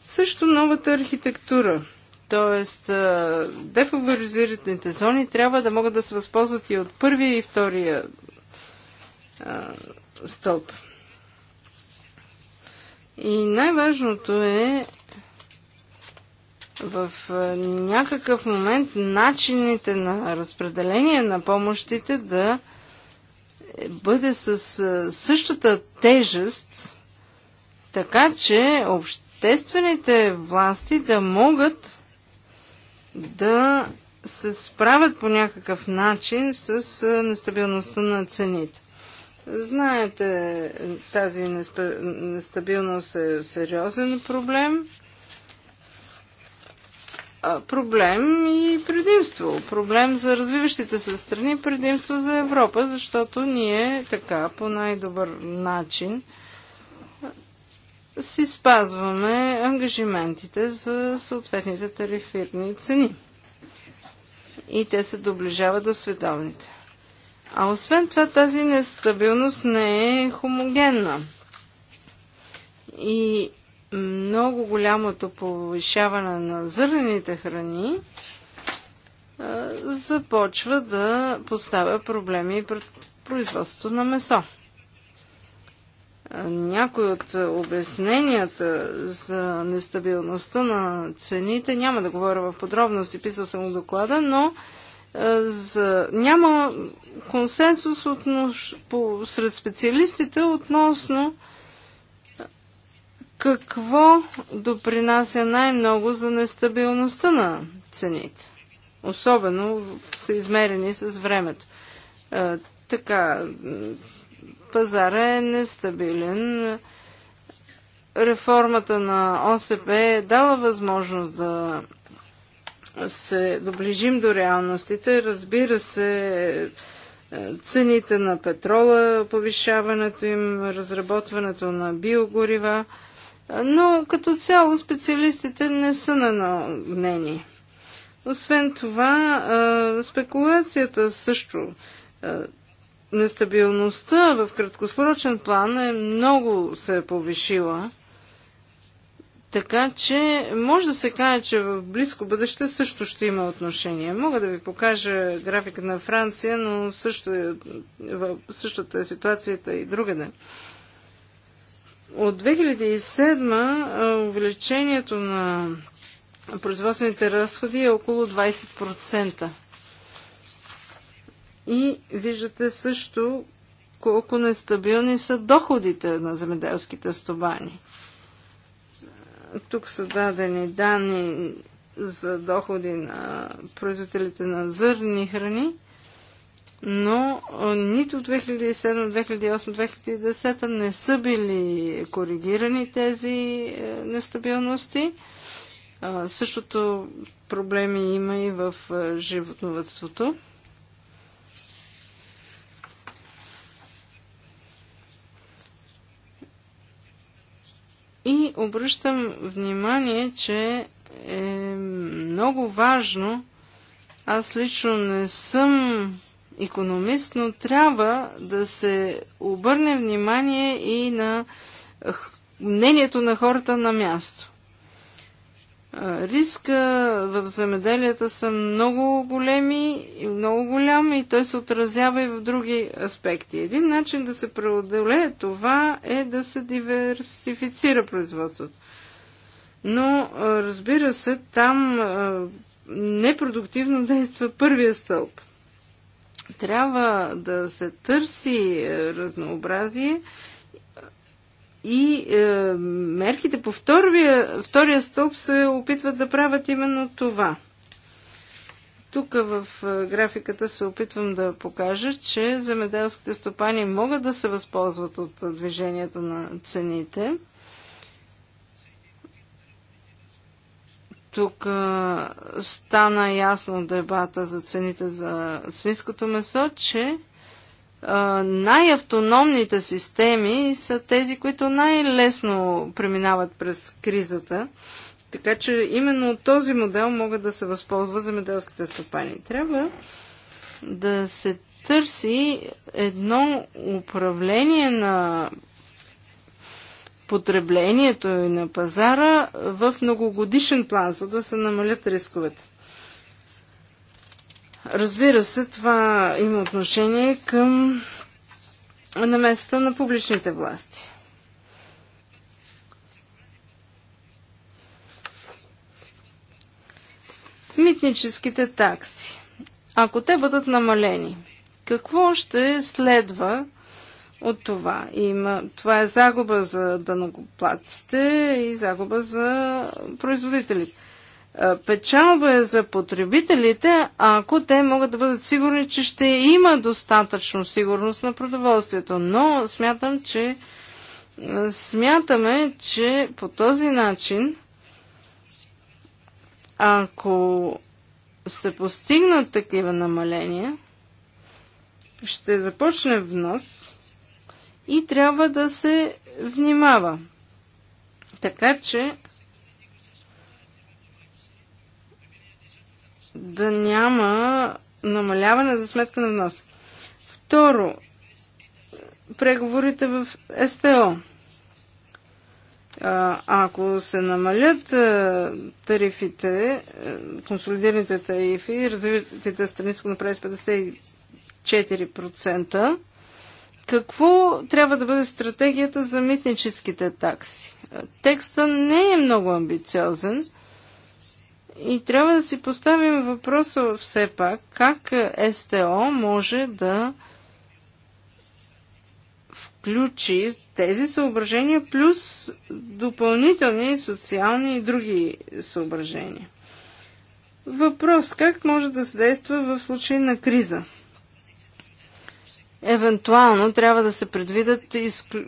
B: Също новата архитектура, т.е. дефаворизираните зони трябва да могат да се възползват и от първия и втория а, стълб. И най-важното е в е, някакъв момент начините на разпределение на помощите да бъде с е, същата тежест, така че обществените власти да могат да се справят по някакъв начин с е, нестабилността на цените. Знаете, тази нестабилност е сериозен проблем проблем и предимство. Проблем за развиващите се страни, предимство за Европа, защото ние така по най-добър начин си спазваме ангажиментите за съответните тарифирни цени. И те се доближават до световните. А освен това, тази нестабилност не е хомогенна. И много голямото повишаване на зърнените храни започва да поставя проблеми пред производството на месо. Някои от обясненията за нестабилността на цените, няма да говоря в подробности, писал съм доклада, но за... няма консенсус отнош... по... сред специалистите относно какво допринася най-много за нестабилността на цените? Особено са измерени с времето. А, е, така, пазара е нестабилен. Реформата на ОСП е дала възможност да се доближим до реалностите. Разбира се, е, цените на петрола, повишаването им, разработването на биогорива – но като цяло специалистите не са на едно мнение. Освен това, спекулацията също, нестабилността в краткосрочен план е много се е повишила. Така че може да се каже, че в близко бъдеще също ще има отношение. Мога да ви покажа графика на Франция, но също е, същата е ситуацията и другаде. Да. От 2007 увеличението на производствените разходи е около 20%. И виждате също колко нестабилни са доходите на земеделските стобани. Тук са дадени данни за доходи на производителите на зърни храни но нито 2007, 2008, 2010 не са били коригирани тези е, нестабилности. Същото проблеми има и в е, животновътството. И обръщам внимание, че е много важно. Аз лично не съм економист, но трябва да се обърне внимание и на мнението на хората на място. Риска в земеделията са много големи, и много голям и той се отразява и в други аспекти. Един начин да се преодолее това е да се диверсифицира производството. Но, разбира се, там непродуктивно действа първия стълб. Трябва да се търси е, разнообразие и е, мерките по втория, втория стълб се опитват да правят именно това. Тук в е, графиката се опитвам да покажа, че земеделските стопани могат да се възползват от е, движението на цените. Тук а, стана ясно дебата за цените за свинското месо, че най-автономните системи са тези, които най-лесно преминават през кризата. Така че именно от този модел могат да се възползват земеделските стопани. Трябва да се търси едно управление на потреблението и на пазара в многогодишен план, за да се намалят рисковете. Разбира се, това има отношение към намесата на публичните власти. Митническите такси. Ако те бъдат намалени, какво ще следва от това. Има, това е загуба за дъногоплаците и загуба за производителите. Е, печалба е за потребителите, ако те могат да бъдат сигурни, че ще има достатъчно сигурност на продоволствието. Но смятам, че е, смятаме, че по този начин, ако се постигнат такива намаления, ще започне внос – и трябва да се внимава. Така че да няма намаляване за сметка на вноса. Второ, преговорите в СТО. А, ако се намалят а, тарифите, консолидираните тарифи, развитите страни са направи с 54%, какво трябва да бъде стратегията за митническите такси? Текста не е много амбициозен и трябва да си поставим въпроса все пак как СТО може да включи тези съображения плюс допълнителни социални и други съображения. Въпрос как може да се действа в случай на криза? евентуално трябва да се предвидат изклю...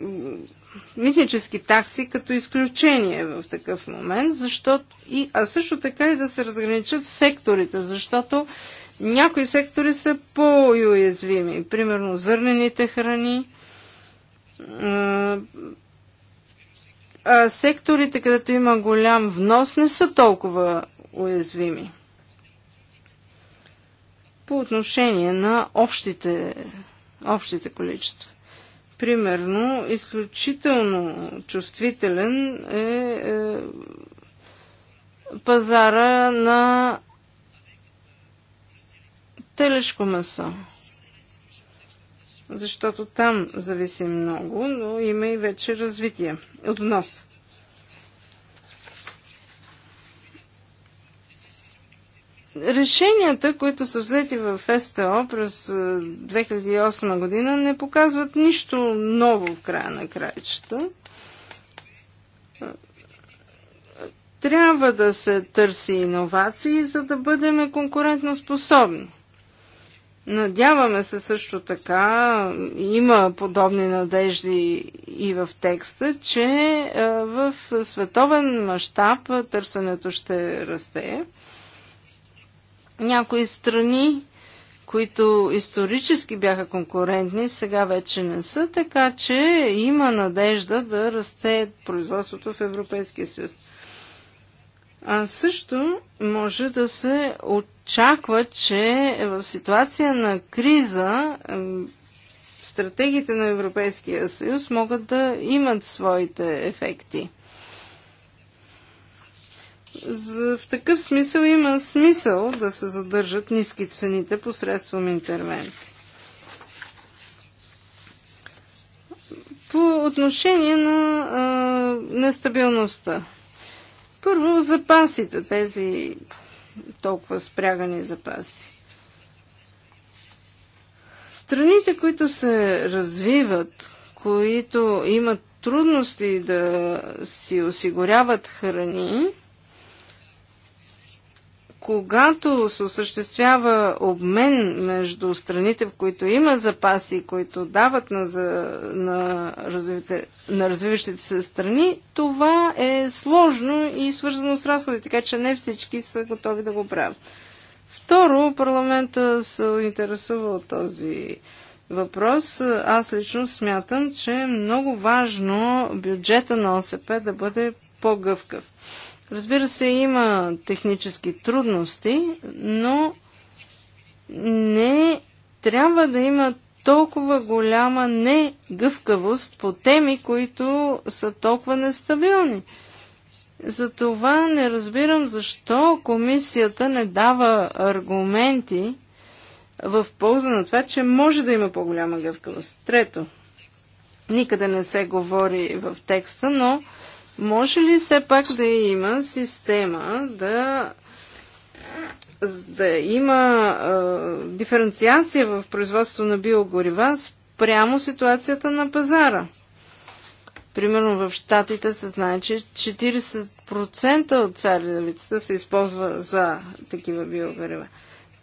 B: митнически такси като изключение в такъв момент, защото... и... а също така и да се разграничат секторите, защото някои сектори са по-уязвими. Примерно зърнените храни, а секторите, където има голям внос, не са толкова уязвими. По отношение на общите общите количества. Примерно, изключително чувствителен е, е пазара на телешко месо. Защото там зависи много, но има и вече развитие от вноса. Решенията, които са взети в СТО през 2008 е, година, не показват нищо ново в края на краищата. Трябва да се търси иновации, за да бъдем конкурентно способни. Надяваме се също така, има подобни надежди и в текста, че е, в световен мащаб търсенето ще расте. Някои страни, които исторически бяха конкурентни, сега вече не са, така че има надежда да расте производството в Европейския съюз. А също може да се очаква, че в ситуация на криза стратегиите на Европейския съюз могат да имат своите ефекти в такъв смисъл има смисъл да се задържат ниски цените посредством интервенции. По отношение на а, нестабилността. Първо запасите, тези толкова спрягани запаси. Страните, които се развиват, които имат трудности да си осигуряват храни, когато се осъществява обмен между страните, в които има запаси, които дават на, на, развивите, на развиващите се страни, това е сложно и свързано с разходи, така че не всички са готови да го правят. Второ, парламента се интересува от този въпрос. Аз лично смятам, че е много важно бюджета на ОСП да бъде по-гъвкав. Разбира се, има технически трудности, но не трябва да има толкова голяма негъвкавост по теми, които са толкова нестабилни. Затова не разбирам защо комисията не дава аргументи в полза на това, че може да има по-голяма гъвкавост. Трето, никъде не се говори в текста, но може ли все пак да има система да да има а, диференциация в производството на биогорива спрямо ситуацията на пазара. Примерно в Штатите се знае, че 40% от царевицата се използва за такива биогорива.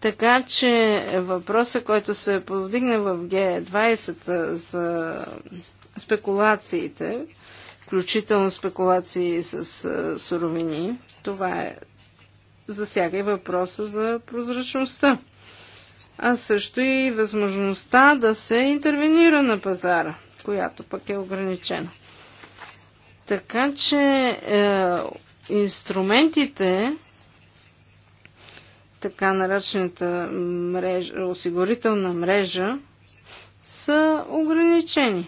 B: Така че въпросът, който се повдигна в Г20 за спекулациите, включително спекулации с суровини. Това е засяга и въпроса за прозрачността, а също и възможността да се интервенира на пазара, която пък е ограничена. Така че е, инструментите, така наречената мрежа, осигурителна мрежа, са ограничени.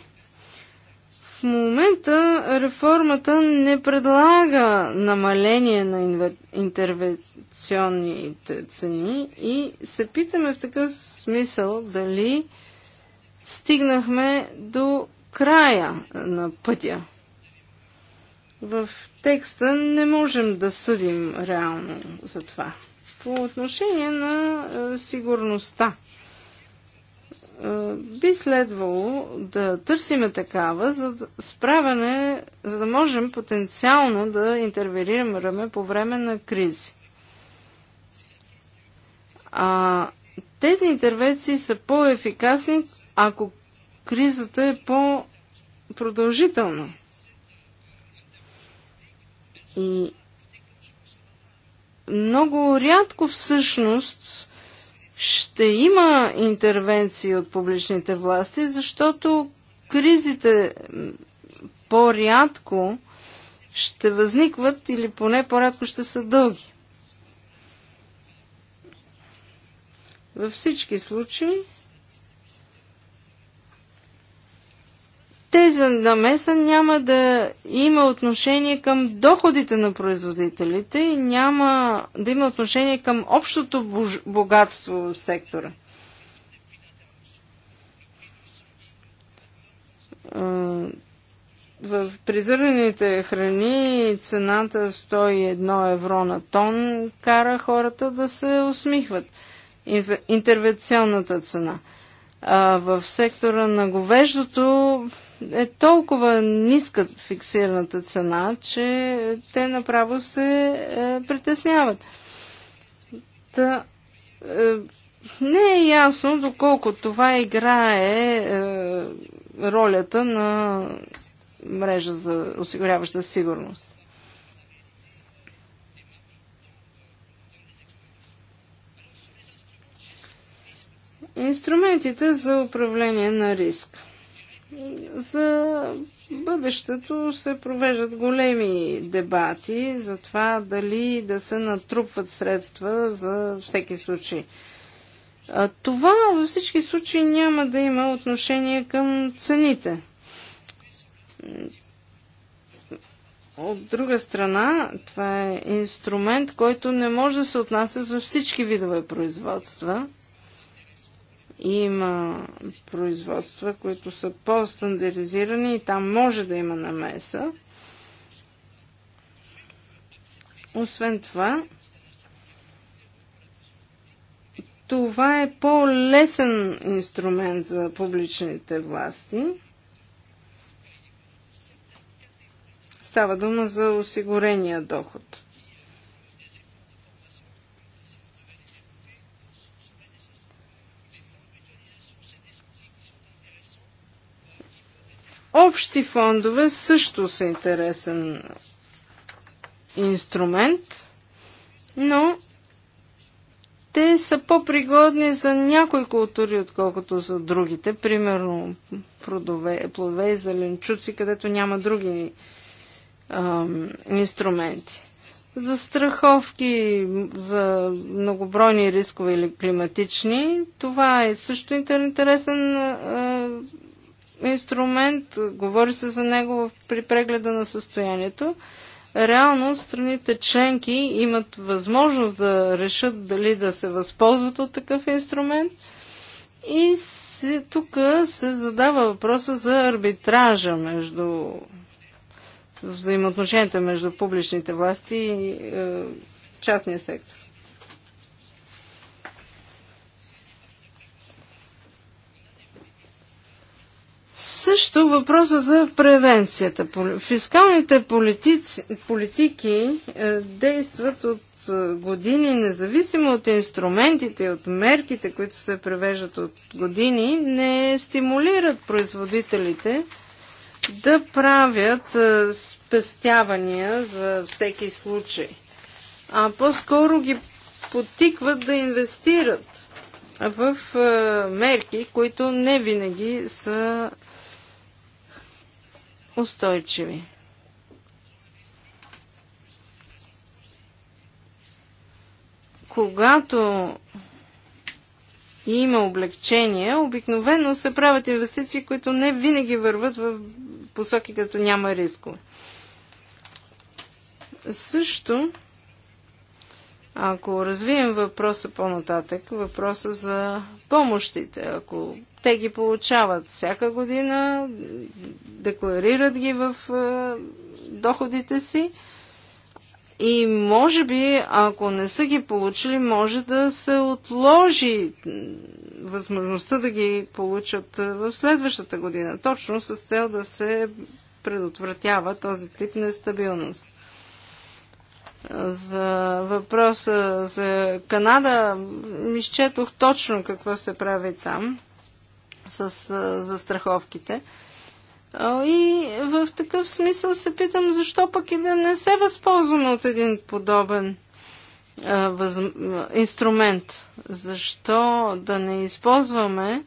B: В момента реформата не предлага намаление на интервенционните цени и се питаме в такъв смисъл дали стигнахме до края на пътя. В текста не можем да съдим реално за това. По отношение на е, сигурността. Е, би следвало да търсиме такава за да справяне, за да можем потенциално да интервенираме по време на кризи. А, тези интервенции са по-ефикасни, ако кризата е по-продължителна. И много рядко всъщност ще има интервенции от публичните власти, защото кризите по-рядко ще възникват или поне по-рядко ще са дълги. Във всички случаи Тези намеса няма да има отношение към доходите на производителите и няма да има отношение към общото богатство в сектора. В призърнените храни цената 101 евро на тон кара хората да се усмихват. Интервенционната цена – а в сектора на говеждото е толкова ниска фиксираната цена, че те направо се е, притесняват. Та, е, не е ясно доколко това играе е, ролята на мрежа за осигуряваща сигурност. Инструментите за управление на риск. За бъдещето се провеждат големи дебати за това дали да се натрупват средства за всеки случай. Това във всички случаи няма да има отношение към цените. От друга страна, това е инструмент, който не може да се отнася за всички видове производства – има производства, които са по стандаризирани и там може да има намеса. Освен това, това е по-лесен инструмент за публичните власти. Става дума за осигурения доход. Общи фондове също са интересен инструмент, но те са по-пригодни за някои култури, отколкото за другите. Примерно плодове, плодове и зеленчуци, където няма други ам, инструменти. За страховки, за многобройни рискове или климатични, това е също интересен а, инструмент, говори се за него при прегледа на състоянието. Реално страните членки имат възможност да решат дали да се възползват от такъв инструмент. И се, тук се задава въпроса за арбитража между взаимоотношенията между публичните власти и е, частния сектор. Също въпроса за превенцията. Фискалните политици, политики е, действат от е, години, независимо от инструментите, от мерките, които се превеждат от години, не стимулират производителите да правят е, спестявания за всеки случай, а по-скоро ги потикват да инвестират в е, мерки, които не винаги са устойчиви. Когато има облегчения, обикновено се правят инвестиции, които не винаги върват в посоки, като няма риско. Също, ако развием въпроса по-нататък, въпроса за помощите, ако те ги получават всяка година, декларират ги в е, доходите си и може би, ако не са ги получили, може да се отложи възможността да ги получат е, в следващата година, точно с цел да се предотвратява този тип нестабилност. За въпроса за Канада, изчетох точно какво се прави там с застраховките. И в такъв смисъл се питам, защо пък и да не се възползваме от един подобен а, въз... инструмент? Защо да не използваме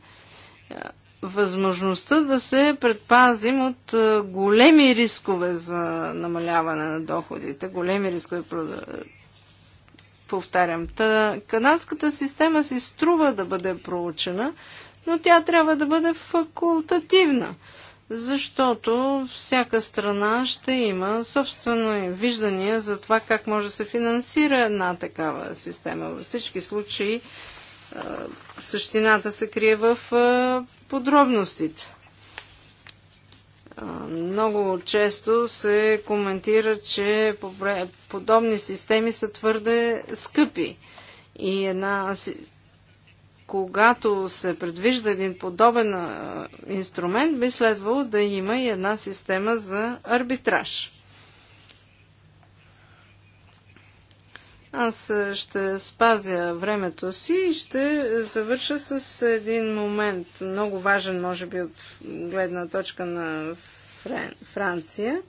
B: възможността да се предпазим от големи рискове за намаляване на доходите, големи рискове, повтарям. Та, канадската система си струва да бъде проучена но тя трябва да бъде факултативна, защото всяка страна ще има собствено виждания за това как може да се финансира една такава система. Във всички случаи същината се крие в подробностите. Много често се коментира, че подобни системи са твърде скъпи. И една когато се предвижда един подобен инструмент, би следвало да има и една система за арбитраж. Аз ще спазя времето си и ще завърша с един момент, много важен, може би, от гледна точка на Франция.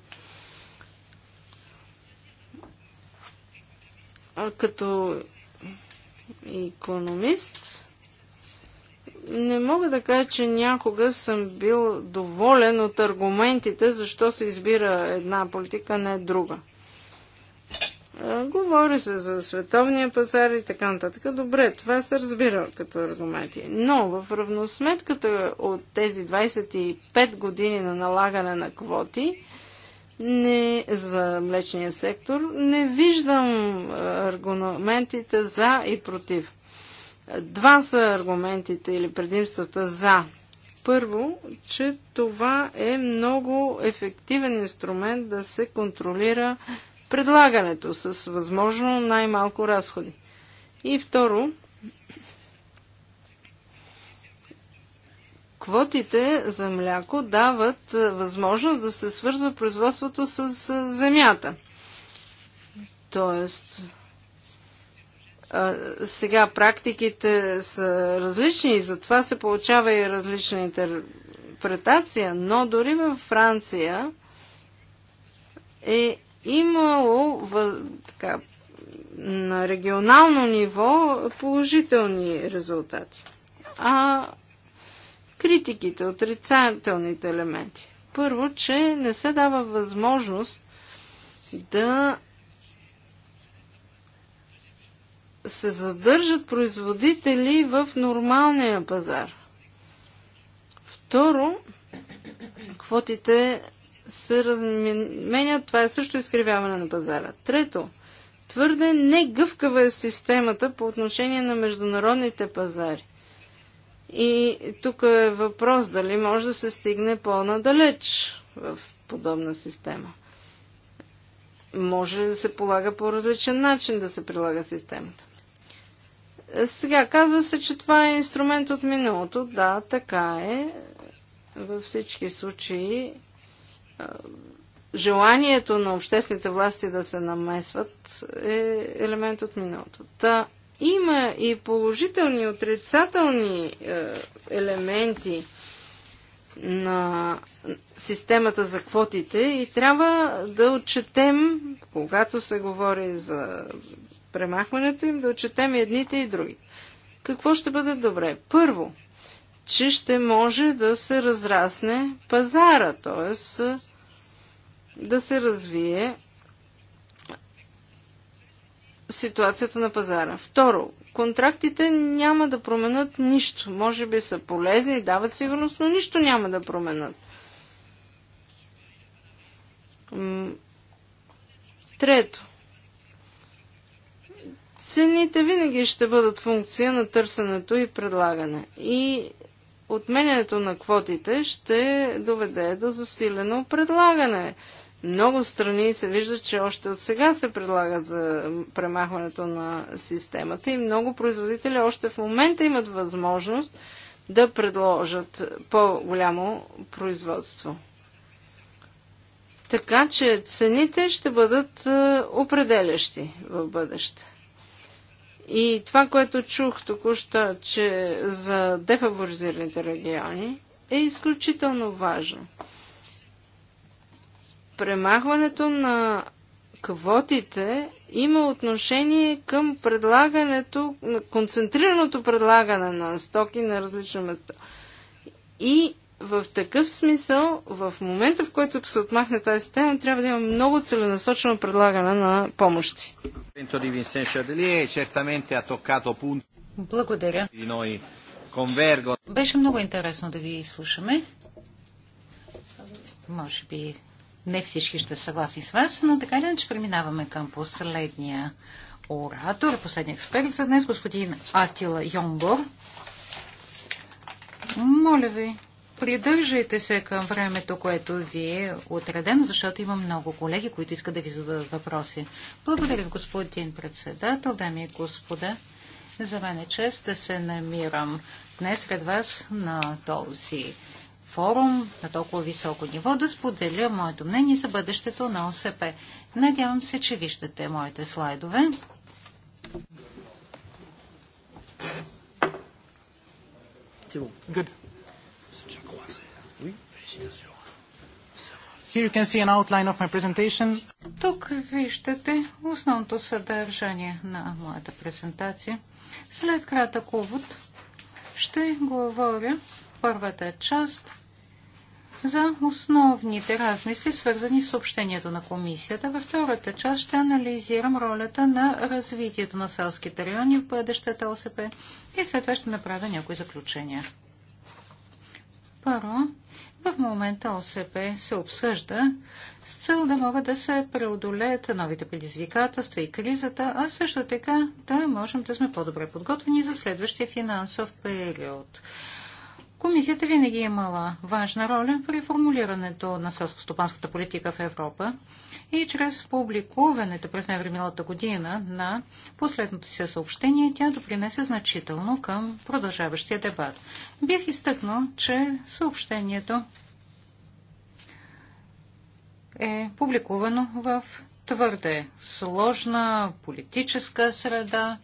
B: Като економист, не мога да кажа, че някога съм бил доволен от аргументите, защо се избира една политика, не друга. Говори се за световния пазар и така нататък. Добре, това се разбира като аргументи. Но в равносметката от тези 25 години на налагане на квоти не, за млечния сектор не виждам аргументите за и против. Два са аргументите или предимствата за. Първо, че това е много ефективен инструмент да се контролира предлагането с възможно най-малко разходи. И второ, квотите за мляко дават е, възможност да се свързва производството с е, земята. Тоест, сега практиките са различни и затова се получава и различна интерпретация, но дори във Франция е имало така, на регионално ниво положителни резултати. А критиките, отрицателните елементи. Първо, че не се дава възможност да се задържат производители в нормалния пазар. Второ, квотите се разменят. Това е също изкривяване на пазара. Трето, твърде негъвкава е системата по отношение на международните пазари. И тук е въпрос дали може да се стигне по-надалеч в подобна система. Може да се полага по различен начин да се прилага системата. Сега казва се, че това е инструмент от миналото. Да, така е. Във всички случаи е, желанието на обществените власти да се намесват е елемент от миналото. Та има и положителни, отрицателни е, елементи на системата за квотите и трябва да отчетем, когато се говори за премахването им да отчетем едните и други. Какво ще бъде добре? Първо, че ще може да се разрасне пазара, т.е. да се развие ситуацията на пазара. Второ, контрактите няма да променят нищо. Може би са полезни и дават сигурност, но нищо няма да променят. Трето, Цените винаги ще бъдат функция на търсенето и предлагане. И отменянето на квотите ще доведе до засилено предлагане. Много страни се вижда, че още от сега се предлагат за премахването на системата и много производители още в момента имат възможност да предложат по-голямо производство. Така че цените ще бъдат е, определящи в бъдеще. И това, което чух току-що, че за дефаворизираните региони е изключително важно. Премахването на квотите има отношение към предлагането, концентрираното предлагане на стоки на различни места. И в такъв смисъл, в момента в който се отмахне тази тема, трябва да има много
A: целенасочено предлагане на помощи.
D: Благодаря. Беше много интересно да ви слушаме. Може би не всички ще съгласни с вас, но така ли иначе преминаваме към последния оратор, последния експерт за днес, господин Атила Йонбор. Моля ви, Придържайте се към времето, което ви е отредено, защото има много колеги, които искат да ви зададат въпроси. Благодаря ви, господин председател, дами и господа. За мен е чест да се намирам днес сред вас на този форум на толкова високо ниво, да споделя моето мнение за бъдещето на ОСП. Надявам се, че виждате моите слайдове.
A: Good. Here
D: you can see an outline of my presentation. Тук
B: виждате
D: основното съдържание на моята презентация. След кратък увод ще говоря в първата част за основните размисли, свързани с общението на комисията. Във втората част ще анализирам ролята на развитието на селските райони в бъдещата ОСП и след това ще направя някои заключения. Първо, в момента ОСП се обсъжда с цел да могат да се преодолеят новите предизвикателства и кризата, а също така да можем да сме по-добре подготвени за следващия финансов период. Комисията винаги е имала важна роля при формулирането на селскостопанската политика в Европа и чрез публикуването през ноември миналата година на последното си съобщение тя допринесе значително към продължаващия дебат. Бих изтъкнал, че съобщението е публикувано в твърде сложна политическа среда,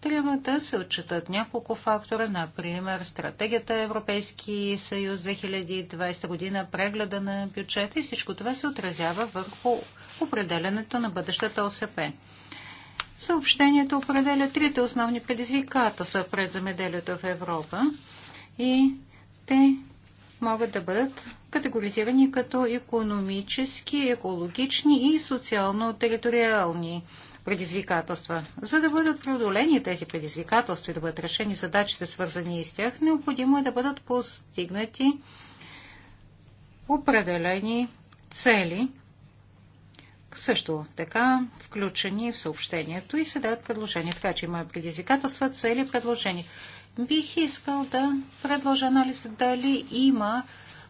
D: Тримата се отчитат няколко фактора, например стратегията Европейски съюз 2020 година, прегледа на бюджета и всичко това се отразява върху определенето на бъдещата ОСП. Съобщението определя трите основни предизвикателства пред замеделието в Европа и те могат да бъдат категоризирани като економически, екологични и социално-териториални предизвикателства. За да бъдат преодолени тези предизвикателства и да бъдат решени задачите, свързани с тях, необходимо е да бъдат постигнати определени цели, също така включени в съобщението и се дават предложения. Така че има предизвикателства, цели, предложения. Бих искал да предложа анализ дали има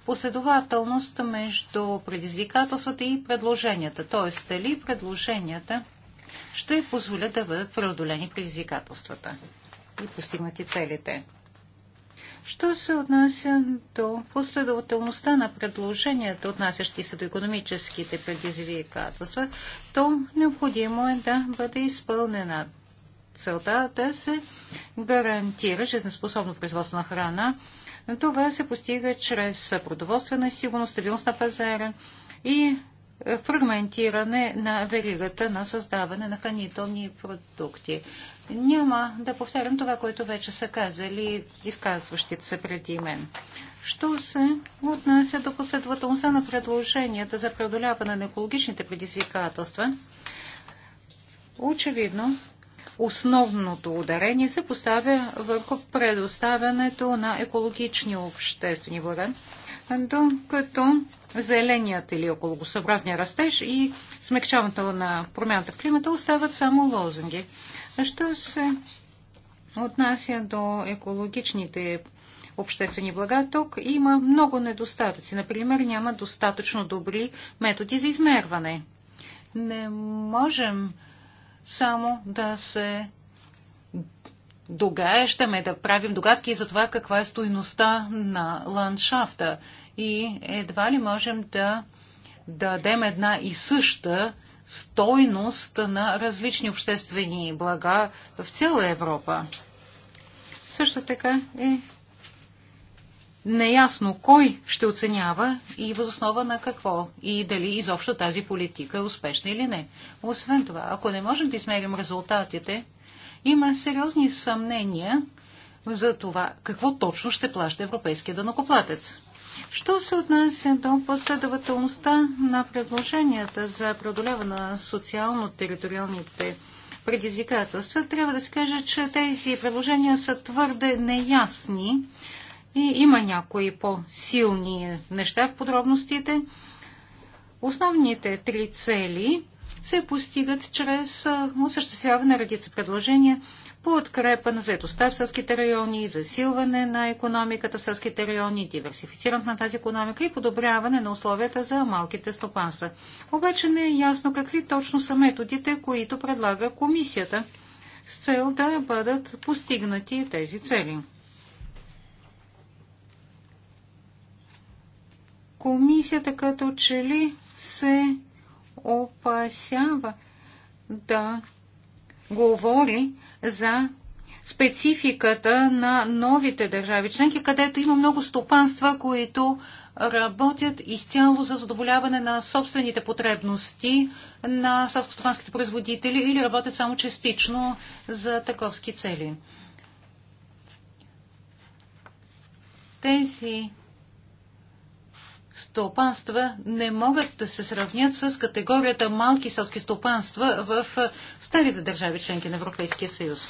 D: последователност между предизвикателствата и предложенията. Т.е. дали предложенията ще позволят да бъдат преодолени предизвикателствата и постигнати целите. Що се отнася до последователността на предложенията, отнасящи се до економическите предизвикателства, то необходимо е да бъде изпълнена целта е да се гарантира жизнеспособно производство на храна. Това се постига чрез продоволствена сигурност, стабилност на пазара и е, фрагментиране на веригата на създаване на хранителни продукти. Няма да повтарям това, което вече са казали изказващите се преди мен. Що се отнася до последователността на предложенията за преодоляване на екологичните предизвикателства, очевидно основното ударение се поставя върху предоставянето на екологични обществени блага докато зеленият или окологосъобразния растеж и смягчаването на промяната в климата остават само лозунги. Що се отнася до екологичните обществени блага, тук има много недостатъци. Например, няма достатъчно добри методи за измерване. Не можем само да се догаещаме, да правим догадки за това каква е стойността на ландшафта и едва ли можем да дадем една и съща стойност на различни обществени блага в цяла Европа. Също така е неясно кой ще оценява и възоснова на какво и дали изобщо тази политика е успешна или не. Освен това, ако не можем да измерим резултатите, има сериозни съмнения за това какво точно ще плаща европейския данокоплатец. Що се отнася до последователността на предложенията за преодоляване на социално-териториалните предизвикателства, трябва да се каже, че тези предложения са твърде неясни и има някои по-силни неща в подробностите. Основните три цели се постигат чрез осъществяване на редица предложения – подкрепа на заедостта в съските райони, засилване на економиката в съските райони, диверсифициране на тази економика и подобряване на условията за малките стопанства. Обаче не е ясно какви точно са методите, които предлага комисията с цел да бъдат постигнати тези цели. Комисията като че ли се опасява да говори за спецификата на новите държави членки, където има много стопанства, които работят изцяло за задоволяване на собствените потребности на селскостопанските производители или работят само частично за таковски цели. Тези стопанства не могат да се сравнят с категорията малки селски стопанства в старите държави членки на Европейския съюз.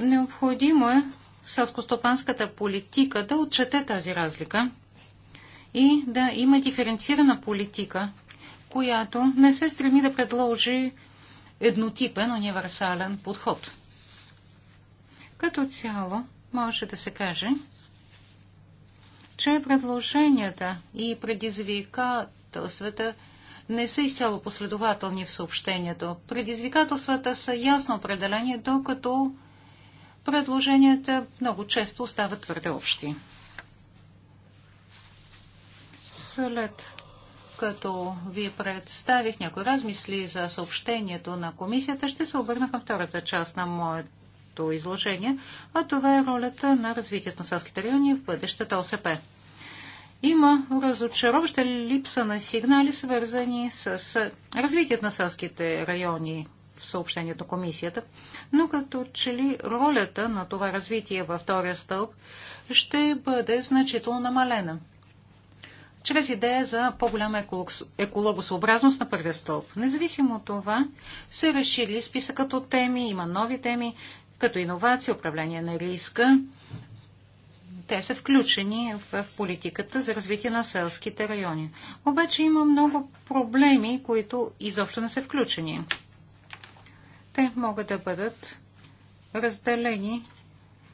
D: Необходимо е селскостопанската политика да отчете тази разлика и да има диференцирана политика, която не се стреми да предложи еднотипен универсален подход. Като цяло може да се каже, че предложенията и предизвикателствата не са изцяло последователни в съобщението. Предизвикателствата са ясно определени, докато предложенията много често остават твърде общи. След като ви представих някои размисли за съобщението на комисията, ще се обърна към втората част на моят моето изложение, а това е ролята на развитието на селските райони в бъдещата ОСП. Има разочароваща липса на сигнали, свързани с развитието на селските райони в съобщението на комисията, но като че ли ролята на това развитие във втория стълб ще бъде значително намалена чрез идея за по-голяма екологосъобразност на първия стълб. Независимо от това, се разшири списъкът от теми, има нови теми, като иновация, управление на риска. Те са включени в политиката за развитие на селските райони. Обаче има много проблеми, които изобщо не са включени. Те могат да бъдат разделени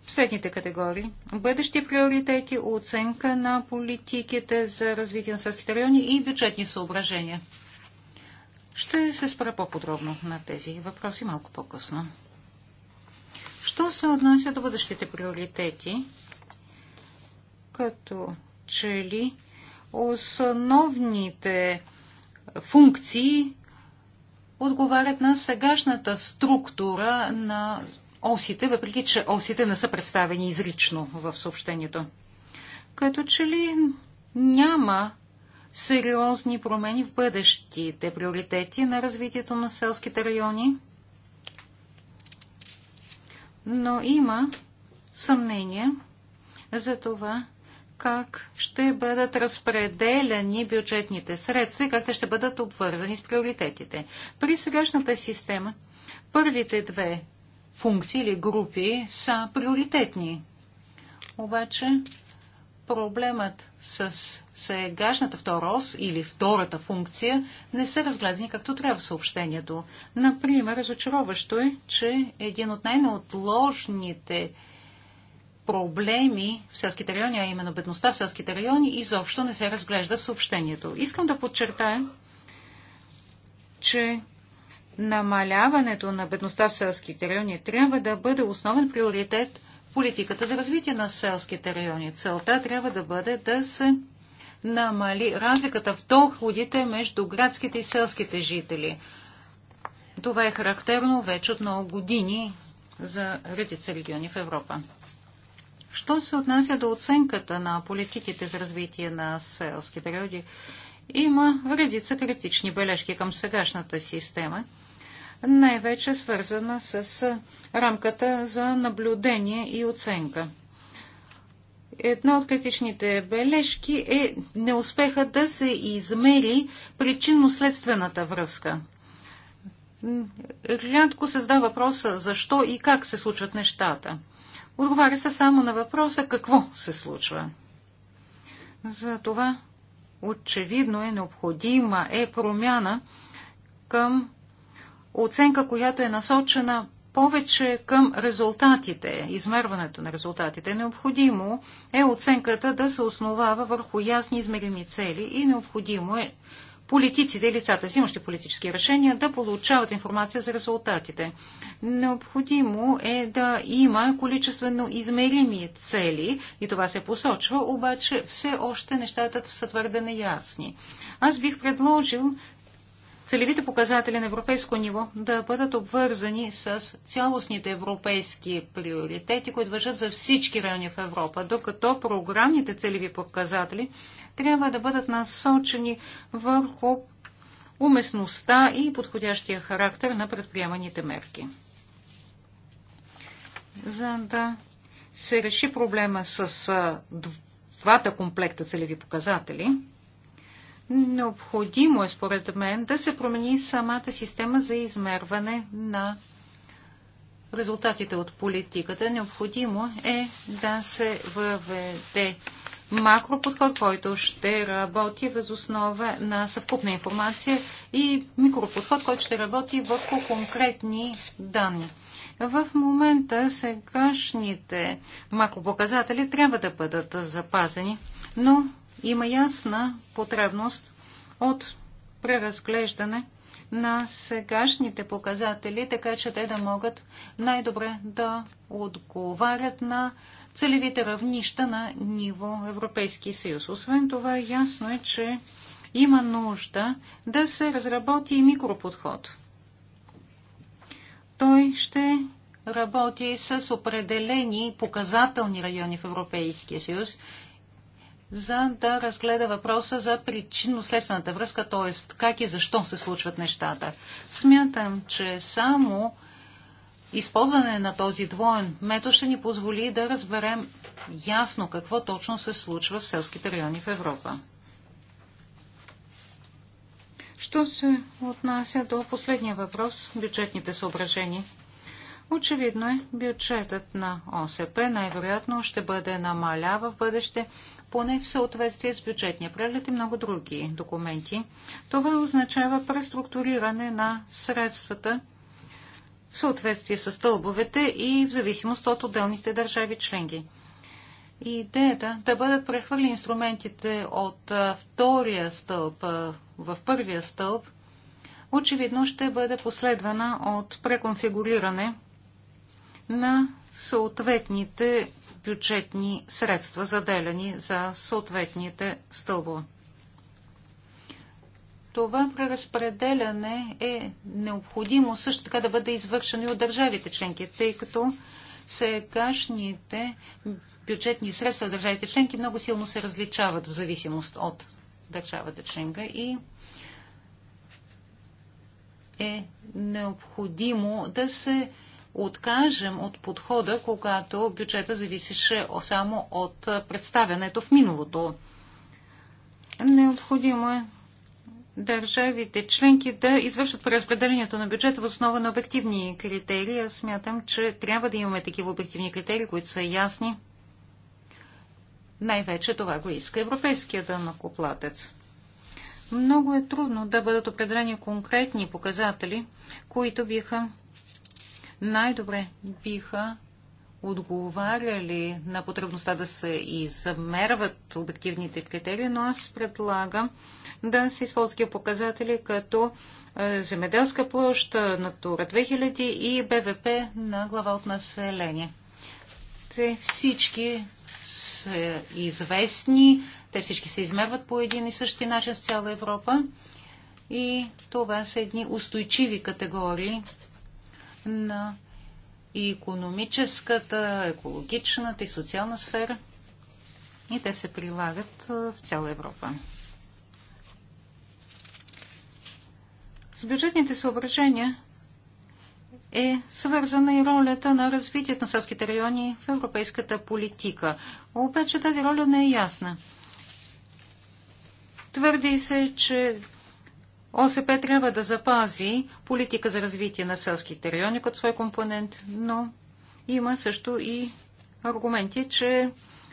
D: в следните категории. Бъдещи приоритети, оценка на политиките за развитие на селските райони и бюджетни съображения. Ще се спра по-подробно на тези въпроси малко по-късно. Що се отнася до бъдещите приоритети, като че ли основните функции отговарят на сегашната структура на осите, въпреки че осите не са представени изрично в съобщението. Като че ли няма сериозни промени в бъдещите приоритети на развитието на селските райони – но има съмнение за това, как ще бъдат разпределени бюджетните средства и как те ще бъдат обвързани с приоритетите. При сегашната система първите две функции или групи са приоритетни. Обаче проблемът с сегашната второс или втората функция не се разгледани както трябва в съобщението. Например, разочароващо е, че един от най-неотложните проблеми в селските райони, а именно бедността в селските райони, изобщо не се разглежда в съобщението. Искам да подчертая, че намаляването на бедността в селските райони трябва да бъде основен приоритет политиката за развитие на селските райони. Целта трябва да бъде да се намали разликата в доходите между градските и селските жители. Това е характерно вече от много години за редица региони в Европа. Що се отнася до оценката на политиките за развитие на селските райони, има редица критични бележки към сегашната система – най-вече свързана с рамката за наблюдение и оценка. Една от критичните бележки е неуспеха да се измери причинно-следствената връзка. Рядко се задава въпроса защо и как се случват нещата. Отговаря се само на въпроса какво се случва. Затова очевидно е необходима е промяна към оценка, която е насочена повече към резултатите, измерването на резултатите. Необходимо е оценката да се основава върху ясни измерими цели и необходимо е политиците и лицата, взимащи политически решения, да получават информация за резултатите. Необходимо е да има количествено измерими цели, и това се посочва, обаче все още нещата са твърде неясни. Аз бих предложил целевите показатели на европейско ниво да бъдат обвързани с цялостните европейски приоритети, които въжат за всички райони в Европа, докато програмните целеви показатели трябва да бъдат насочени върху уместността и подходящия характер на предприеманите мерки. За да се реши проблема с двата комплекта целеви показатели, Необходимо е, според мен, да се промени самата система за измерване на резултатите от политиката. Необходимо е да се въведе макроподход, който ще работи въз основа на съвкупна информация и микроподход, който ще работи върху конкретни данни. В момента сегашните макропоказатели трябва да бъдат запазени, но има ясна потребност от преразглеждане на сегашните показатели, така че те да могат най-добре да отговарят на целевите равнища на ниво Европейски съюз. Освен това, ясно е, че има нужда да се разработи и микроподход. Той ще работи с определени показателни райони в Европейския съюз за да разгледа въпроса за причинно-следствената връзка, т.е. как и защо се случват нещата. Смятам, че само използване на този двоен метод ще ни позволи да разберем ясно какво точно се случва в селските райони в Европа. Що се отнася до последния въпрос, бюджетните съображения? Очевидно е, бюджетът на ОСП най-вероятно ще бъде намалява в бъдеще – поне в съответствие с бюджетния преглед и много други документи. Това означава преструктуриране на средствата в съответствие с стълбовете и в зависимост от отделните държави членки. Идеята да бъдат прехвърли инструментите от втория стълб в първия стълб очевидно ще бъде последвана от преконфигуриране на съответните бюджетни средства, заделяни за съответните стълбове. Това преразпределяне е необходимо също така да бъде извършено и от държавите членки, тъй като сегашните бюджетни средства от държавите членки много силно се различават в зависимост от държавата членка и е необходимо да се откажем от подхода, когато бюджета зависеше само от представянето в миналото. Необходимо е държавите членки да извършат преразпределението на бюджета в основа на обективни критерии. Аз смятам, че трябва да имаме такива обективни критерии, които са ясни. Най-вече това го иска европейския данъкоплатец. Много е трудно да бъдат определени конкретни показатели, които биха най-добре биха отговаряли на потребността да се измерват обективните критерии, но аз предлагам да се използват показатели като е, земеделска площ, е, Натура 2000 и БВП на глава от население. Те всички са известни, те всички се измерват по един и същи начин с цяла Европа и това са едни устойчиви категории на и економическата, екологичната и социална сфера. И те се прилагат в цяла Европа. С бюджетните съображения е свързана и ролята на развитието на селските райони в европейската политика. Обаче тази роля не е ясна. Твърди се, че ОСП трябва да запази политика за развитие на селските райони като свой компонент, но има също и аргументи, че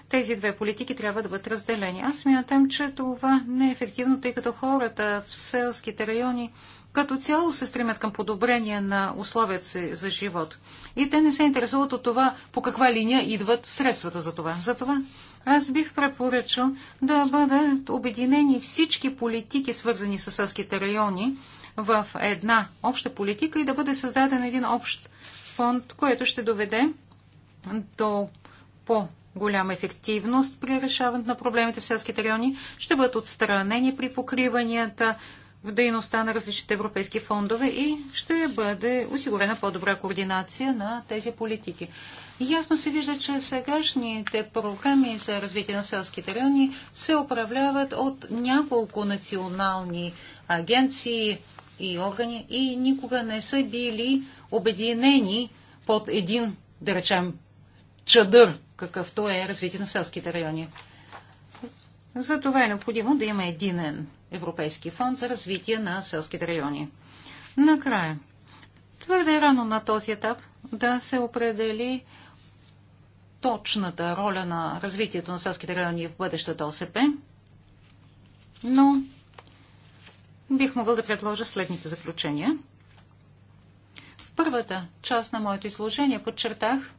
D: тези две политики трябва да бъдат разделени. Аз мятам, че това не е ефективно, тъй като хората в селските райони като цяло се стремят към подобрение на условията си за живот. И те не се интересуват от това по каква линия идват средствата за това. За това аз бих препоръчал да бъдат обединени всички политики, свързани с съските райони, в една обща политика и да бъде създаден един общ фонд, което ще доведе до по-голяма ефективност при решаването на проблемите в селските райони, ще бъдат отстранени при покриванията в дейността на различните европейски фондове и ще бъде осигурена по-добра координация на тези политики. Ясно се вижда, че сегашните програми за развитие на селските райони се управляват от няколко национални агенции и органи и никога не са били обединени под един, да речем, чадър, какъвто е развитие на селските райони. това е необходимо да има единен Европейски фонд за развитие на селските райони. Накрая, твърде рано на този етап да се определи точната роля на развитието на селските райони в бъдещата ОСП, но бих могъл да предложа следните заключения. В първата част на моето изложение подчертах,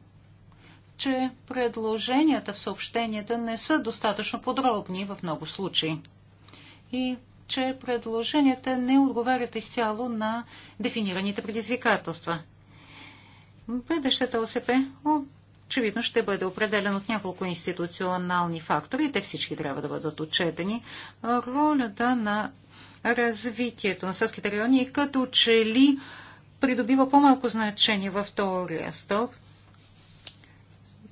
D: че предложенията в съобщенията не са достатъчно подробни в много случаи и че предложенията не отговарят изцяло на дефинираните предизвикателства. Бъдещата ОСП очевидно ще бъде определен от няколко институционални фактори. Те всички трябва да бъдат отчетени. Ролята на развитието на съските райони е като че ли придобива по-малко значение във втория стълб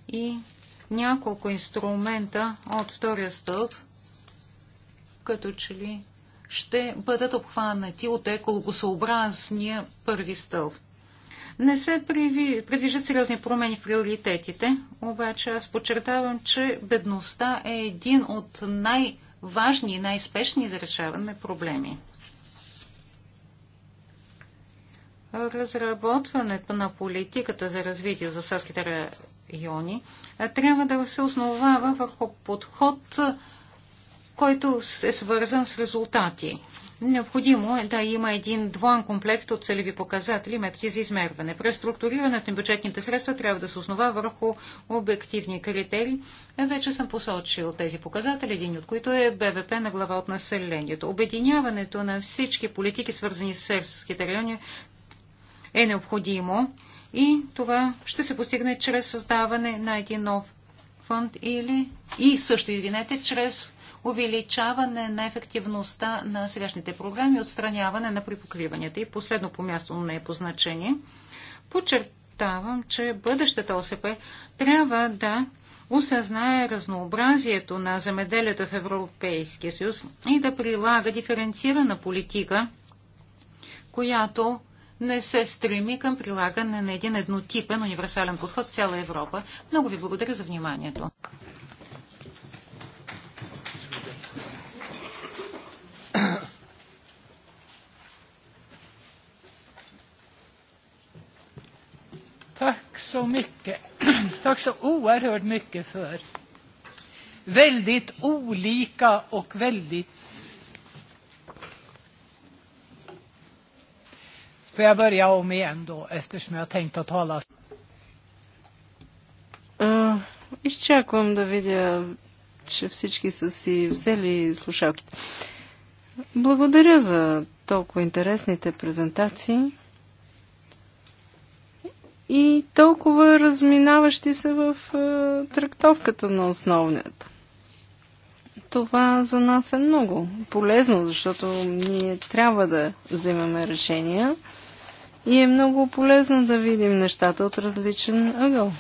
D: и няколко инструмента от втория стълб като че ли ще бъдат обхванати от екологосъобразния първи стълб. Не се предвиждат сериозни промени в приоритетите, обаче аз подчертавам, че бедността е един от най-важни и най-спешни за решаване проблеми. Разработването на политиката за развитие за Саските райони трябва да се основава върху подход, който е свързан с резултати. Необходимо е да има един двоен комплект от целеви показатели, метки за измерване. Преструктурирането на бюджетните средства трябва да се основа върху обективни критерии. Вече съм посочил тези показатели, един от които е БВП на глава от населението. Обединяването на всички политики, свързани с селските райони, е необходимо и това ще се постигне чрез създаване на един нов фонд или и също, извинете, чрез увеличаване на ефективността на сегашните програми, отстраняване на припокриванията. И последно по място, но не е по значение, подчертавам, че бъдещата ОСП трябва да осъзнае разнообразието на земеделието в Европейския съюз и да прилага диференцирана политика, която не се стреми към прилагане на един еднотипен универсален подход в цяла Европа. Много ви благодаря за вниманието. Tack så mycket. Tack så oerhört mycket för väldigt olika och väldigt... Får jag börja om igen då eftersom jag tänkt att tala...
B: изчаквам да видя, че всички са си взели слушалките. Благодаря за толкова интересните презентации и толкова разминаващи се в е, трактовката на основнията. Това за нас е много полезно, защото ние трябва да взимаме решения и е много полезно да видим нещата от различен ъгъл.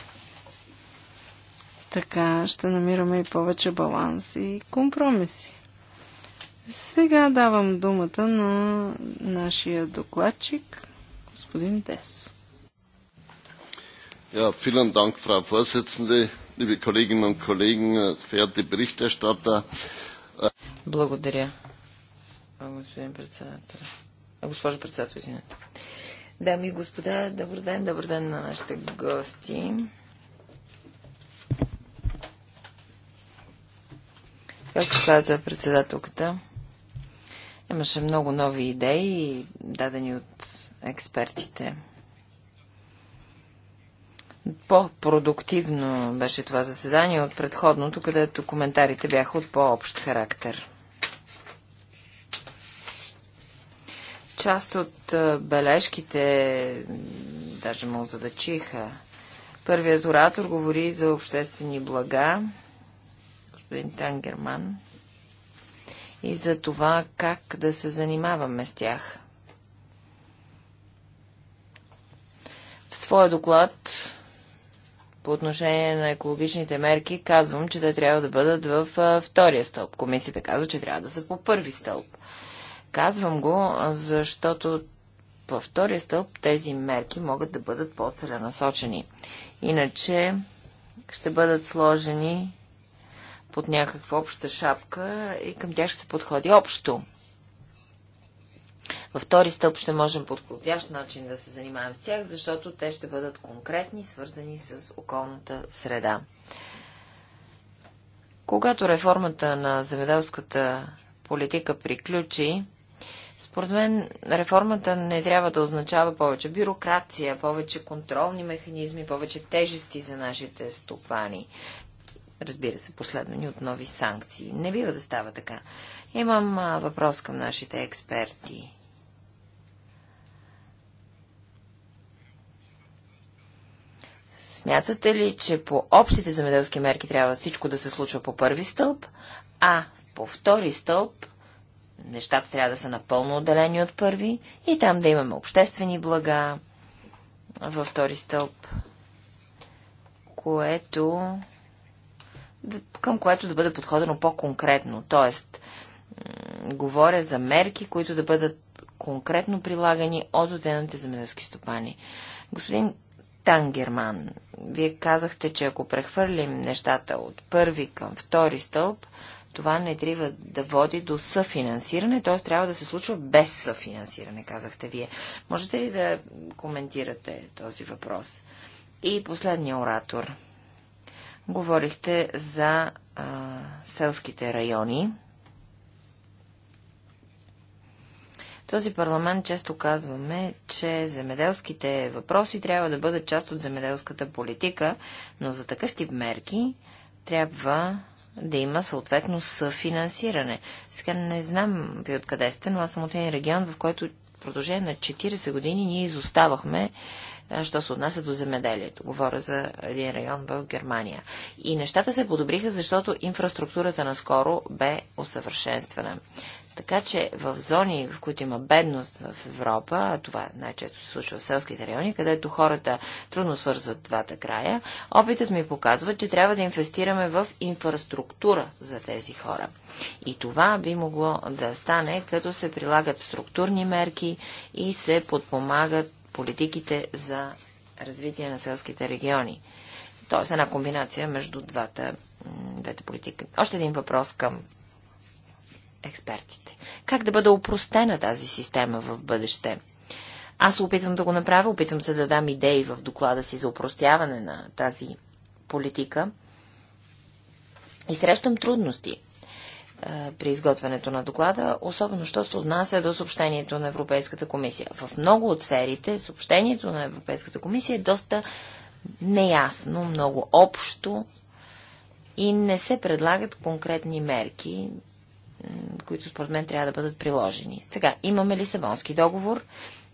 B: Така ще намираме и повече баланс и компромиси. Сега давам думата на нашия докладчик, господин Дес. Frau
E: Vorsitzende, liebe Kolleginnen und Kollegen, äh, verehrte Berichterstatter.
C: Äh, Благодаря, господин председател. Госпожо председател, извинете. Дами и господа, добър ден, добър ден на нашите гости. Както каза председателката, имаше много нови идеи, дадени от експертите. По-продуктивно беше това заседание от предходното, където коментарите бяха от по-общ характер. Част от бележките даже му задачиха. Първият оратор говори за обществени блага, господин Тангерман, и за това как да се занимаваме с тях. В своя доклад по отношение на екологичните мерки, казвам, че те трябва да бъдат в втория стълб. Комисията казва, че трябва да са по първи стълб. Казвам го, защото във втория стълб тези мерки могат да бъдат по-целенасочени. Иначе ще бъдат сложени под някаква обща шапка и към тях ще се подходи общо. Във втори стълб ще можем подходящ начин да се занимаем с тях, защото те ще бъдат конкретни, свързани с околната среда. Когато реформата на земеделската политика приключи, според мен реформата не трябва да означава повече бюрокрация, повече контролни механизми, повече тежести за нашите стопани. Разбира се, последвани от нови санкции. Не бива да става така. Имам въпрос към нашите експерти. Смятате ли, че по общите земеделски мерки трябва всичко да се случва по първи стълб, а по втори стълб нещата трябва да са напълно отделени от първи и там да имаме обществени блага във втори стълб, което към което да бъде подходено по-конкретно. Тоест, говоря за мерки, които да бъдат конкретно прилагани от отделните земеделски стопани. Господин Тангерман. Вие казахте, че ако прехвърлим нещата от първи към втори стълб, това не трябва да води до съфинансиране, т.е. трябва да се случва без съфинансиране, казахте вие. Можете ли да коментирате този въпрос? И последния оратор. Говорихте за а, селските райони този парламент често казваме, че земеделските въпроси трябва да бъдат част от земеделската политика, но за такъв тип мерки трябва да има съответно съфинансиране. Сега не знам ви откъде сте, но аз съм от един регион, в който в продължение на 40 години ние изоставахме що се отнася до земеделието. Говоря за един район в Германия. И нещата се подобриха, защото инфраструктурата наскоро бе усъвършенствана. Така че в зони, в които има бедност в Европа, а това най-често се случва в селските райони, където хората трудно свързват двата края, опитът ми показва, че трябва да инвестираме в инфраструктура за тези хора. И това би могло да стане, като се прилагат структурни мерки и се подпомагат политиките за развитие на селските региони. Тоест една комбинация между двата, двете политики. Още един въпрос към експертите. Как да бъде упростена тази система в бъдеще? Аз се опитвам да го направя, опитвам се да дам идеи в доклада си за упростяване на тази политика. И срещам трудности е, при изготвянето на доклада, особено що се отнася до съобщението на Европейската комисия. В много от сферите съобщението на Европейската комисия е доста неясно, много общо и не се предлагат конкретни мерки които според мен трябва да бъдат приложени. Сега, имаме Лисабонски договор,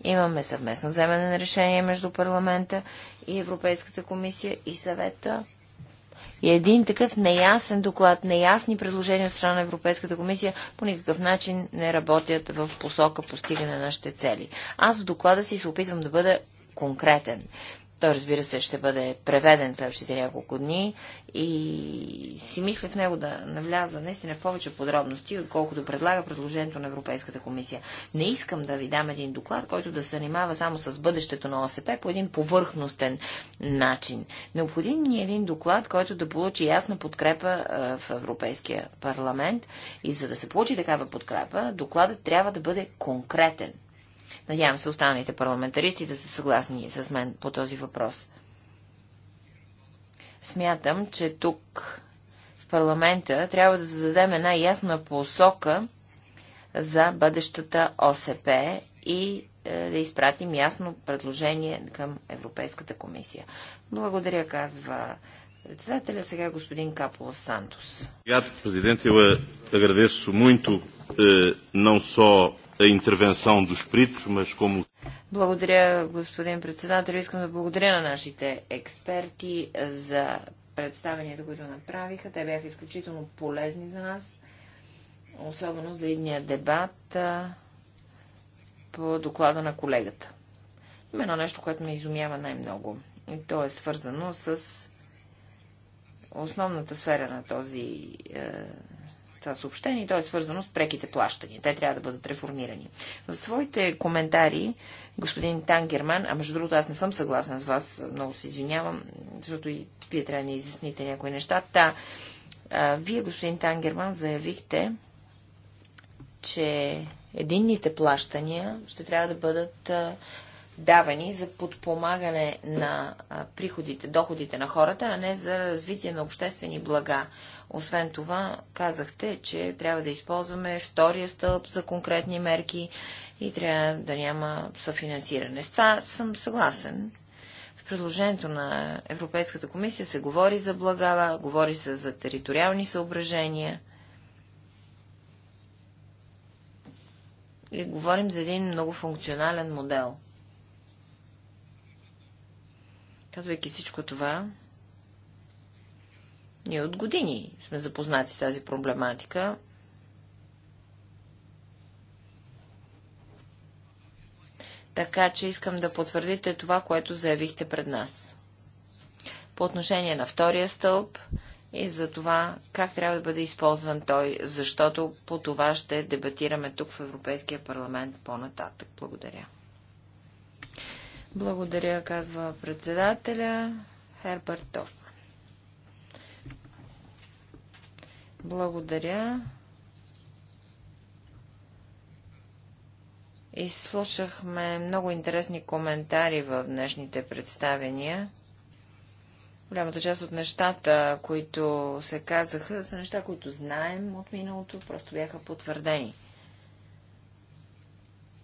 C: имаме съвместно вземане на решение между парламента и Европейската комисия и съвета. И един такъв неясен доклад, неясни предложения от страна на Европейската комисия по никакъв начин не работят в посока постигане на нашите цели. Аз в доклада си се опитвам да бъда конкретен. Той, разбира се, ще бъде преведен следващите няколко дни и си мисля в него да навляза наистина в повече подробности, отколкото предлага предложението на Европейската комисия. Не искам да ви дам един доклад, който да се занимава само с бъдещето на ОСП по един повърхностен начин. Необходим ни е един доклад, който да получи ясна подкрепа в Европейския парламент и за да се получи такава подкрепа, докладът трябва да бъде конкретен – Надявам се останалите парламентаристи да са съгласни с мен по този въпрос. Смятам, че тук в парламента трябва да зададем една ясна посока за бъдещата ОСП и е, да изпратим ясно предложение към Европейската комисия. Благодаря, казва председателя, сега господин Капола Сантос.
B: Obrigado, Presidente. agradeço muito, е, não só a intervenção dos peritos, mas como...
C: Благодаря, господин председател. Искам да благодаря на нашите експерти за представенията, които направиха. Те бяха изключително полезни за нас, особено за едния дебат по доклада на колегата. Има едно нещо, което ме изумява най-много. И то е свързано с основната сфера на този е, съобщение и то е свързано с преките плащания. Те трябва да бъдат реформирани. В своите коментари господин Тангерман, а между другото аз не съм съгласен с вас, много се извинявам, защото и вие трябва да ни изясните някои неща. Та, а, вие, господин Тангерман, заявихте, че единните плащания ще трябва да бъдат давани за подпомагане на приходите, доходите на хората, а не за развитие на обществени блага. Освен това, казахте, че трябва да използваме втория стълб за конкретни мерки и трябва да няма съфинансиране. С това съм съгласен. В предложението на Европейската комисия се говори за блага, говори се за териториални съображения. И говорим за един многофункционален модел – Казвайки всичко това, ние от години сме запознати с тази проблематика. Така че искам да потвърдите това, което заявихте пред нас. По отношение на втория стълб и за това как трябва да бъде използван той, защото по това ще дебатираме тук в Европейския парламент по-нататък. Благодаря. Благодаря, казва председателя Херберт Тофман. Благодаря. Изслушахме много интересни коментари в днешните представения. Голямата част от нещата, които се казаха, са неща, които знаем от миналото, просто бяха потвърдени.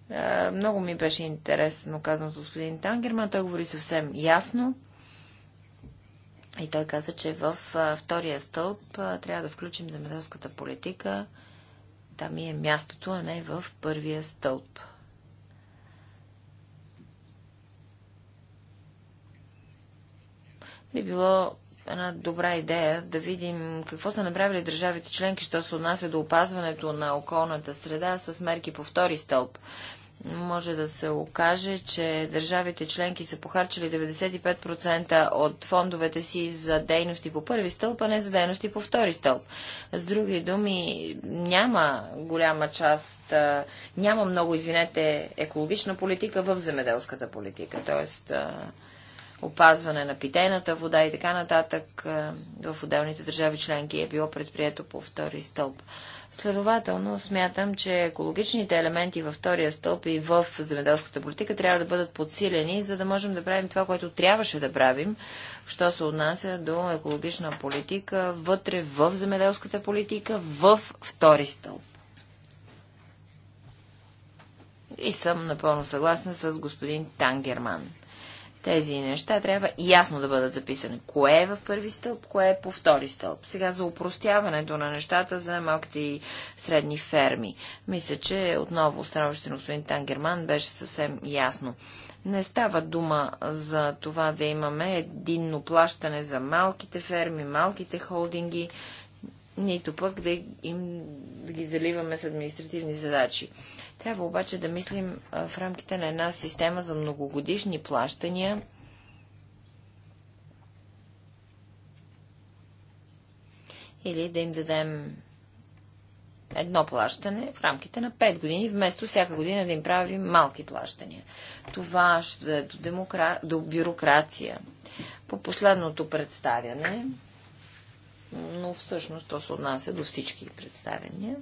C: Е, много ми беше интересно казаното господин Тангерман. Той говори съвсем ясно. И той каза, че в е, втория стълб е, трябва да включим земеделската политика. Там и е мястото, а не в първия стълб. Би било една добра идея да видим какво са направили държавите членки, що се отнася до опазването на околната среда с мерки по втори стълб може да се окаже, че държавите членки са похарчили 95% от фондовете си за дейности по първи стълб, а не за дейности по втори стълб. С други думи, няма голяма част, няма много, извинете, екологична политика в земеделската политика, т.е. опазване на питейната вода и така нататък в отделните държави членки е било предприето по втори стълб. Следователно, смятам, че екологичните елементи във втория стълб и в земеделската политика трябва да бъдат подсилени, за да можем да правим това, което трябваше да правим, що се отнася до екологична политика вътре в земеделската политика, в втори стълб. И съм напълно съгласна с господин Тангерман. Тези неща трябва ясно да бъдат записани. Кое е в първи стълб, кое е по втори стълб. Сега за упростяването на нещата за малките и средни ферми. Мисля, че отново становище на господин Тангерман беше съвсем ясно. Не става дума за това да имаме единно плащане за малките ферми, малките холдинги нито пък да, им, да ги заливаме с административни задачи. Трябва обаче да мислим в рамките на една система за многогодишни плащания. Или да им дадем едно плащане в рамките на 5 години, вместо всяка година да им правим малки плащания. Това ще даде до, демокра... до бюрокрация. По последното представяне но всъщност то се отнася до всички представения.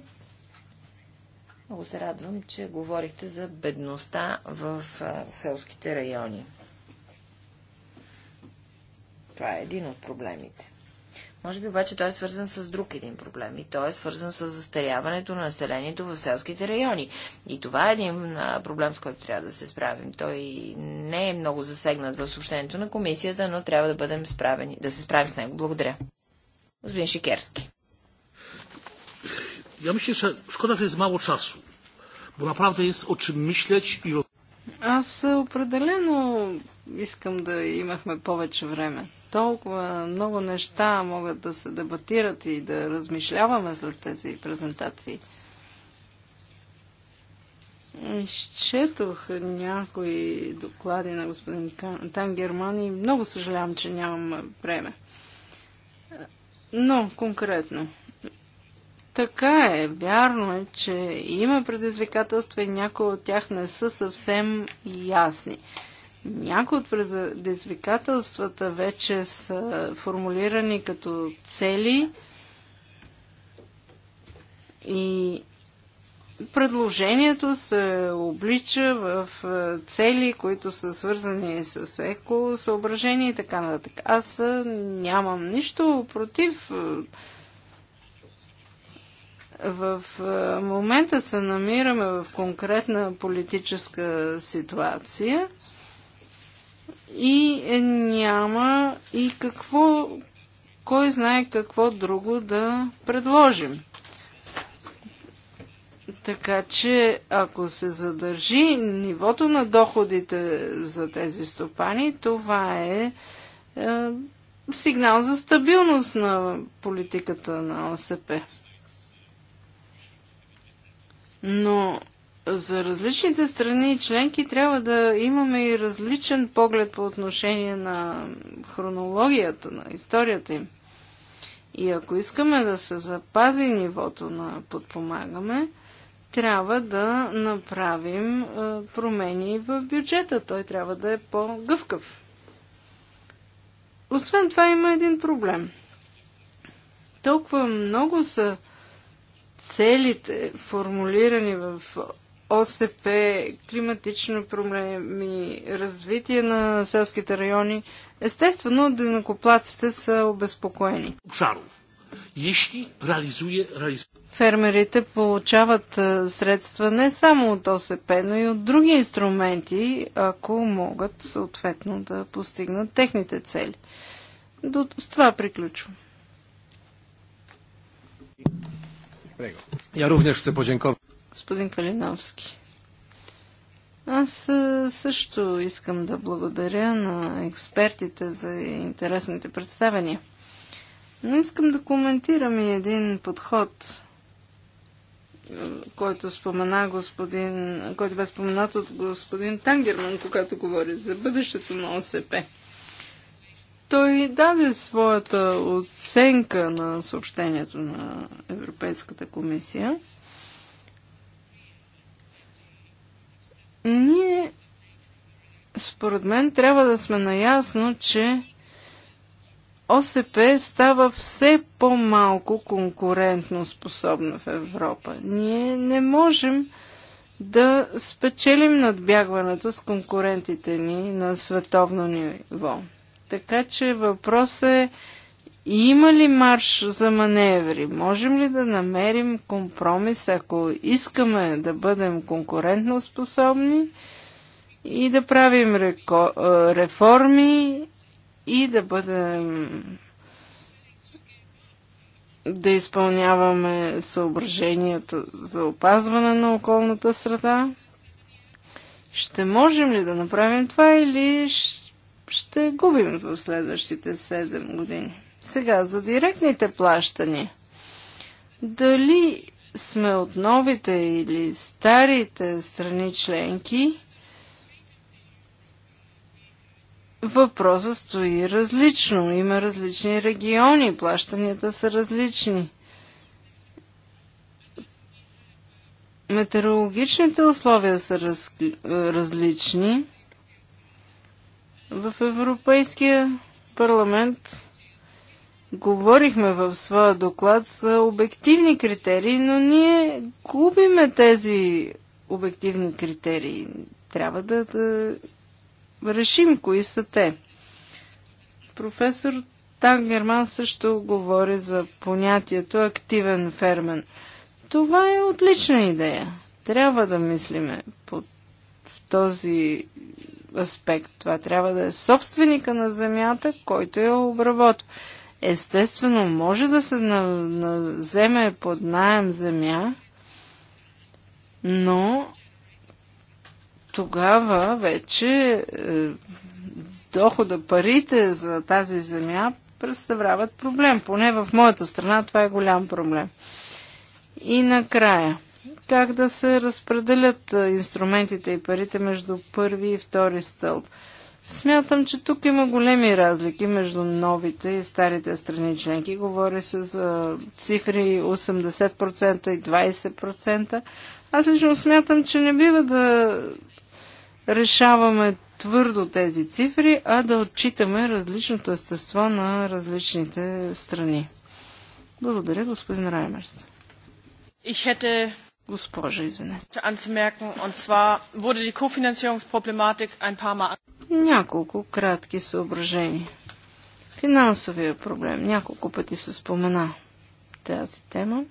C: Много се радвам, че говорихте за бедността в а, селските райони. Това е един от проблемите. Може би обаче той е свързан с друг един проблем и той е свързан с застаряването на населението в селските райони. И това е един проблем, с който трябва да се справим. Той не е много засегнат в съобщението на комисията, но трябва да бъдем справени, да се справим с него. Благодаря. Господин Шикерски. Я мисля, че
E: шкода że jest mało czasu, bo naprawdę jest o czym и о...
C: аз
B: определено искам да имахме повече време. Толкова много неща могат да се дебатират и да размишляваме след тези презентации. Изчетох някои доклади на господин Тангерман и много съжалявам, че нямам време. Но конкретно. Така е, вярно е, че има предизвикателства и някои от тях не са съвсем ясни. Някои от предизвикателствата вече са формулирани като цели и Предложението се облича в е, цели, които са свързани с еко и така нататък. Аз е, нямам нищо против. Е, в момента се намираме в конкретна политическа ситуация и няма и какво, кой знае какво друго да предложим. Така че, ако се задържи нивото на доходите за тези стопани, това е, е сигнал за стабилност на политиката на ОСП. Но за различните страни и членки трябва да имаме и различен поглед по отношение на хронологията, на историята им. И ако искаме да се запази нивото на подпомагаме, трябва да направим е, промени в бюджета. Той трябва да е по-гъвкав. Освен това има един проблем. Толкова много са целите, формулирани в ОСП, климатични проблеми, развитие на селските райони, естествено, денакоплаците са обезпокоени. Шаров
E: jeśli realizuje... realizuje.
B: Фермерите получават средства не само от ОСП, но и от други инструменти, ако могат съответно да постигнат техните цели. До, с това приключвам.
A: Я również
E: chcę podziękować.
B: Господин Калиновски. Аз също искам да благодаря на експертите за интересните представения. Но искам да коментирам и един подход, който спомена господин, който бе споменат от господин Тангерман, когато говори за бъдещето на ОСП. Той даде своята оценка на съобщението на Европейската комисия. Ние, според мен, трябва да сме наясно, че ОСП става все по-малко конкурентно способна в Европа. Ние не можем да спечелим надбягването с конкурентите ни на световно ниво. Така че въпрос е има ли марш за маневри? Можем ли да намерим компромис, ако искаме да бъдем конкурентно способни и да правим реко... реформи и да бъдем да изпълняваме съображенията за опазване на околната среда. Ще можем ли да направим това или ще губим в следващите 7 години? Сега, за директните плащания. Дали сме от новите или старите страни членки – въпросът стои различно. Има различни региони, плащанията са различни. Метеорологичните условия са раз, е, различни. В Европейския парламент говорихме в своя доклад за обективни критерии, но ние губиме тези обективни критерии. Трябва да, да решим кои са те. Професор Тангерман също говори за понятието активен фермен. Това е отлична идея. Трябва да мислиме по, в този аспект. Това трябва да е собственика на земята, който я обработва. Естествено, може да се на, на, вземе под найем земя, но тогава вече е, дохода, парите за тази земя представляват проблем. Поне в моята страна това е голям проблем. И накрая, как да се разпределят е, инструментите и парите между първи и втори стълб? Смятам, че тук има големи разлики между новите и старите страни членки. Говори се за цифри 80% и 20%. Аз лично смятам, че не бива да решаваме твърдо тези цифри, а да отчитаме различното естество на различните страни. Благодаря, господин Раймерс. Hätte... Госпожа, извинете. Няколко кратки съображения. Финансовия проблем. Няколко пъти се спомена тази тема.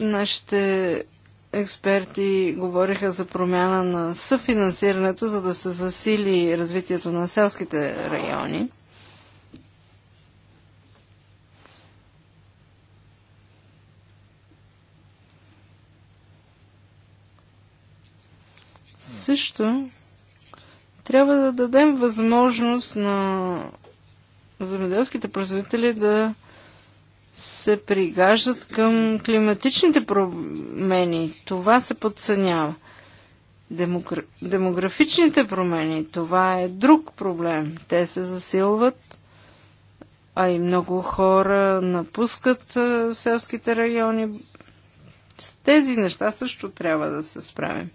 B: Нашите експерти говориха за промяна на съфинансирането, за да се засили развитието на селските райони. Също трябва да дадем възможност на земеделските производители да се пригаждат към климатичните промени. Това се подценява. Демогра... Демографичните промени, това е друг проблем. Те се засилват, а и много хора напускат селските райони. С тези неща също трябва да се справим.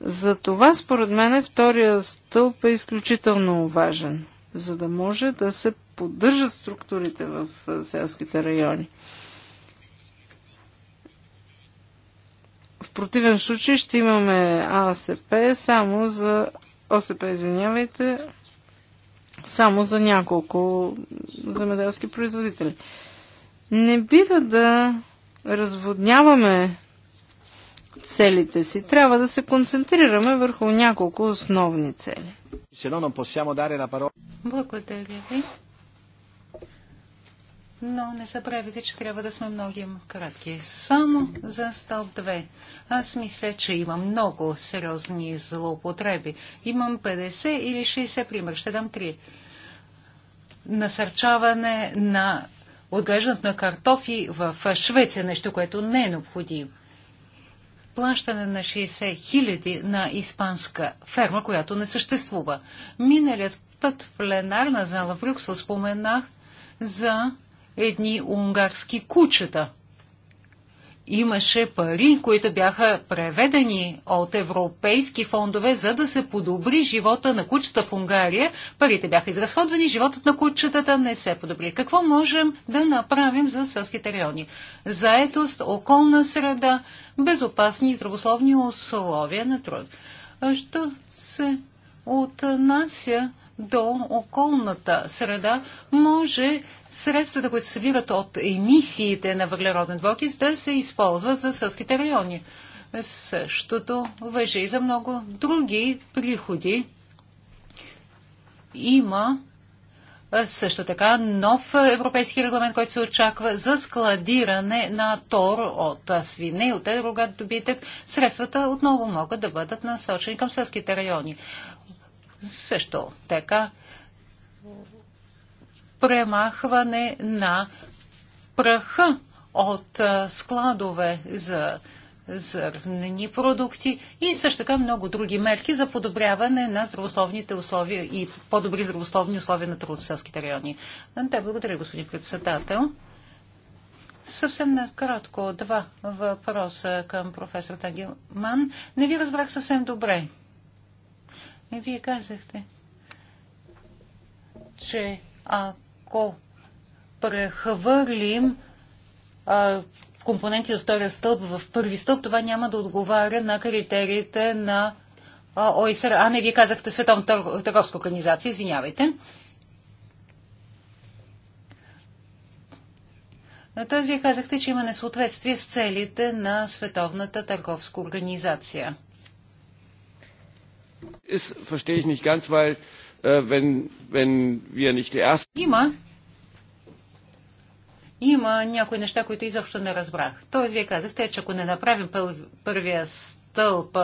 B: За това, според мен, втория стълб е изключително важен – за да може да се поддържат структурите в селските райони. В противен случай ще имаме АСП само за ОСП, извинявайте, само за няколко земеделски производители. Не бива да разводняваме целите си. Трябва да се концентрираме върху няколко основни цели.
D: Благодаря ви. Но не забравяйте, че трябва да сме много кратки. Само за стал 2. Аз мисля, че има много сериозни злоупотреби. Имам 50 или 60 пример. Ще дам 3. Насърчаване на отглеждането на картофи в Швеция, нещо, което не е необходимо плащане на 60 хиляди на испанска ферма, която не съществува. Миналият път в пленарна зала в Брюксел споменах за едни унгарски кучета – имаше пари, които бяха преведени от европейски фондове, за да се подобри живота на кучета в Унгария. Парите бяха изразходвани, животът на кучетата не се подобри. Какво можем да направим за сълските райони? Заетост, околна среда, безопасни и здравословни условия на труд. Що се отнася до околната среда, може средствата, които се събират от емисиите на въглероден двокис, да се използват за сълските райони. Същото въже и за много други приходи. Има също така нов европейски регламент, който се очаква за складиране на тор от свине, от едрогат добитък. Средствата отново могат да бъдат насочени към сълските райони. Също така премахване на праха от складове за зърнени продукти и също така много други мерки за подобряване на здравословните условия и по-добри здравословни условия на труд в селските райони. Те, благодаря, господин председател. Съвсем накратко два въпроса към професор Тагерман. Не ви разбрах съвсем добре. И Вие казахте, че ако прехвърлим а, компоненти за втория стълб в първи стълб, това няма да отговаря на критериите на ОИСР. А не, вие казахте Световна търговска организация, извинявайте. Тоест, вие казахте, че има несъответствие с целите на Световната търговска организация.
E: Ist, verstehe ich nicht ganz, weil äh, wenn, wenn wir nicht die erste...
D: Има. Има някои неща, които изобщо не разбрах. Тоест, вие казахте, че ако не направим първия стълб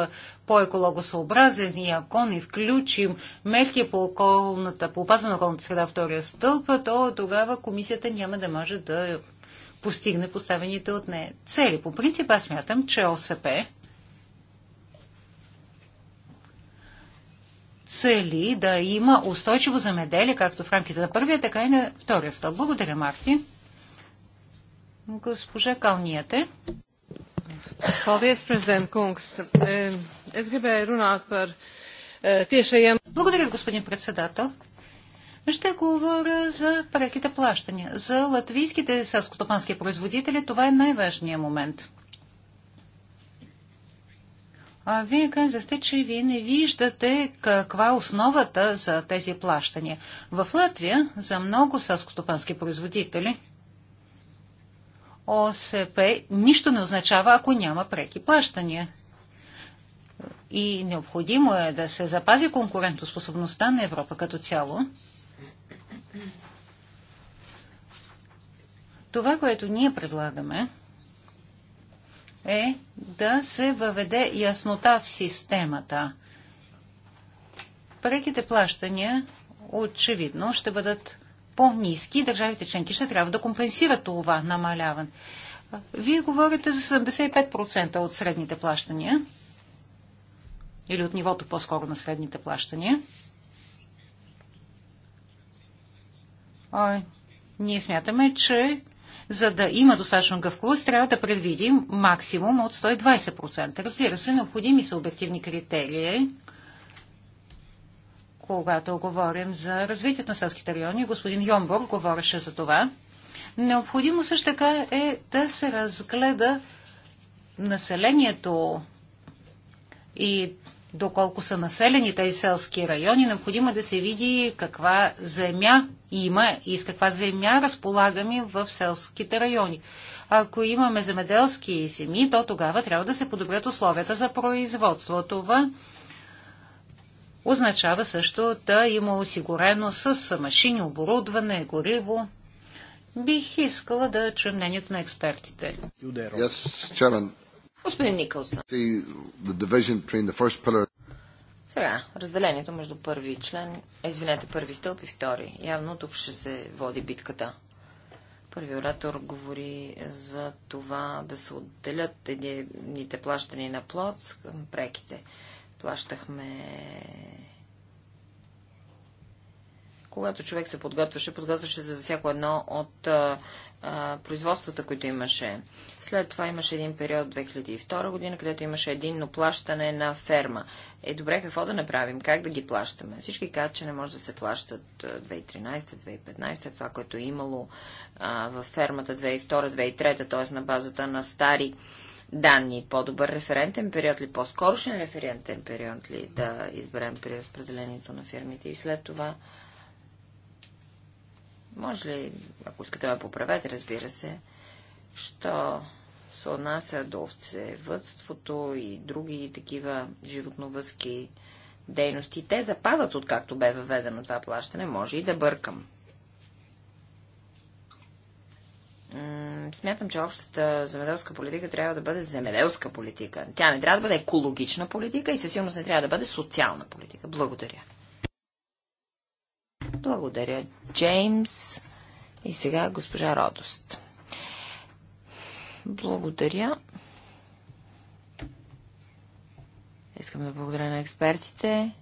D: по-екологосъобразен и ако не включим мерки по, околната, по опазване на околната среда втория стълб, то тогава комисията няма да може да постигне поставените от нея цели. По принцип аз смятам, че ОСП цели да има устойчиво замеделие, както в рамките на първия, така и на втория стълб. Благодаря, Мартин. Госпожа Калнияте. Eh, Благодаря, господин председател. Ще говоря за преките плащания. За латвийските селскотопански производители това е най-важният момент. А вие казахте, че вие не виждате каква е основата за тези плащания. В Латвия за много селскостопански производители ОСП нищо не означава, ако няма преки плащания. И необходимо е да се запази конкурентоспособността на Европа като цяло. Това, което ние предлагаме, е да се въведе яснота в системата. Преките плащания очевидно ще бъдат по-низки и държавите членки ще трябва да компенсират това намаляване. Вие говорите за 75% от средните плащания или от нивото по-скоро на средните плащания. Ой, ние смятаме, че за да има достатъчно гъвкавост, трябва да предвидим максимум от 120%. Разбира се, необходими са обективни критерии, когато говорим за развитието на селските райони. Господин Йомбор говореше за това. Необходимо също така е да се разгледа населението и доколко са населени тези селски райони, необходимо е да се види каква земя има и с каква земя разполагаме в селските райони. Ако имаме земеделски земи, то тогава трябва да се подобрят условията за производство. Това означава също да има осигурено с машини, оборудване, гориво. Бих искала да чуя
C: мнението на експертите.
A: Yes,
C: Господин Николсън. Сега, разделението между първи член, извинете, първи стълб и втори. Явно тук ще се води битката. Първи оратор говори за това да се отделят едните плащани на плод към преките. Плащахме... Когато човек се подготвяше, подготвяше за всяко едно от производствата, които имаше. След това имаше един период 2002 година, където имаше единно плащане на ферма. Е, добре, какво да направим? Как да ги плащаме? Всички казват, че не може да се плащат 2013-2015, това, което е имало а, в фермата 2002-2003, т.е. на базата на стари данни. По-добър референтен период ли, по-скорошен референтен период ли да изберем при разпределението на фирмите и след това може ли, ако искате ме поправете, разбира се, що се отнася до овцевътството и други такива животновъзки дейности, те западат откакто бе въведено това плащане, може и да бъркам. смятам, че общата земеделска политика трябва да бъде земеделска политика. Тя не трябва да бъде екологична политика и със сигурност не трябва да бъде социална политика. Благодаря. Благодаря, Джеймс. И сега госпожа Родост. Благодаря. Искам да благодаря на експертите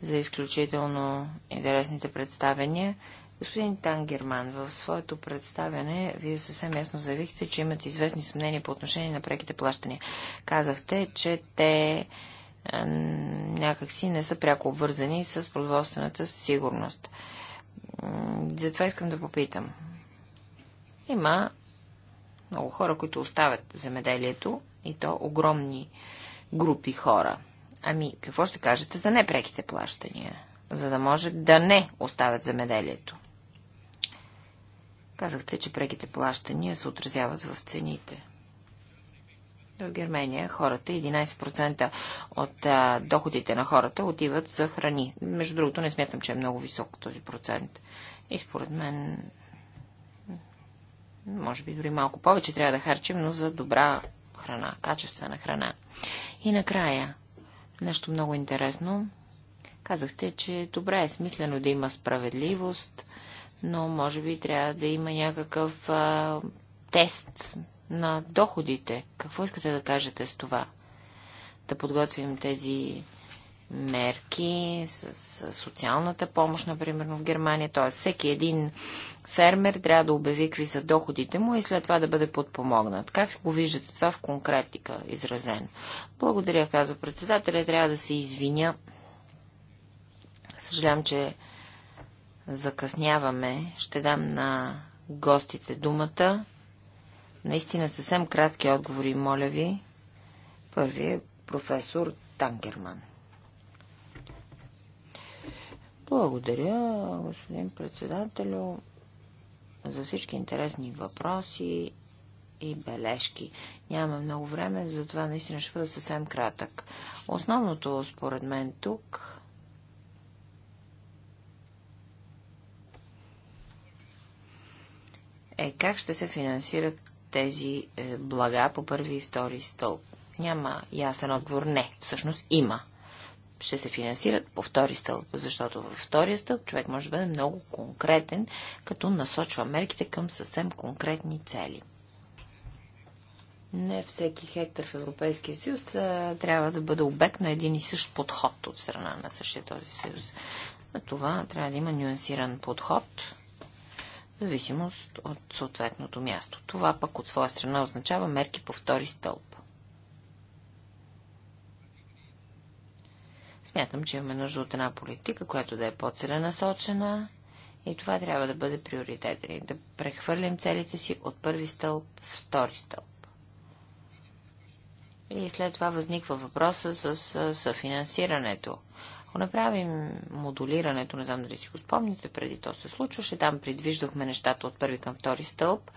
C: за изключително интересните представения. Господин Тангерман, в своето представяне вие съвсем ясно заявихте, че имат известни съмнения по отношение на преките плащания. Казахте, че те някакси не са пряко обвързани с производствената сигурност. Затова искам да попитам. Има много хора, които оставят земеделието и то огромни групи хора. Ами, какво ще кажете за непреките плащания? За да може да не оставят земеделието. Казахте, че преките плащания се отразяват в цените. В Германия хората, 11% от а, доходите на хората отиват за храни. Между другото, не смятам, че е много висок този процент. И според мен, може би дори малко повече трябва да харчим, но за добра храна, качествена храна. И накрая, нещо много интересно. Казахте, че добре е смислено да има справедливост, но може би трябва да има някакъв а, тест на доходите. Какво искате да кажете с това? Да подготвим тези мерки с, с социалната помощ, например, в Германия. Т.е. всеки един фермер трябва да обяви какви са доходите му и след това да бъде подпомогнат. Как го виждате това в конкретика изразено? Благодаря, каза председателя. Трябва да се извиня. Съжалявам, че закъсняваме. Ще дам на гостите думата. Наистина съвсем кратки отговори, моля ви. Първият е професор Тангерман. Благодаря, господин председателю, за всички интересни въпроси и бележки. Няма много време, затова наистина ще бъда съвсем кратък. Основното, според мен, тук е как ще се финансират тези е, блага по първи и втори стълб? Няма ясен отговор. Не, всъщност има. Ще се финансират по втори стълб, защото във втория стълб човек може да бъде много конкретен, като насочва мерките към съвсем конкретни цели. Не всеки хектар в Европейския съюз трябва да бъде обект на един и същ подход от страна на същия този съюз. На това трябва да има нюансиран подход, зависимост от съответното място. Това пък от своя страна означава мерки по втори стълб. Смятам, че имаме нужда от една политика, която да е по-целенасочена и това трябва да бъде приоритет. Нали? Да прехвърлим целите си от първи стълб в втори стълб. И след това възниква въпроса с съфинансирането – ако направим модулирането, не знам дали си го спомните, преди то се случваше, там предвиждахме нещата от първи към втори стълб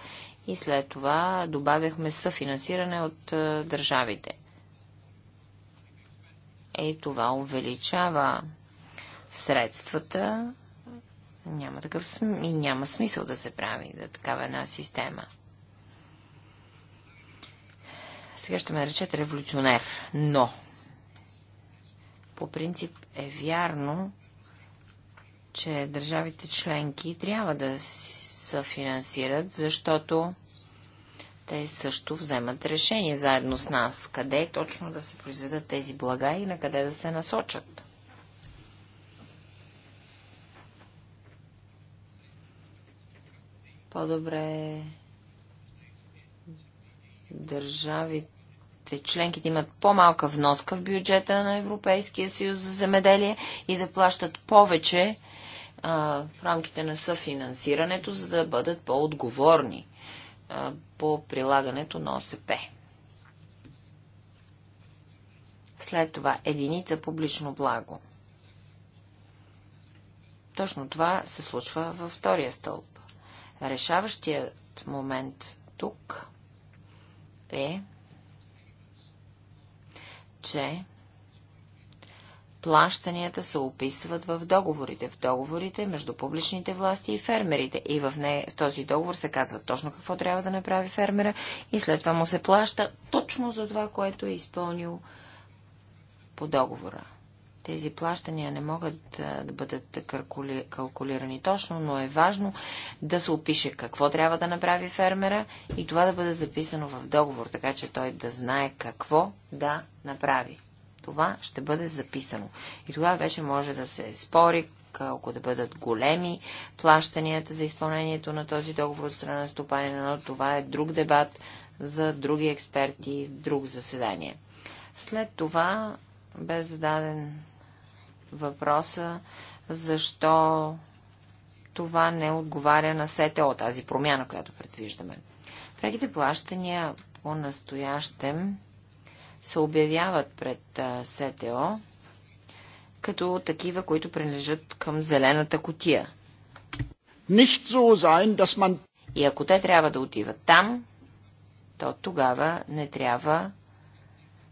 C: и след това добавяхме съфинансиране от е, държавите. Ей, това увеличава средствата. Няма такъв см... и няма смисъл да се прави да такава една система. Сега ще ме речете революционер, но по принцип е вярно, че държавите членки трябва да се финансират, защото те също вземат решение заедно с нас, къде точно да се произведат тези блага и на къде да се насочат. По-добре държавите държавите членки да имат по-малка вноска в бюджета на Европейския съюз за земеделие и да плащат повече а, в рамките на съфинансирането, за да бъдат по-отговорни по прилагането на ОСП. След това единица публично благо. Точно това се случва във втория стълб. Решаващият момент тук е че плащанията се описват в договорите. В договорите между публичните власти и фермерите. И в, не, в този договор се казва точно какво трябва да направи фермера и след това му се плаща точно за това, което е изпълнил по договора. Тези плащания не могат да бъдат калкулирани точно, но е важно да се опише какво трябва да направи фермера и това да бъде записано в договор, така че той да знае какво да направи. Това ще бъде записано. И тогава вече може да се спори колко да бъдат големи плащанията за изпълнението на този договор от страна на стопанина, но това е друг дебат за други експерти в друг заседание. След това бе зададен въпроса защо това не отговаря на СТО, тази промяна, която предвиждаме. Преките плащания по-настоящем се обявяват пред СТО като такива, които принадлежат към зелената котия. So sein, man... И ако те трябва да отиват там, то тогава не трябва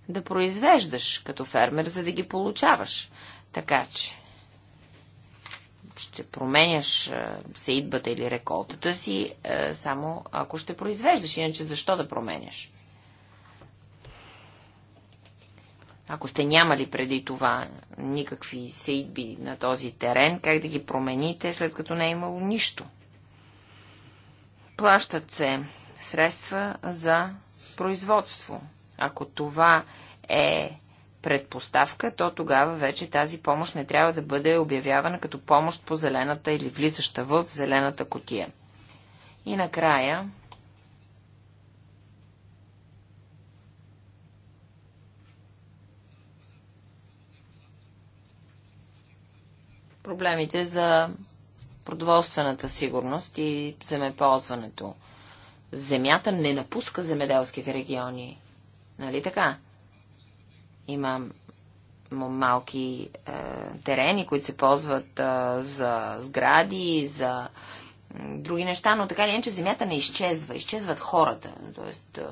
C: да произвеждаш като фермер, за да ги получаваш. Така че ще променяш сеидбата или реколтата си, само ако ще произвеждаш. Иначе защо да променяш? Ако сте нямали преди това никакви сейдби на този терен, как да ги промените, след като не е имало нищо? Плащат се средства за производство. Ако това е предпоставка, то тогава вече тази помощ не трябва да бъде обявявана като помощ по зелената или влизаща в зелената котия. И накрая проблемите за продоволствената сигурност и земеползването. Земята не напуска земеделските региони. Нали така? Има малки е, терени, които се ползват е, за сгради, за други неща, но така или иначе земята не изчезва. Изчезват хората. Тоест, е,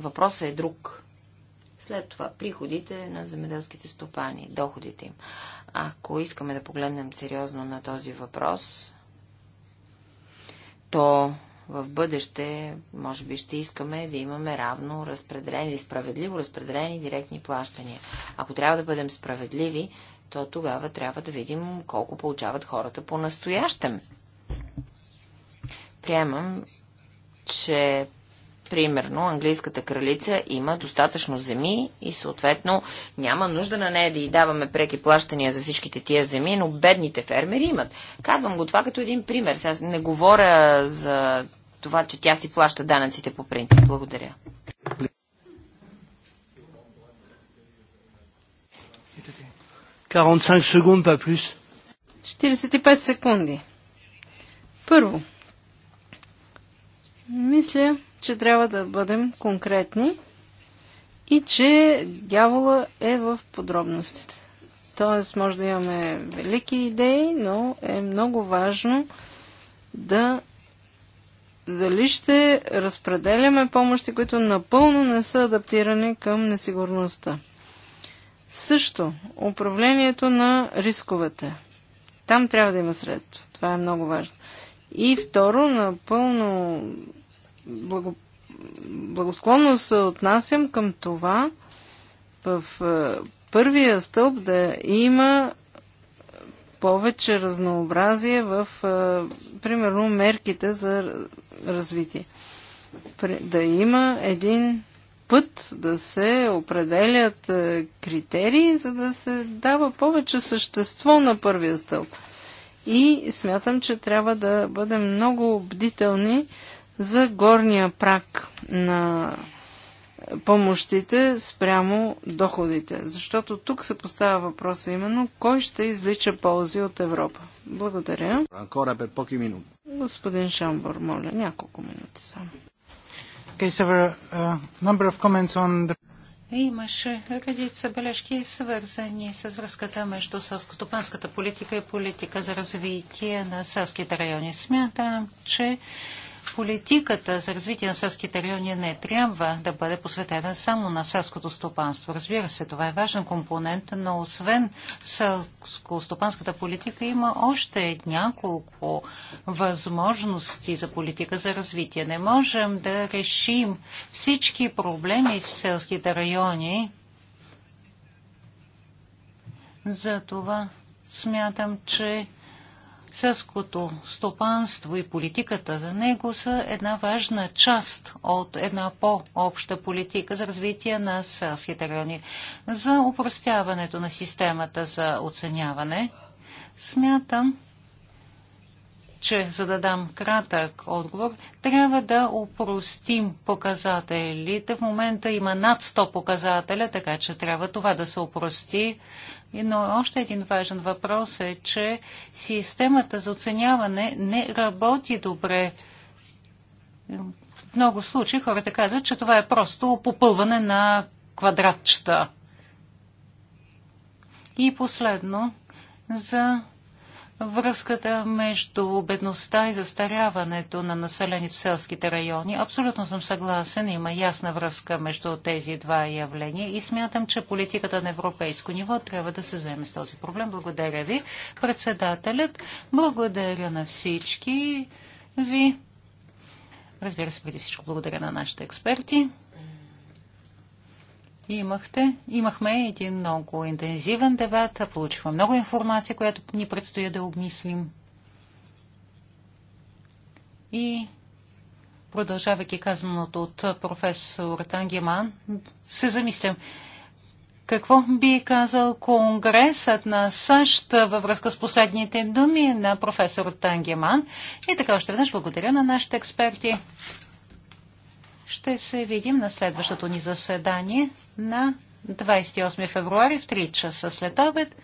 C: въпросът е друг. След това приходите на земеделските стопани, доходите им. Ако искаме да погледнем сериозно на този въпрос, то в бъдеще, може би ще искаме да имаме равно разпределени или справедливо разпределени директни плащания. Ако трябва да бъдем справедливи, то тогава трябва да видим колко получават хората по-настоящем. Приемам, че Примерно, английската кралица има достатъчно земи и съответно няма нужда на нея да й даваме преки плащания за всичките тия земи, но бедните фермери имат. Казвам го това като един пример. Сега не говоря за това, че тя си плаща данъците по принцип. Благодаря.
D: секунд, па плюс.
B: 45 секунди. Първо, мисля, че трябва да бъдем конкретни и че дявола е в подробностите. Тоест, може да имаме велики идеи, но е много важно да дали ще разпределяме помощи, които напълно не са адаптирани към несигурността. Също, управлението на рисковете. Там трябва да има средства. Това е много важно. И второ, напълно благо, благосклонно се отнасям към това в е, първия стълб да има повече разнообразие в, е, примерно, мерките за развитие. Да има един път да се определят е, критерии, за да се дава повече същество на първия стълб. И смятам, че трябва да бъдем много бдителни, за горния прак на помощите спрямо доходите. Защото тук се поставя въпроса именно кой ще излича ползи от Европа. Благодаря.
A: Анкора пер поки минути.
B: Господин Шамбор, моля, няколко минути само.
D: Okay, several, uh, number of Имаше редица бележки, свързани с връзката между селскотопанската политика и политика за развитие на селските райони. Смятам, че uh, политиката за развитие на селските райони не трябва да бъде посветена само на селското стопанство. Разбира се, това е важен компонент, но освен селско-стопанската политика има още няколко възможности за политика за развитие. Не можем да решим всички проблеми в селските райони. За това смятам, че Селското стопанство и политиката за него са една важна част от една по-обща политика за развитие на селските райони. За упростяването на системата за оценяване смятам, че за да дам кратък отговор, трябва да упростим показателите. В момента има над 100 показателя, така че трябва това да се упрости. Но още един важен въпрос е, че системата за оценяване не работи добре. В много случаи хората казват, че това е просто попълване на квадратчета. И последно, за връзката между бедността и застаряването на населените в селските райони. Абсолютно съм съгласен, има ясна връзка между тези два явления и смятам, че политиката на европейско ниво трябва да се вземе с този проблем. Благодаря ви, председателят. Благодаря на всички ви. Разбира се, преди всичко благодаря на нашите експерти имахте, имахме един много интензивен дебат, получихме много информация, която ни предстои да обмислим. И продължавайки казаното от професор Тангеман, се замислям. Какво би казал Конгресът на САЩ във връзка с последните думи на професор Тангеман? И така още веднъж благодаря на нашите експерти. Ще се видим на следващото ни заседание на 28 февруари в 3 часа след обед.